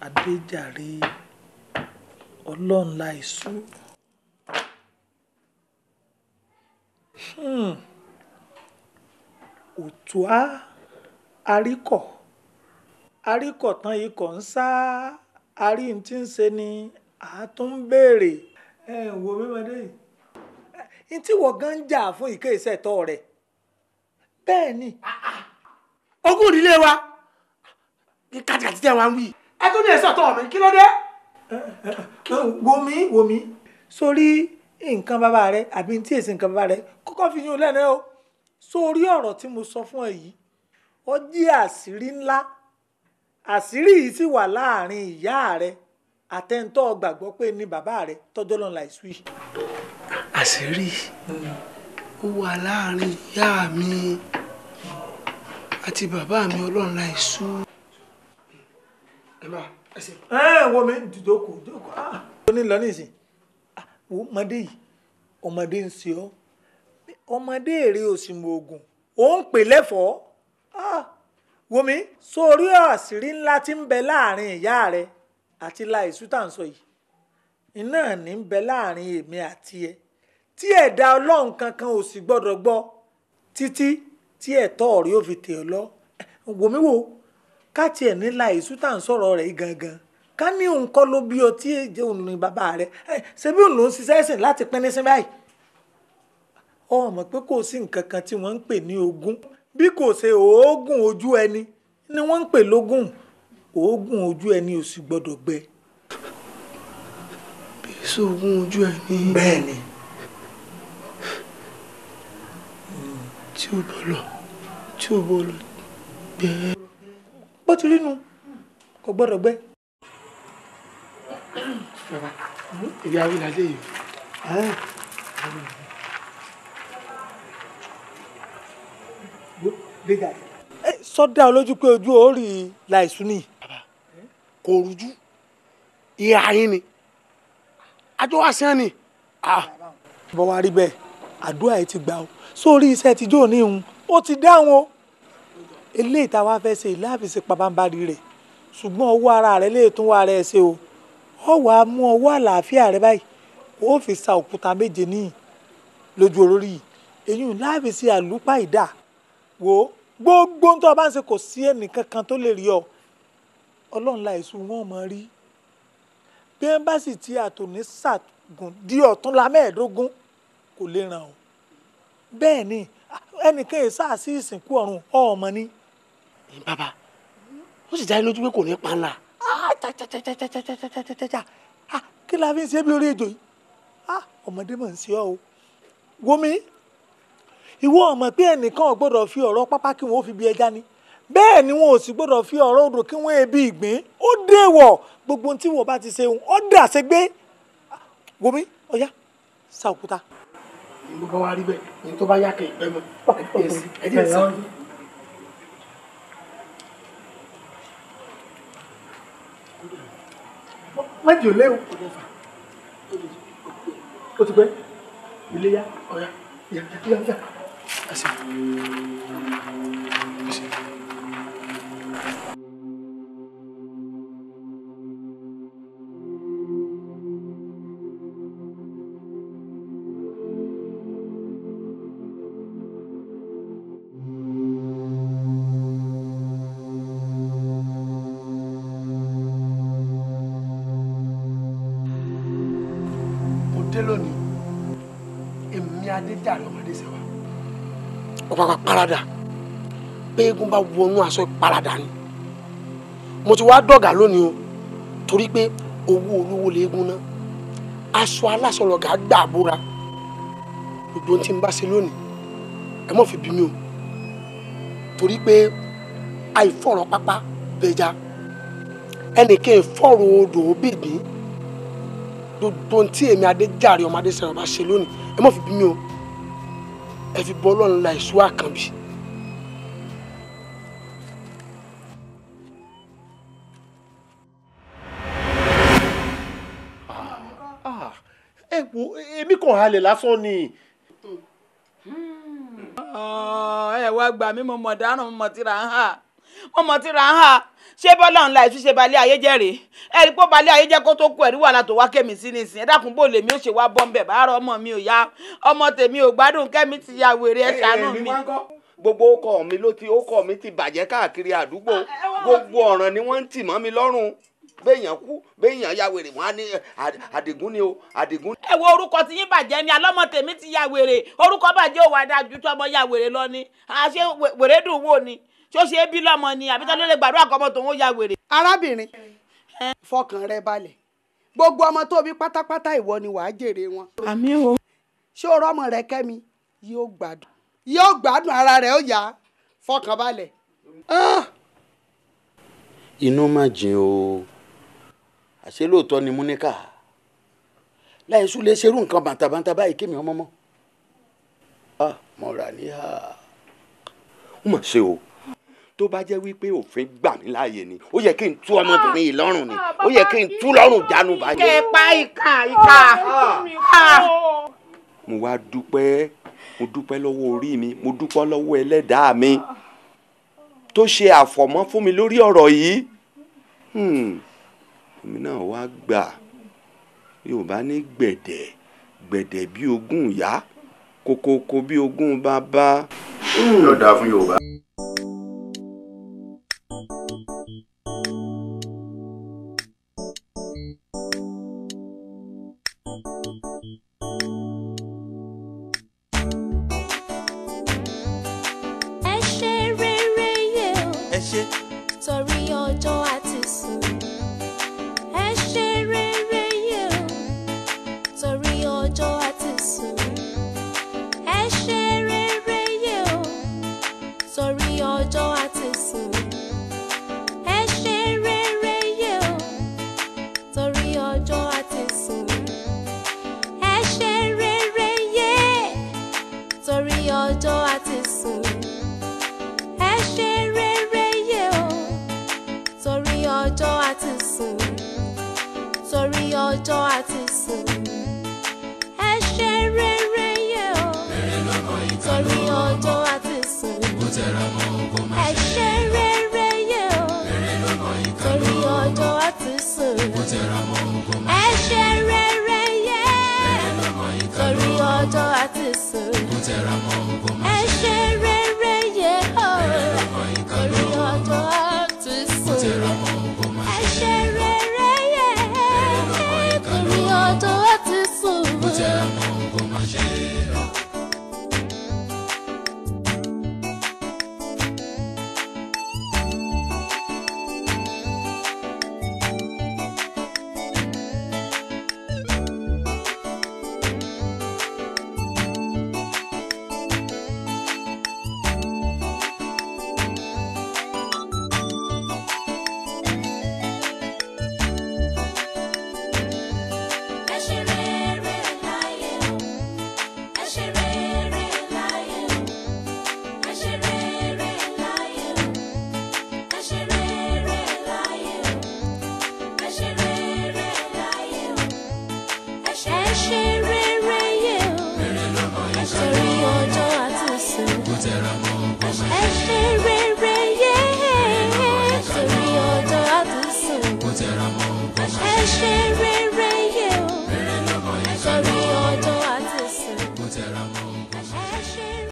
B: adéjàre ọlọ́nla ìṣú.
E: Hmm. òtúá aríkọ̀ aríkọ̀ tán ikọ̀ ń sáá
B: a rí n tí ń ṣe ni a tún ń béèrè ẹ ẹ wo mímọdé yìí n tí wọ́n gan ń jà fún ìké ìṣẹ̀tọ́ rẹ̀ bẹ́ẹ̀ ni
C: ogún ìdílé wa kí kàtìkàtì tẹ̀ wá ń wí. ẹ tún ní ìṣẹ̀tọ́ mi kí ló dé. wo mi wo mi sórí nǹkan
B: bàbá rẹ àbí tí èsì nǹkan bàbá rẹ kọ́kọ́ fi yún un lẹ́nu o sórí ọ̀rọ̀ tí mo sọ fún ẹ yìí
C: ó jẹ́ àṣírí ńlá àṣírí yìí sì wà láàrin ìyá rẹ àtẹ̀ntọ́ gbàgbọ́ pé ní bàbá rẹ tọ́jọ́ lọ́nà láìsú yìí.
B: àṣírí ó wà láàrin ìyá mi àti bàbá mi ọlọ́run láìsú. ẹ wo mi dìdókò dìdókò. Ah, ó ní lọ nísìn ah, ọmọdé yìí ọmọdé ń ṣe ọ ọmọdé èrè òsìmọ̀ ogun ó ń pè lẹ́fọ̀ọ́. Ah, wòmí sórí àṣírí ńlá tí ń bẹ láàrin ìyá rẹ àti láìsú tá à ń sọ yìí iná ní ń bẹ láàrin èmi àti ẹ
C: tí ẹ̀dá ọlọ́run kankan ò sì gbọ́dọ̀ gbọ́ títí tí ẹ̀tọ́ rẹ ò fi tè ọ lọ wòmí wo ká tiẹ̀ ní láìsú tá à ń sọ̀rọ̀ rẹ̀ gangan
B: ká ní òun kọ́ ló bí ọ tí èjì òun ní bàbá rẹ ṣebí òun ló ń ṣiṣẹ́ ẹ̀sìn láti pín ní sí báyìí ọmọ pé kò sí nǹkan kan tí wọ́n ń pè ní ogún bí kò ṣe òógùn ojú ẹni ni wọ́n ń pè lógún òógùn ojú ẹni ò sì gbọ́dọ̀ gbẹ.
C: bí sóògùn ojú ẹni. bẹ́ẹ̀ tí o bọ̀ lọ tí o
B: bọ̀ lọ gbẹ. bó ti rí nu kò gbọ́dọ̀ gbẹ. bàbá ìyá wíwá lè gbé jáde. sọdá olójú pé ojú orí làìsùn ni kò rújú ìhà yín ni àjọ wá sí ẹni. bọ́ wá rí bẹ́ẹ̀ àdúrà ẹ ti gbà ó sórí iṣẹ́ tíjọ́ òní ń ó ti dáhùn o eléyìí tá a wá fẹ́ ṣe ìláàfíìsì pàbámbarì rẹ̀ ṣùgbọ́n ọwọ́ ara rẹ̀ lè tún wá rẹ̀ ṣe o ọ wàá mú ọwọ́ àlàáfíà rẹ báyìí ó fi sa òkúta méje níyì lójú olórí yìí èyí láàfíìsì àlùpàìdà wò ó gbogbo ń tọ́ bá ń ṣe kò sí ẹnìkan kan tó lè rí ọ ọlọ́run la èso wọn mọ̀ rí bí wọ́n bá sì ti àtòní ṣàgùn di ọ̀tún la mẹ́ẹ̀ẹ́dógún kò lè ràn ọ́ bẹ́ẹ̀ ni ẹnìkan yìí sáàsì ìsìnkú ọ̀run ọ̀ọ́mọ ni. bàbá ó sì dá lójú pé kò ní pa ńlá. kí la fi ń ṣe bí orí ejò yìí ọmọdé mọ̀ ń ṣe ọ́ o wọ́n mi ìwọ ọmọ pé ẹnìkan ò gbọ́dọ̀ fi ọ̀rọ̀ pápá kí wọn ó fi bí ẹja ni bẹ́ẹ̀ ni wọn ò sì gbọ́dọ̀ fi ọ̀rọ̀ odò kí wọ́n ebi ìgbín ó déwọ̀
C: gbogbo tí wọ́n bá ti ṣe òun ó dà ṣe gbé wọmi ọ̀yá sàkúta. ìlú bá wa rí bẹ́ẹ̀ ní tó bá yàkẹ́ ìgbẹ́ mọ́ ẹ̀jẹ̀ ẹ̀sán. mẹ́jọ léwu o ti pẹ́ ilé yá ọ̀yá yá yá yá. かし
B: parada pé eégún bá wọnú aṣọ ìparada ni mo ti wá dọ̀gà lónìí o torí pé owó olówó léegun náà aṣọ aláṣọlọ̀gà gbà bóra gbogbo ohun tí n bá ṣe lónìí ẹ mọ̀ fi bí mi o torí pé àìfọ̀rọ̀ pápá bẹja ẹnìkan ìfọ̀rọ̀ odò bìbí gbogbo ohun tí èmi adé jàre ọmọdé sẹ̀rọ̀ bá ṣe lónìí ẹ mọ̀ fi bí mi o ẹ fi bọ́ ọlọ́run la ìṣó àkànbí. Ah, ah, ah, ẹ wo èmi kàn halẹ̀ lásán
E: ni. Hmm. ẹ wá gbà mí mo mọ̀ dáná mo mọ̀ tíra ń hà wọ́n mọ̀ tí ra ń hà ṣé bọ́lá ńlá ẹ̀sùn ṣe balẹ̀ ayé jẹ́ rèé ẹ̀rí pọ́ balẹ̀ ayé jẹ́ kó tó kú ẹ̀rí wàhálà tó wá kẹ́mi sí nísìn ẹ̀ dákun bò lèmi ó ṣe wá bọ́ńbẹ̀ báárọ̀ ọmọ mi ò yá ọmọ tèmi ò gbádùn kẹ́mi ti ya wèrè ẹ̀ eh, ṣàánú eh, mi
B: gbogbo ọkọ mi ló ti ọkọ mi ti bàjẹ́ káàkiri àdúgbò ah, eh, gbogbo ọ̀ràn ni wọ́n ń tì mọ́ mi lọ́rùn béèyàn
E: kú béèyàn ya wèrè wọn á ní àdìgún ni o àdìgún. ẹ wo orúkọ tí yín bàjẹ́ ni alọ́mọ tèmi ti ya wèrè orúkọ bàjẹ́ òwò adájú tó ọmọ ya wèrè lọ ni àṣé wèrè dùn wò ni tí ó ṣe é bí lọ́mọ ni àbí tó ló lè gbàdúrà kọ́mọ tòun ó ya wèrè. arábìnrin fọkàn rẹ balẹ̀ gbogbo ọmọ tó bí pátápátá ìwọ ni wàá jèrè wọn. àmín o. ṣé o rọmọ rẹ kẹ́mi yóò gbádùn yóò gbádùn ara rẹ ó yá fọkàn
B: balẹ̀. Ah! inú má jìn o àṣé lóòótọ́ ni múníkà láì sùn lè ṣerú nǹkan bàǹtàbàǹtà báyìí kémi ọmọ mọ́. ah mọ̀ra níhà ó mà ṣe o tó bá jẹ́ wípé òfin gbà mí láàyè ni ó yẹ kí n tú ah, ọmọbìnrin yìí lọ́rùn ni ah, ó yẹ kí n tú lọ́rùn jánu báyìí.
E: kẹpa ìka ìka
B: mo wá dúpẹ́ mo dúpẹ́ lọ́wọ́ orí mi mo dúpẹ́ lọ́wọ́ ẹlẹ́dàá mi tó ṣe àfọ̀mọ́ fún mi lórí ọ̀rọ̀ yìí hmm. èmi náà wá gbà yorùbá ní gbẹ̀dẹ̀ gbẹ̀dẹ̀ bí ogún ìyá kókókó bí ogún bàbá. yóò dáa fún yorùbá.